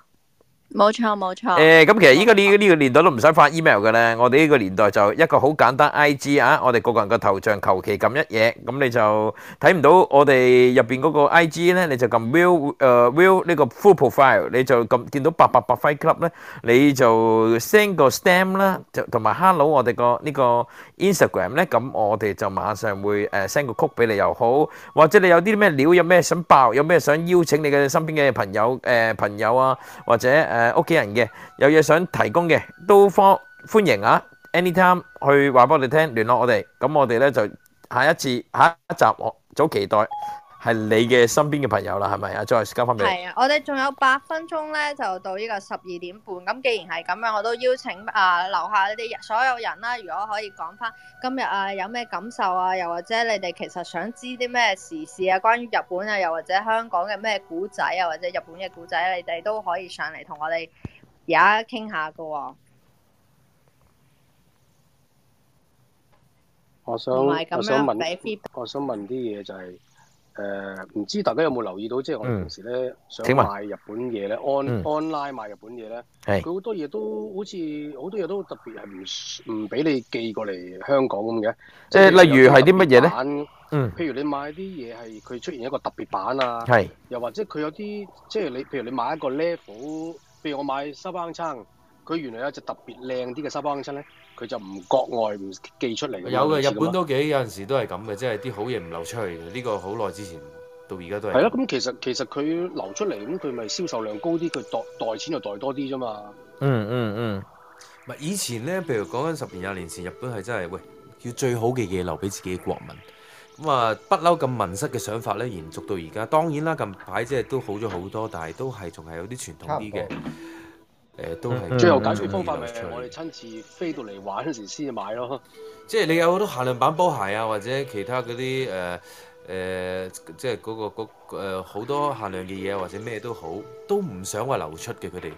冇錯冇錯，誒咁其實依家呢呢個年代都唔使發 email 嘅咧，我哋呢個年代就一個好簡單，IG 啊，我哋個人個頭像求其撳一嘢，咁你就睇唔到我哋入邊嗰個 IG 咧，你就撳 view 誒 view 呢個 full profile，你就撳見到八八八 fightclub 咧，你就 send 個 stem 啦，就同埋 hello 我哋個呢個 Instagram 咧，咁我哋就馬上會誒 send 個曲俾你又好，或者你有啲咩料，有咩想爆，有咩想邀請你嘅身邊嘅朋友誒朋友啊，或者誒。誒屋企人嘅有嘢想提供嘅都方歡迎啊，anytime 去話俾我哋聽，聯絡我哋，咁我哋咧，就下一次下一集我早期待。係你嘅身邊嘅朋友啦，係咪啊？再交翻俾你。係啊，我哋仲有八分鐘咧，就到呢個十二點半。咁既然係咁樣，我都邀請啊、呃，樓下你哋所有人啦。如果可以講翻今日啊、呃，有咩感受啊？又或者你哋其實想知啲咩時事啊？關於日本啊？又或者香港嘅咩故仔啊？或者日本嘅故仔，你哋都可以上嚟同我哋而家傾下嘅、哦。我想樣我想問，我想問啲嘢就係、是。誒唔知大家有冇留意到，即係我平時咧想買日本嘢咧，on online 買日本嘢咧，佢好多嘢都好似好多嘢都特別係唔唔俾你寄過嚟香港咁嘅。即係例如係啲乜嘢咧？嗯，譬如你買啲嘢係佢出現一個特別版啊，係又或者佢有啲即係你譬如你買一個 level，譬如我買收翻撐。佢原來有一隻特別靚啲嘅沙包起身咧，佢就唔國外唔寄出嚟。有嘅，日本都幾有陣時都係咁嘅，即係啲好嘢唔流出去嘅。呢個好耐之前到而家都係。係啦，咁其實其實佢流出嚟咁，佢咪銷售量高啲，佢袋袋錢就袋多啲啫嘛。嗯嗯嗯，唔係以前咧，譬如講緊十年廿年前，日本係真係喂要最好嘅嘢留俾自己國民。咁啊，不嬲咁民失嘅想法咧，延續到而家。當然啦，近排即係都好咗好多，但係都係仲係有啲傳統啲嘅。誒，都係最後解決方法咪？ 我哋親自飛到嚟玩嗰時先買咯。即係你有好多限量版波鞋啊，或者其他嗰啲誒誒，即係嗰個嗰、誒，好多限量嘅嘢，或者咩都好，都唔想話流出嘅佢哋。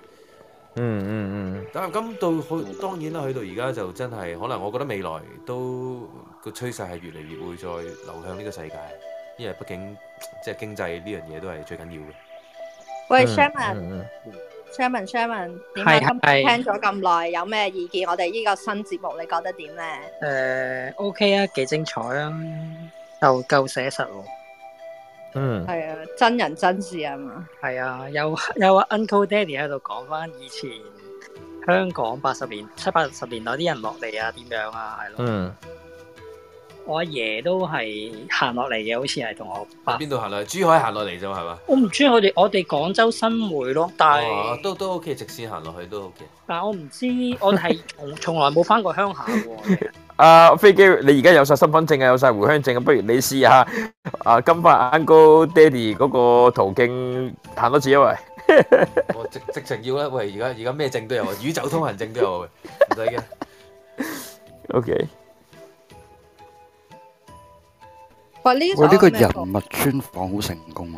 嗯嗯嗯。 但係咁到去，當然啦，去到而家就真係，可能我覺得未來都個趨勢係越嚟越會再流向呢個世界，因為畢竟即係經濟呢樣嘢都係最緊要嘅。 喂 Sherman Sherman，Sherman，點解咁聽咗咁耐，有咩意見？我哋呢個新節目你覺得點咧？誒，uh，OK 啊，幾精彩啊，又夠寫實喎。嗯。係啊，真人真事啊嘛。係啊，有有阿 Uncle Daddy 喺度講翻以前香港八十年七八十年代啲人落嚟啊，點樣啊，係咯。嗯。我阿爺都係行落嚟嘅，好似係同我。邊度行落？珠海行落嚟啫嘛，係嘛？我唔知我哋我哋廣州新梅咯，但係是都都 O、OK, K，直線行落去都 O、OK、K。但係我唔知，我係從 來冇翻過鄉下。阿 、啊、飛機，你而家有晒身份證啊，有晒回鄉證啊，不如你試下啊，金髮 uncle 爹哋嗰個途徑行多次，因為 、哦、直直情要啦。喂，而家而家咩證都有，宇宙通行證都有，唔使嘅。O K。喂呢個人物專訪好成功喎、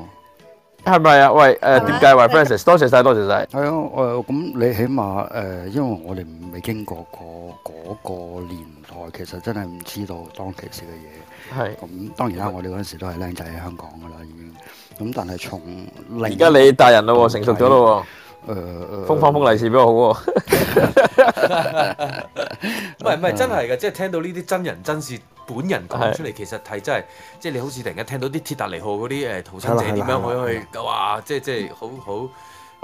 啊，係咪啊？喂，誒、呃，點解話？Francis，多謝晒，多謝晒。係啊，誒、嗯，咁、嗯嗯嗯嗯、你起碼誒、嗯，因為我哋未經過過嗰個年代，其實真係唔知道當其時嘅嘢。係、嗯，咁當然啦，我哋嗰陣時都係靚仔喺香港噶啦，已、嗯、經。咁、嗯、但係從而家你大人咯、喔，成熟咗咯。封方封封利、啊、 比我好喎？唔係唔係真係嘅， 即係聽到呢啲真人真事，本人講出嚟，其實係真係，即係你好似突然間聽到啲鐵達尼號嗰啲誒逃生者點樣去去， 哇！即係即係好好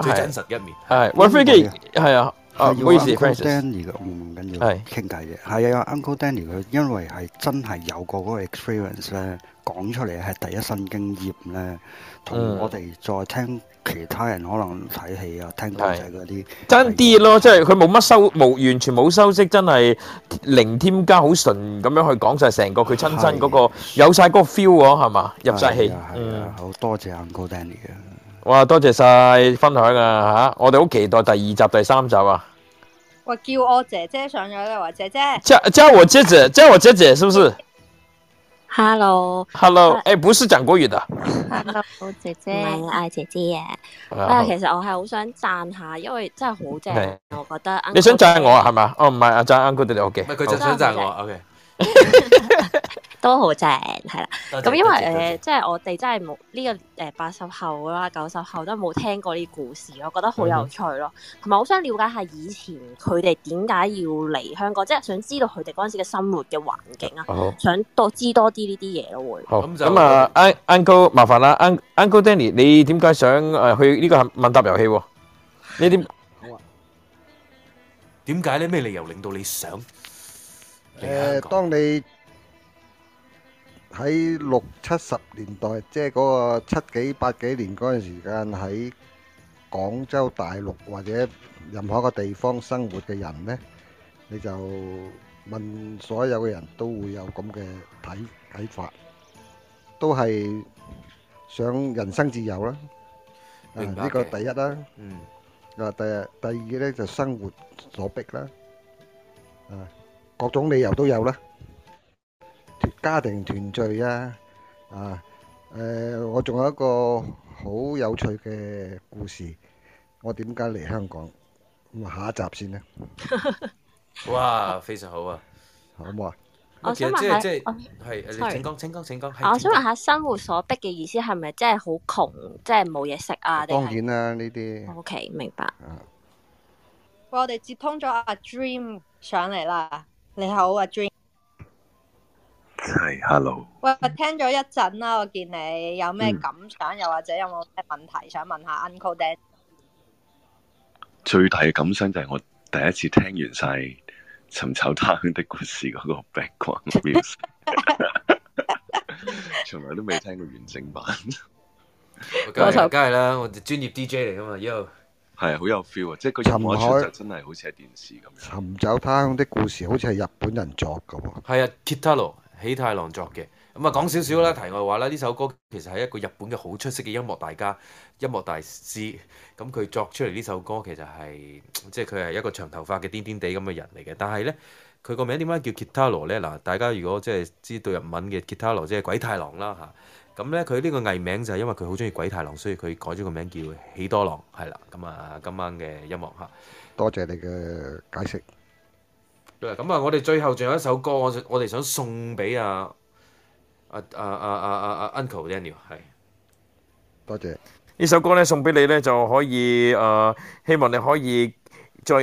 最真實一面。係揾飛機，係 啊樂，係要 Uncle Danny 唔緊要，傾偈啫。係啊的，Uncle Danny 佢因為係真係有過嗰個 experience 咧，講出嚟係第一身經驗咧。同我哋再聽其他人可能睇戲啊，聽講晒嗰啲真啲咯，是即係佢冇乜收，冇完全冇修飾，真係零添加，好純咁樣去講晒成個佢親身嗰、那個，的有晒嗰個 feel 喎，係嘛入晒戲，係啊，好、嗯、多謝 Uncle Danny 啊！哇，多謝晒分享啊吓、啊，我哋好期待第二集、第三集啊！我叫我姐姐上咗啦，話姐姐，即叫，叫我姐姐，叫我姐姐，是不是？hello，hello，誒，不是講國語的。 hello，姐姐，阿、啊、姐姐啊，啊， 其實我係好想讚下，因為真係好正，Okay. 我覺得。你想讚我啊，係咪吧？哦，唔係、啊，阿讚 Uncle 嘅，唔係佢就想讚我，O、啊、K。都好正，係啦。咁謝因為誒，即係我哋真係冇呢個誒八十後啦，九十後都冇聽過呢啲故事，我覺得好有趣咯。同埋、嗯哼，我想了解下以前佢哋點解要嚟香港，即、就、係、是、想知道佢哋嗰陣時嘅生活嘅環境啊，想多知多啲呢啲嘢咯。好咁就啊、嗯、，Uncle 麻煩啦，Uncle Danny，你點解想誒去呢個問答遊戲？你好啊、呢啲點解咧？咩理由令到你想嚟香港？誒，當你喺六七十年代，即係嗰個七幾八幾年嗰陣時間，喺廣州大陸或者任何一個地方生活嘅人呢，你就問所有嘅人都會有咁嘅睇睇法，都係想人生自由啦，啊呢個第一啦，啊第第二呢就生活所迫啦，啊各種理由都有啦。家庭團聚啊！啊，誒、呃，我仲有一個好有趣嘅故事。我點解嚟香港？咁下一集先啦。 哇，非常好啊，好唔好啊？其實即係即係，係你請講，請講，請講，我想問下生活所逼嘅意思係咪真係好窮，即係冇嘢食啊？啊當然啦，呢啲。O、okay, K，明白。啊、我哋接通咗阿 Dream 上嚟啦，你好，阿 Dream。係 Hey ,，hello。喂，聽咗一陣啦，我見你有咩感想，嗯、又或者有冇咩問題想問下 Uncle Dad。最大嘅感想就係我第一次聽完晒《尋找他鄉的故事》嗰個 background music 從來都未聽過完整版 okay,。我梗梗係啦，我專業 DJ 嚟噶嘛，又係好有 feel 啊！即係個音真係好似係電視咁。《尋找他鄉的故事》好似係日本人作噶喎。係啊 喜太郎作嘅，咁啊講少少啦，嗯、題外話啦，呢首歌其實係一個日本嘅好出色嘅音樂大家、音樂大師。咁佢作出嚟呢首歌其實係，即係佢係一個長頭髮嘅癲癲地咁嘅人嚟嘅。但係呢，佢個名點解叫 Kitaro 呢？嗱，大家如果即係知道日文嘅 Kitaro，即係鬼太郎啦吓，咁呢，佢呢個藝名就係因為佢好中意鬼太郎，所以佢改咗個名叫喜多郎，係啦。咁啊，今晚嘅音樂嚇，多謝你嘅解釋。咁啊！我哋最後仲有一首歌，我我哋想送俾阿阿阿阿阿阿 Uncle Daniel。係多謝呢首歌咧，送俾你咧就可以啊！希望你可以再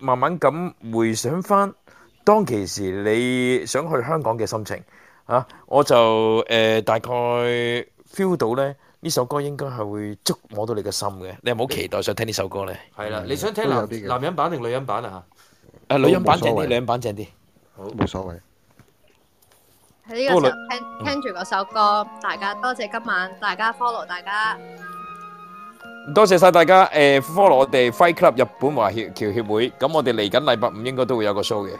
慢慢咁回想翻，當其時你想去香港嘅心情啊！我就誒大概 feel 到咧，呢首歌應該係會觸摸到你嘅心嘅，你係唔係好期待想聽呢首歌咧？係啦，你想聽男男人版定女人版啊？誒，女音版正啲，女音版正啲，好，冇所謂。喺呢度聽聽住嗰首歌，大家多謝今晚大家 follow 大家，多謝晒大家誒 follow 我哋 Fight Club 日本華協僑協會，咁我哋嚟緊禮拜五應該都會有個 show 嘅。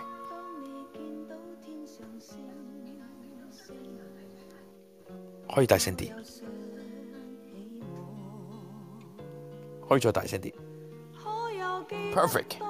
可以大聲啲，可以再大聲啲，perfect。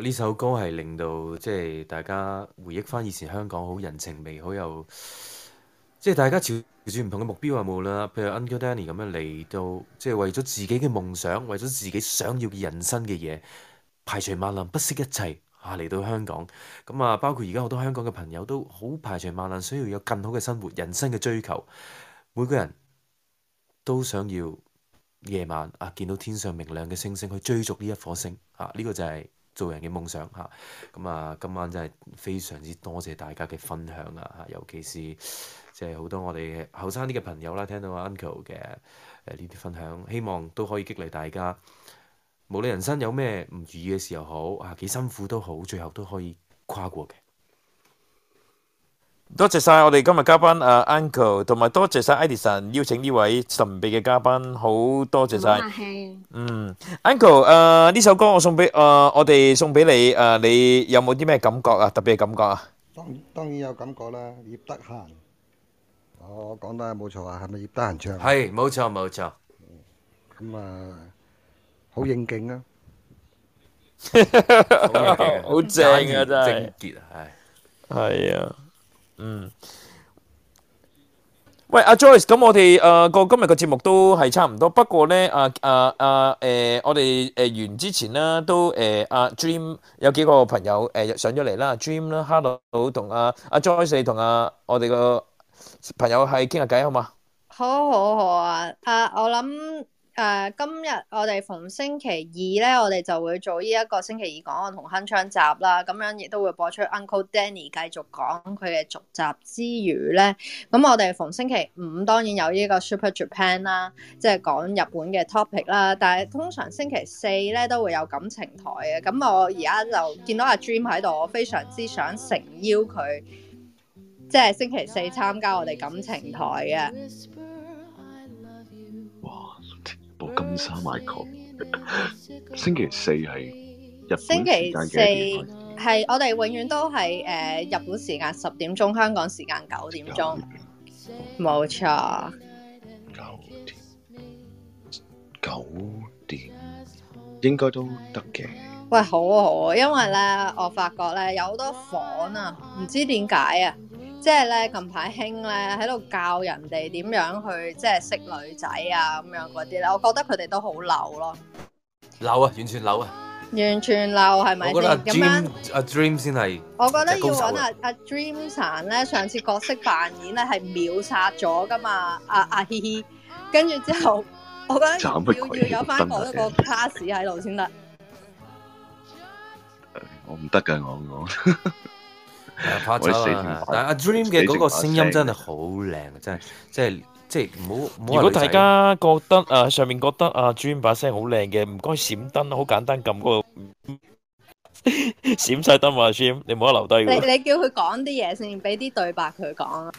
呢首歌係令到即係大家回憶翻以前香港好人情味，好又即係大家朝住唔同嘅目標有冇啦？譬如 Uncle Danny 咁樣嚟到，即係為咗自己嘅夢想，為咗自己想要嘅人生嘅嘢，排除萬難，不惜一切啊嚟到香港。咁啊，包括而家好多香港嘅朋友都好排除萬難，想要有更好嘅生活、人生嘅追求。每個人都想要夜晚啊，見到天上明亮嘅星星，去追逐呢一顆星啊！呢個就係～做人嘅夢想嚇，咁啊今晚真係非常之多謝大家嘅分享啊，尤其是即係好多我哋後生啲嘅朋友啦，聽到 Uncle 嘅誒呢啲分享，希望都可以激勵大家，無論人生有咩唔如意嘅時候，好，嚇幾辛苦都好，最後都可以跨過嘅。多謝晒我哋今日嘉賓阿 Uncle，同埋多謝晒 Edison 邀請呢位神秘嘅嘉賓，好多謝晒。好客氣。嗯，Uncle，誒呢首歌我送俾誒我哋送俾你誒，你有冇啲咩感覺啊？特別嘅感覺啊？當當然有感覺啦，葉德嫻。我講得係冇錯啊，係咪葉德嫻唱？係冇錯冇錯。咁啊，好應景啊，好正啊真係。結啊，係係啊。嗯，喂，阿、啊、Joyce，咁我哋誒、呃、個今日嘅節目都係差唔多，不過咧，啊啊啊，誒、呃呃，我哋誒完之前啦，都誒，阿、呃啊、Dream 有幾個朋友誒、呃、上咗嚟啦，Dream 啦，Hello 同阿阿 Joyce 同阿、啊、我哋個朋友係傾下偈，好嘛？好好好啊，啊，我諗。誒，uh, 今日我哋逢星期二咧，我哋就會做呢一個星期二講案同鏗鏘集啦。咁樣亦都會播出 Uncle Danny 繼續講佢嘅續集之餘咧，咁我哋逢星期五當然有呢一個 Super Japan 啦，即係講日本嘅 topic 啦。但係通常星期四咧都會有感情台嘅。咁我而家就見到阿 Dream 喺度，我非常之想誠邀佢，即係星期四參加我哋感情台嘅。星期四係日本時間嘅電台，係我哋永遠都係誒、呃、日本時間十點鐘，香港時間九點鐘，冇錯。九點錯九點，九點應該都得嘅。喂，好、啊、好、啊，因為咧，我發覺咧有好多房啊，唔知點解啊。即係咧，近排興咧喺度教人哋點樣去即係識女仔啊咁樣嗰啲咧，我覺得佢哋都好流咯。流啊，完全流啊！完全流係咪先咁樣？阿、啊、Dream 先係，我覺得要揾阿阿 Dream 殘咧，上次角色扮演咧係秒殺咗㗎嘛。阿阿、啊啊啊、嘻嘻，跟住之後，我覺得要要有返多個 class 喺度先得。我唔得㗎，我我。但係阿 Dream 嘅嗰個聲音真係好靚，真係的，即係，真係唔好。如果大家覺得啊，上面覺得阿 Dream 把聲好靚嘅，唔該閃燈，好簡單撳嗰、那個閃晒燈啊 Dream 你唔好留低。你你叫佢講啲嘢先，俾啲對白佢講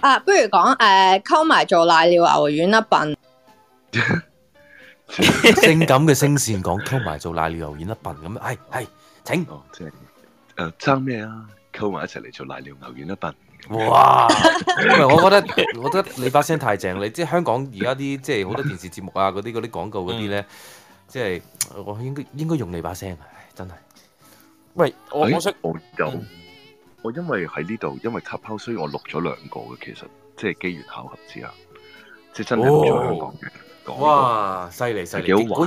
啊。不如講誒，溝、啊、埋做瀨尿牛丸一笨。 性感嘅聲線講溝埋做瀨尿牛丸一笨咁，係、哎、係。哎請、哦、即係誒爭咩啊？溝埋一齊嚟做瀨尿牛丸一笨！哇！ 因為我覺得， 我覺得你把聲太正， 你即係香港而家啲即係好多電視節目啊，嗰啲嗰啲廣告嗰啲咧，嗯、即係我應該應該用你把聲啊！真係喂，我、欸、我識我有、嗯、我因為喺呢度，因為吸拋，所以我錄咗兩個嘅，其實即係機緣巧合之下，即係真係好彩香港嘅、這個。哇！犀利犀利，好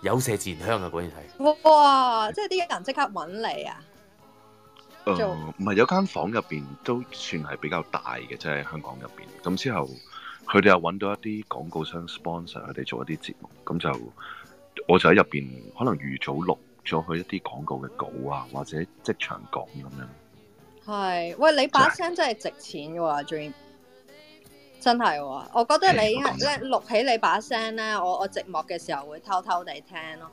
有射自然香啊！嗰啲係哇，即係啲人即刻揾你啊。誒、呃，唔係有間房入邊都算係比較大嘅，即係香港入邊咁之後，佢哋又揾到一啲廣告商 sponsor 佢哋做一啲節目，咁就我就喺入邊可能預早錄咗佢一啲廣告嘅稿啊，或者即場講咁樣。係喂，你把聲真係值錢嘅喎，Dream。就是真係，我覺得你咧錄起你把聲咧，我我寂寞嘅時候會偷偷地聽咯。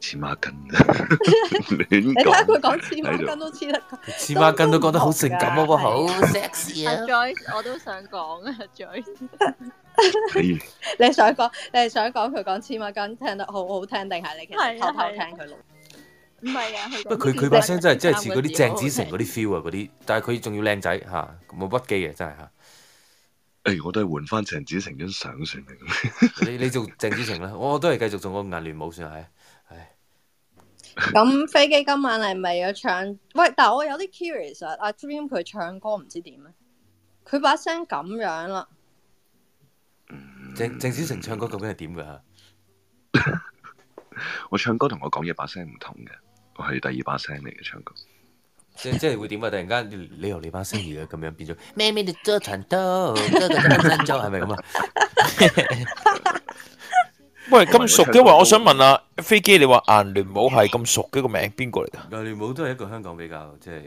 黐孖筋，你睇下佢講黐孖筋都黐得，黐孖筋都覺得好性感，好唔好？我都想講啊！你想講，你係想講佢講黐孖筋聽得好好聽，定係你其實偷偷聽佢錄？唔係啊，不過佢佢把聲真係真係似嗰啲鄭子誠嗰啲 feel 啊，嗰啲，但係佢仲要靚仔吓，冇屈機嘅真係吓。誒、哎，我都係換翻鄭子成張相算啦。 你你做鄭子成啦，我都係繼續做個銀聯舞算係。唉、哎，咁 飛機今晚係咪要唱？喂，但我有啲 curious，阿、啊、Dream 佢唱歌唔知點咧，佢把聲咁樣啦。鄭鄭、嗯、子成唱歌究竟係點噶？ 我唱歌我同我講嘢把聲唔同嘅，我係第二把聲嚟嘅唱歌。即即係會點啊？突然間你由你把聲嚟嘅咁樣變咗，咩咩的做船頭，做做做做係咪咁啊？喂，咁熟嘅話，我想問啊，飛機，你話顏聯武係咁熟嘅個名，邊個嚟㗎？顏聯武都係一個香港比較即係，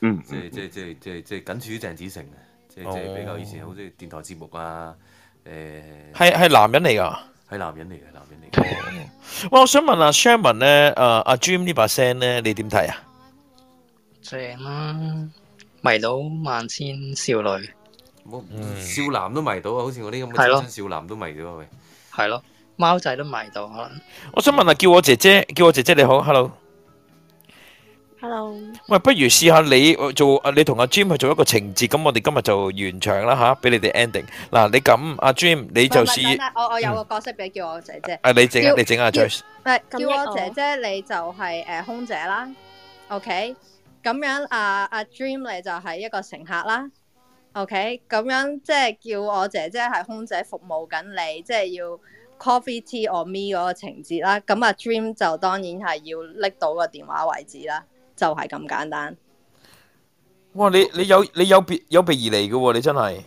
嗯，即係即係即係即係即係僅次於鄭子誠啊，即係即係比較以前好似電台節目啊，誒，係係男人嚟㗎，係男人嚟嘅，男人嚟嘅。喂，我想問阿 Sherman 咧，誒，阿 Jim 呢把聲咧，你點睇啊？正啦，迷到萬千少女，少男都迷到啊！好似我啲咁嘅青少男都迷到啊！係咯，貓仔都迷到可能。我想問下，叫我姐姐，叫我姐姐你好，hello，hello。喂，不如試下你做，你同阿 Jim 去做一個情節，咁我哋今日就完場啦吓，俾你哋 ending。嗱，你咁，阿 Jim，你就試，我我有個角色俾叫我姐姐，啊，你整啊，你整阿 James，叫我姐姐，你就係誒空姐啦，OK。咁樣啊啊，Dream 你就係一個乘客啦，OK？咁樣即係叫我姐姐係空姐服務緊你，即係要 coffee tea or me 嗰個情節啦。咁啊，Dream 就當然係要拎到個電話位置啦，就係咁簡單。哇！你你有你有別有備而嚟嘅，你真係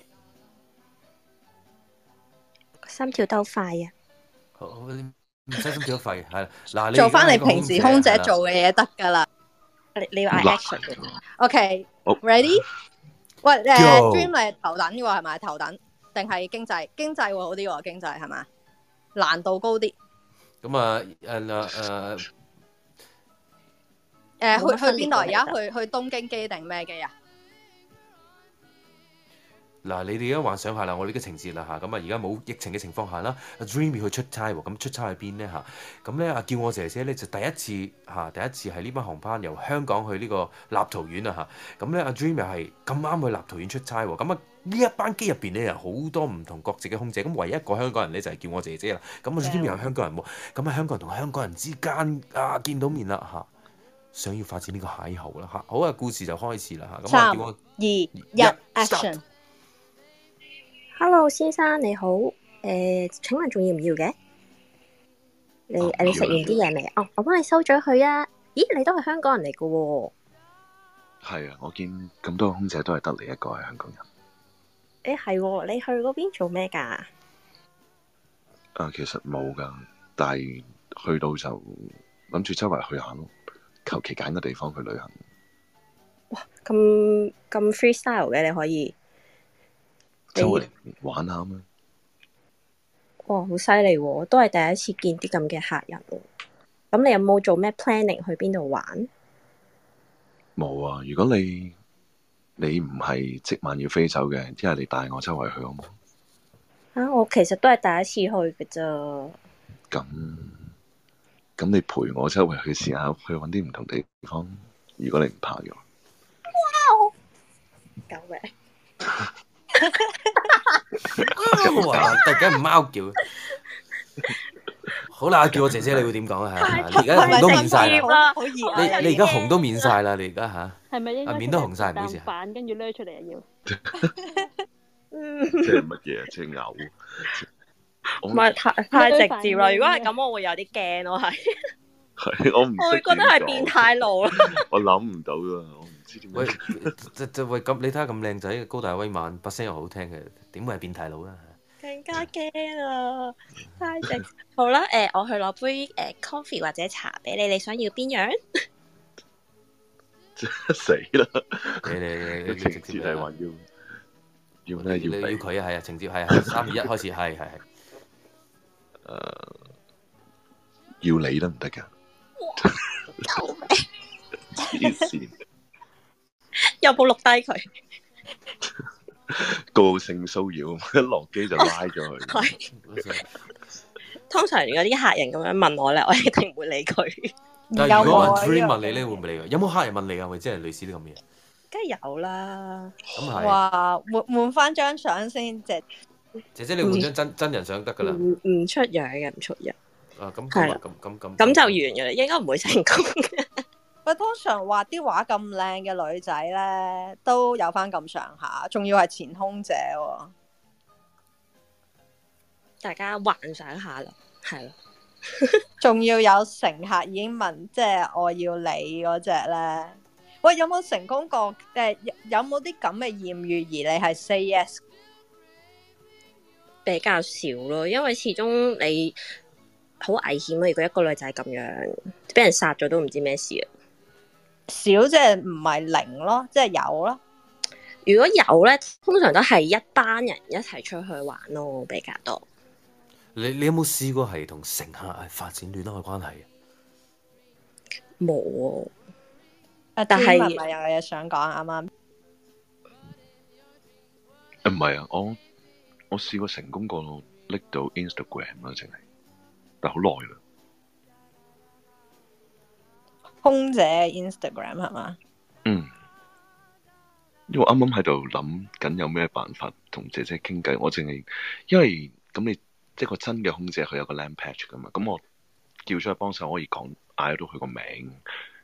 心跳得好快啊！唔使心跳快，係嗱，你做翻你平時空姐，空姐做嘅嘢得噶啦。你 okay, ready? Well,、uh, Dream, 你要 action 嘅，OK，ready？喂，誒，dream 係頭等嘅話係咪頭等？定係經濟？經濟會好啲，經濟係咪？難度高啲。咁啊、嗯，誒誒，誒，去去邊度？而家去去東京機定咩機啊？嗱，你哋而家幻想下啦，我哋呢個情節啦吓，咁啊而家冇疫情嘅情況下啦，阿 Dreamy 去出差喎，咁出差喺邊呢？吓，咁咧阿叫我姐姐咧就第一次吓，第一次係呢班航班由香港去呢個立陶宛啊吓，咁咧阿 Dream 又係咁啱去立陶宛出差喎，咁啊呢一班機入邊咧有好多唔同國籍嘅空姐，咁唯一一個香港人咧就係叫我姐姐啦，咁啊 Dreamy 有香港人喎，咁啊香港人同香港人之間啊見到面啦吓，想要發展呢個邂逅啦吓，好啊故事就開始啦吓，咁啊 3, 叫我二一 action。2 2, 1, 1, Hello，先生你好，誒、呃，請問仲要唔要嘅？哦、你誒，食、啊、完啲嘢未哦，我幫你收咗佢啊！咦，你都係香港人嚟嘅、哦？係啊，我見咁多空姐都係得你一個係香港人。誒、欸，係、哦，你去嗰邊做咩噶？啊、呃，其實冇噶，但係去到就諗住周圍去下咯，求其揀個地方去旅行。哇，咁咁 freestyle 嘅，你可以。周圍玩下哇啊嘛！哦，好犀利喎，都係第一次見啲咁嘅客人咯。咁你有冇做咩 planning 去邊度玩？冇啊！如果你你唔係即晚要飛走嘅，即係你帶我周圍去好冇？啊，我其實都係第一次去嘅咋。咁咁，你陪我周圍去試下，去搵啲唔同地方。如果你唔怕嘅話，哇！救命！搞咩 哇！突然間唔貓叫，好啦，叫我姐姐你會點講啊？你而家紅都面晒啦，你你而家紅都面晒啦，你而家吓係咪應？啊，面都紅晒，唔好意思。板跟住拎出嚟啊！要即係乜嘢？即係牛。唔係太太直接啦，如果係咁，我會有啲驚咯，係係我唔我會覺得係變態佬啦。我諗唔到啦。喂，就就喂咁，你睇下咁靚仔，高大威猛，把聲又好聽嘅，點會係變態佬咧？更加驚啊！太正！好啦，誒，我去攞杯誒 coffee 或者茶俾你，你想要邊樣？死啦！你你你直接係話要要係要要佢啊，係啊，情節係三二一開始，係係係。誒，要你得唔得噶？救命！又冇錄低佢，高性騷擾，一落機就拉咗佢。係通常如果有啲客人咁樣問我咧，我一定唔會理佢。但係如果人 free 問你咧，會唔會理佢？有冇客人問你啊？咪即係類似啲咁嘅嘢？梗係有啦。咁係。哇，換換翻張相先，姐姐。姐姐，你換張真真人相得㗎啦。唔唔出樣嘅，唔出樣。啊，咁係。咁咁咁。咁就完嘅啦，應該唔會成功嘅。喂，通常畫啲畫咁靚嘅女仔咧，都有翻咁上下，仲要係前空姐，哦，大家幻想下啦，係咯。仲 要有乘客已經問，即係我要你嗰隻咧。喂，有冇成功過？誒、呃，有冇啲咁嘅艷遇而你係 say yes？比較少咯，因為始終你好危險啊！如果一個女仔咁樣，俾人殺咗都唔知咩事啊！少即係唔係零咯，即係有咯。如果有咧，通常都係一班人一齊出去玩咯，比較多。你你有冇試過係同乘客發展戀愛關係？冇啊！但係唔係呀，我有嘢想講，啱啱誒唔係啊！我我試過成功過拎到 Instagram 啊，淨係，但好耐啦。空姐 Instagram 係嘛？嗯，因為我啱啱喺度諗緊有咩辦法同姐姐傾偈，我淨係因為咁，你即係個真嘅空姐，佢有個 land patch 噶嘛，咁我叫咗佢幫手，可以講嗌到佢個名，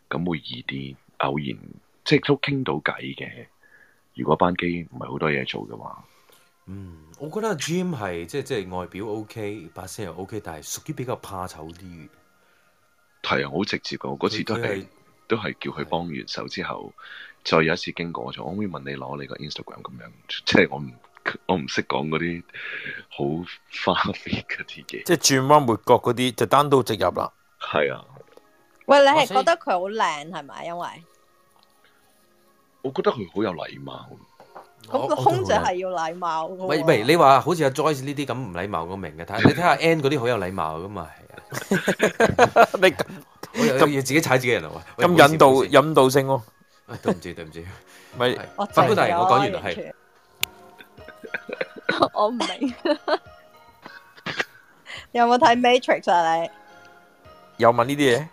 咁會易啲，偶然即係都傾到偈嘅。如果班機唔係好多嘢做嘅話，嗯，我覺得 Jim 係即係即係外表 OK，把聲又 OK，但係屬於比較怕醜啲。係啊，好直接㗎，我嗰次都係都係叫佢幫完手之後，的再有一次經過，我就我會問你攞你個 Instagram 咁樣，即係我唔我唔識講嗰啲好花非嘅啲嘢，即係轉彎抹角嗰啲就單刀直入啦。係啊的，喂，你係覺得佢好靚係咪？因為我覺得佢好有禮貌。咁個空姐係要禮貌嘅喎。喂喂，你話好似阿 Joyce 呢啲咁唔禮貌，我明嘅。睇你睇下 Ann 嗰啲好有禮貌嘅嘛，係啊。你我又要自己踩自己人啊？喂，咁引導引導性喎。對唔住對唔住，唔係法官大人，我講完啦，係。我唔明。你有冇睇 Matrix 啊？你又問呢啲嘢？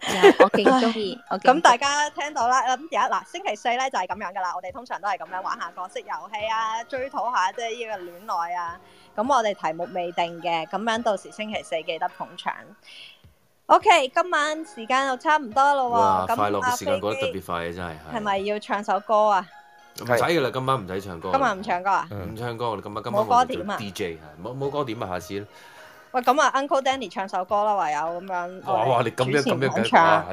我勁中意，咁、哎、大家聽到啦，咁第一，嗱，星期四咧就係咁樣噶啦，我哋通常都係咁樣玩下角色遊戲啊，追討下即係呢個戀愛啊，咁我哋題目未定嘅，咁樣到時星期四記得捧場。O、okay, K，今晚時間又差唔多咯，咁哇快樂嘅時間過得特別快啊，真係係咪要唱首歌啊？唔使噶啦，今晚唔使唱，唱歌，今晚唔唱歌啊？唔唱歌，今晚今晚冇歌點啊？D J 冇冇歌點啊？點下次。喂，咁啊、嗯，Uncle Danny 唱首歌啦，唯有咁樣往前唱。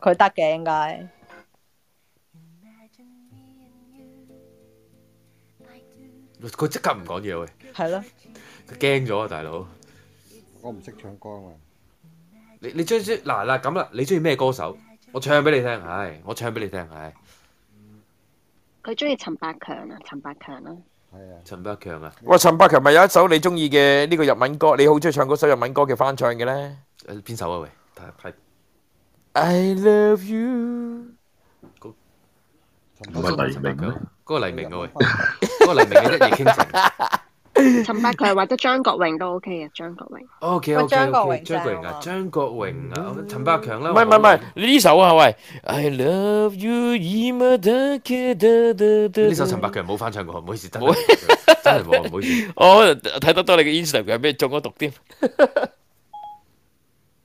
佢得嘅應該，佢即刻唔講嘢喂。係咯，佢驚咗啊，大佬。我唔識唱歌啊。你你中唔中嗱嗱咁啦？你中意咩歌手？我唱俾你聽，係一我唱俾你聽，係。佢中意陳百強啊，陳百強啊。係啊，陳百強啊，喂，陳百強咪有一首你中意嘅，呢個日文歌，你好中意唱嗰首日文歌嘅翻唱嘅咧，誒，邊首啊喂？係 I Love You，嗰個黎明噶，嗰個黎明噶喂，嗰個黎明嘅一夜傾情。陳百強或者張國榮都 OK 嘅，張國榮哦，幾好聽啊，張國榮、okay, okay, okay, 啊，張國榮啊，陳百強啦，唔係唔係唔係呢首啊喂，I love you，Am Darker，The 呢首陳百強冇翻唱過，唔好意思，真係冇，唔 好意思， 我睇得多你嘅 Instagram，俾你中咗毒添。陳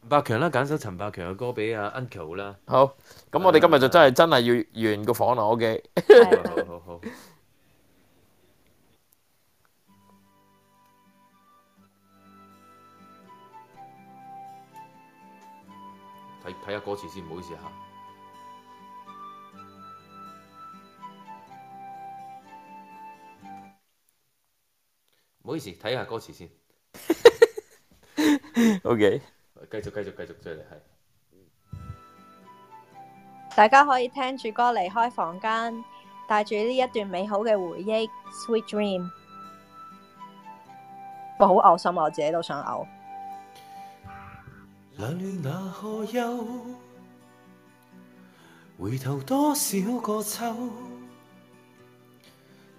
百強啦，揀首陳百強嘅歌俾阿 Uncle 啦，好，咁我哋今日就真係真係要完個房啦，OK。好好 好。好好好好好。睇下歌詞先，唔好意思哈。唔好意思，睇下歌詞先。 OK，繼續繼續繼續追嚟係。大家可以聽住歌離開房間，帶住呢一段美好嘅回憶，Sweet Dream。我好嘔心，我自己都想嘔。冷暖哪可休？回頭多少個秋？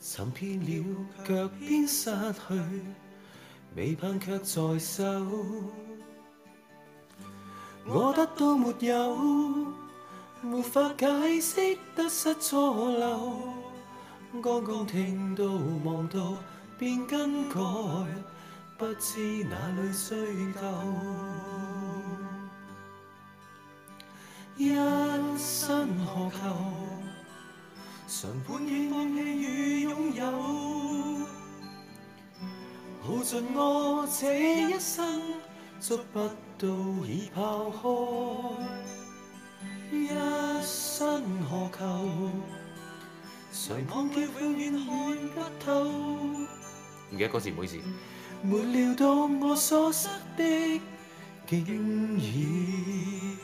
尋遍了卻偏失去，未盼卻在手。我得到沒有？沒法解釋得失錯漏。剛剛聽到望到便更改，不知哪裏追究。一生何求，常判決放棄與擁有，耗盡我這一生，觸不到已跑開。一生何求，常忘記永遠看不透？唔記得歌詞，唔好意思，沒料到我所失的，竟已。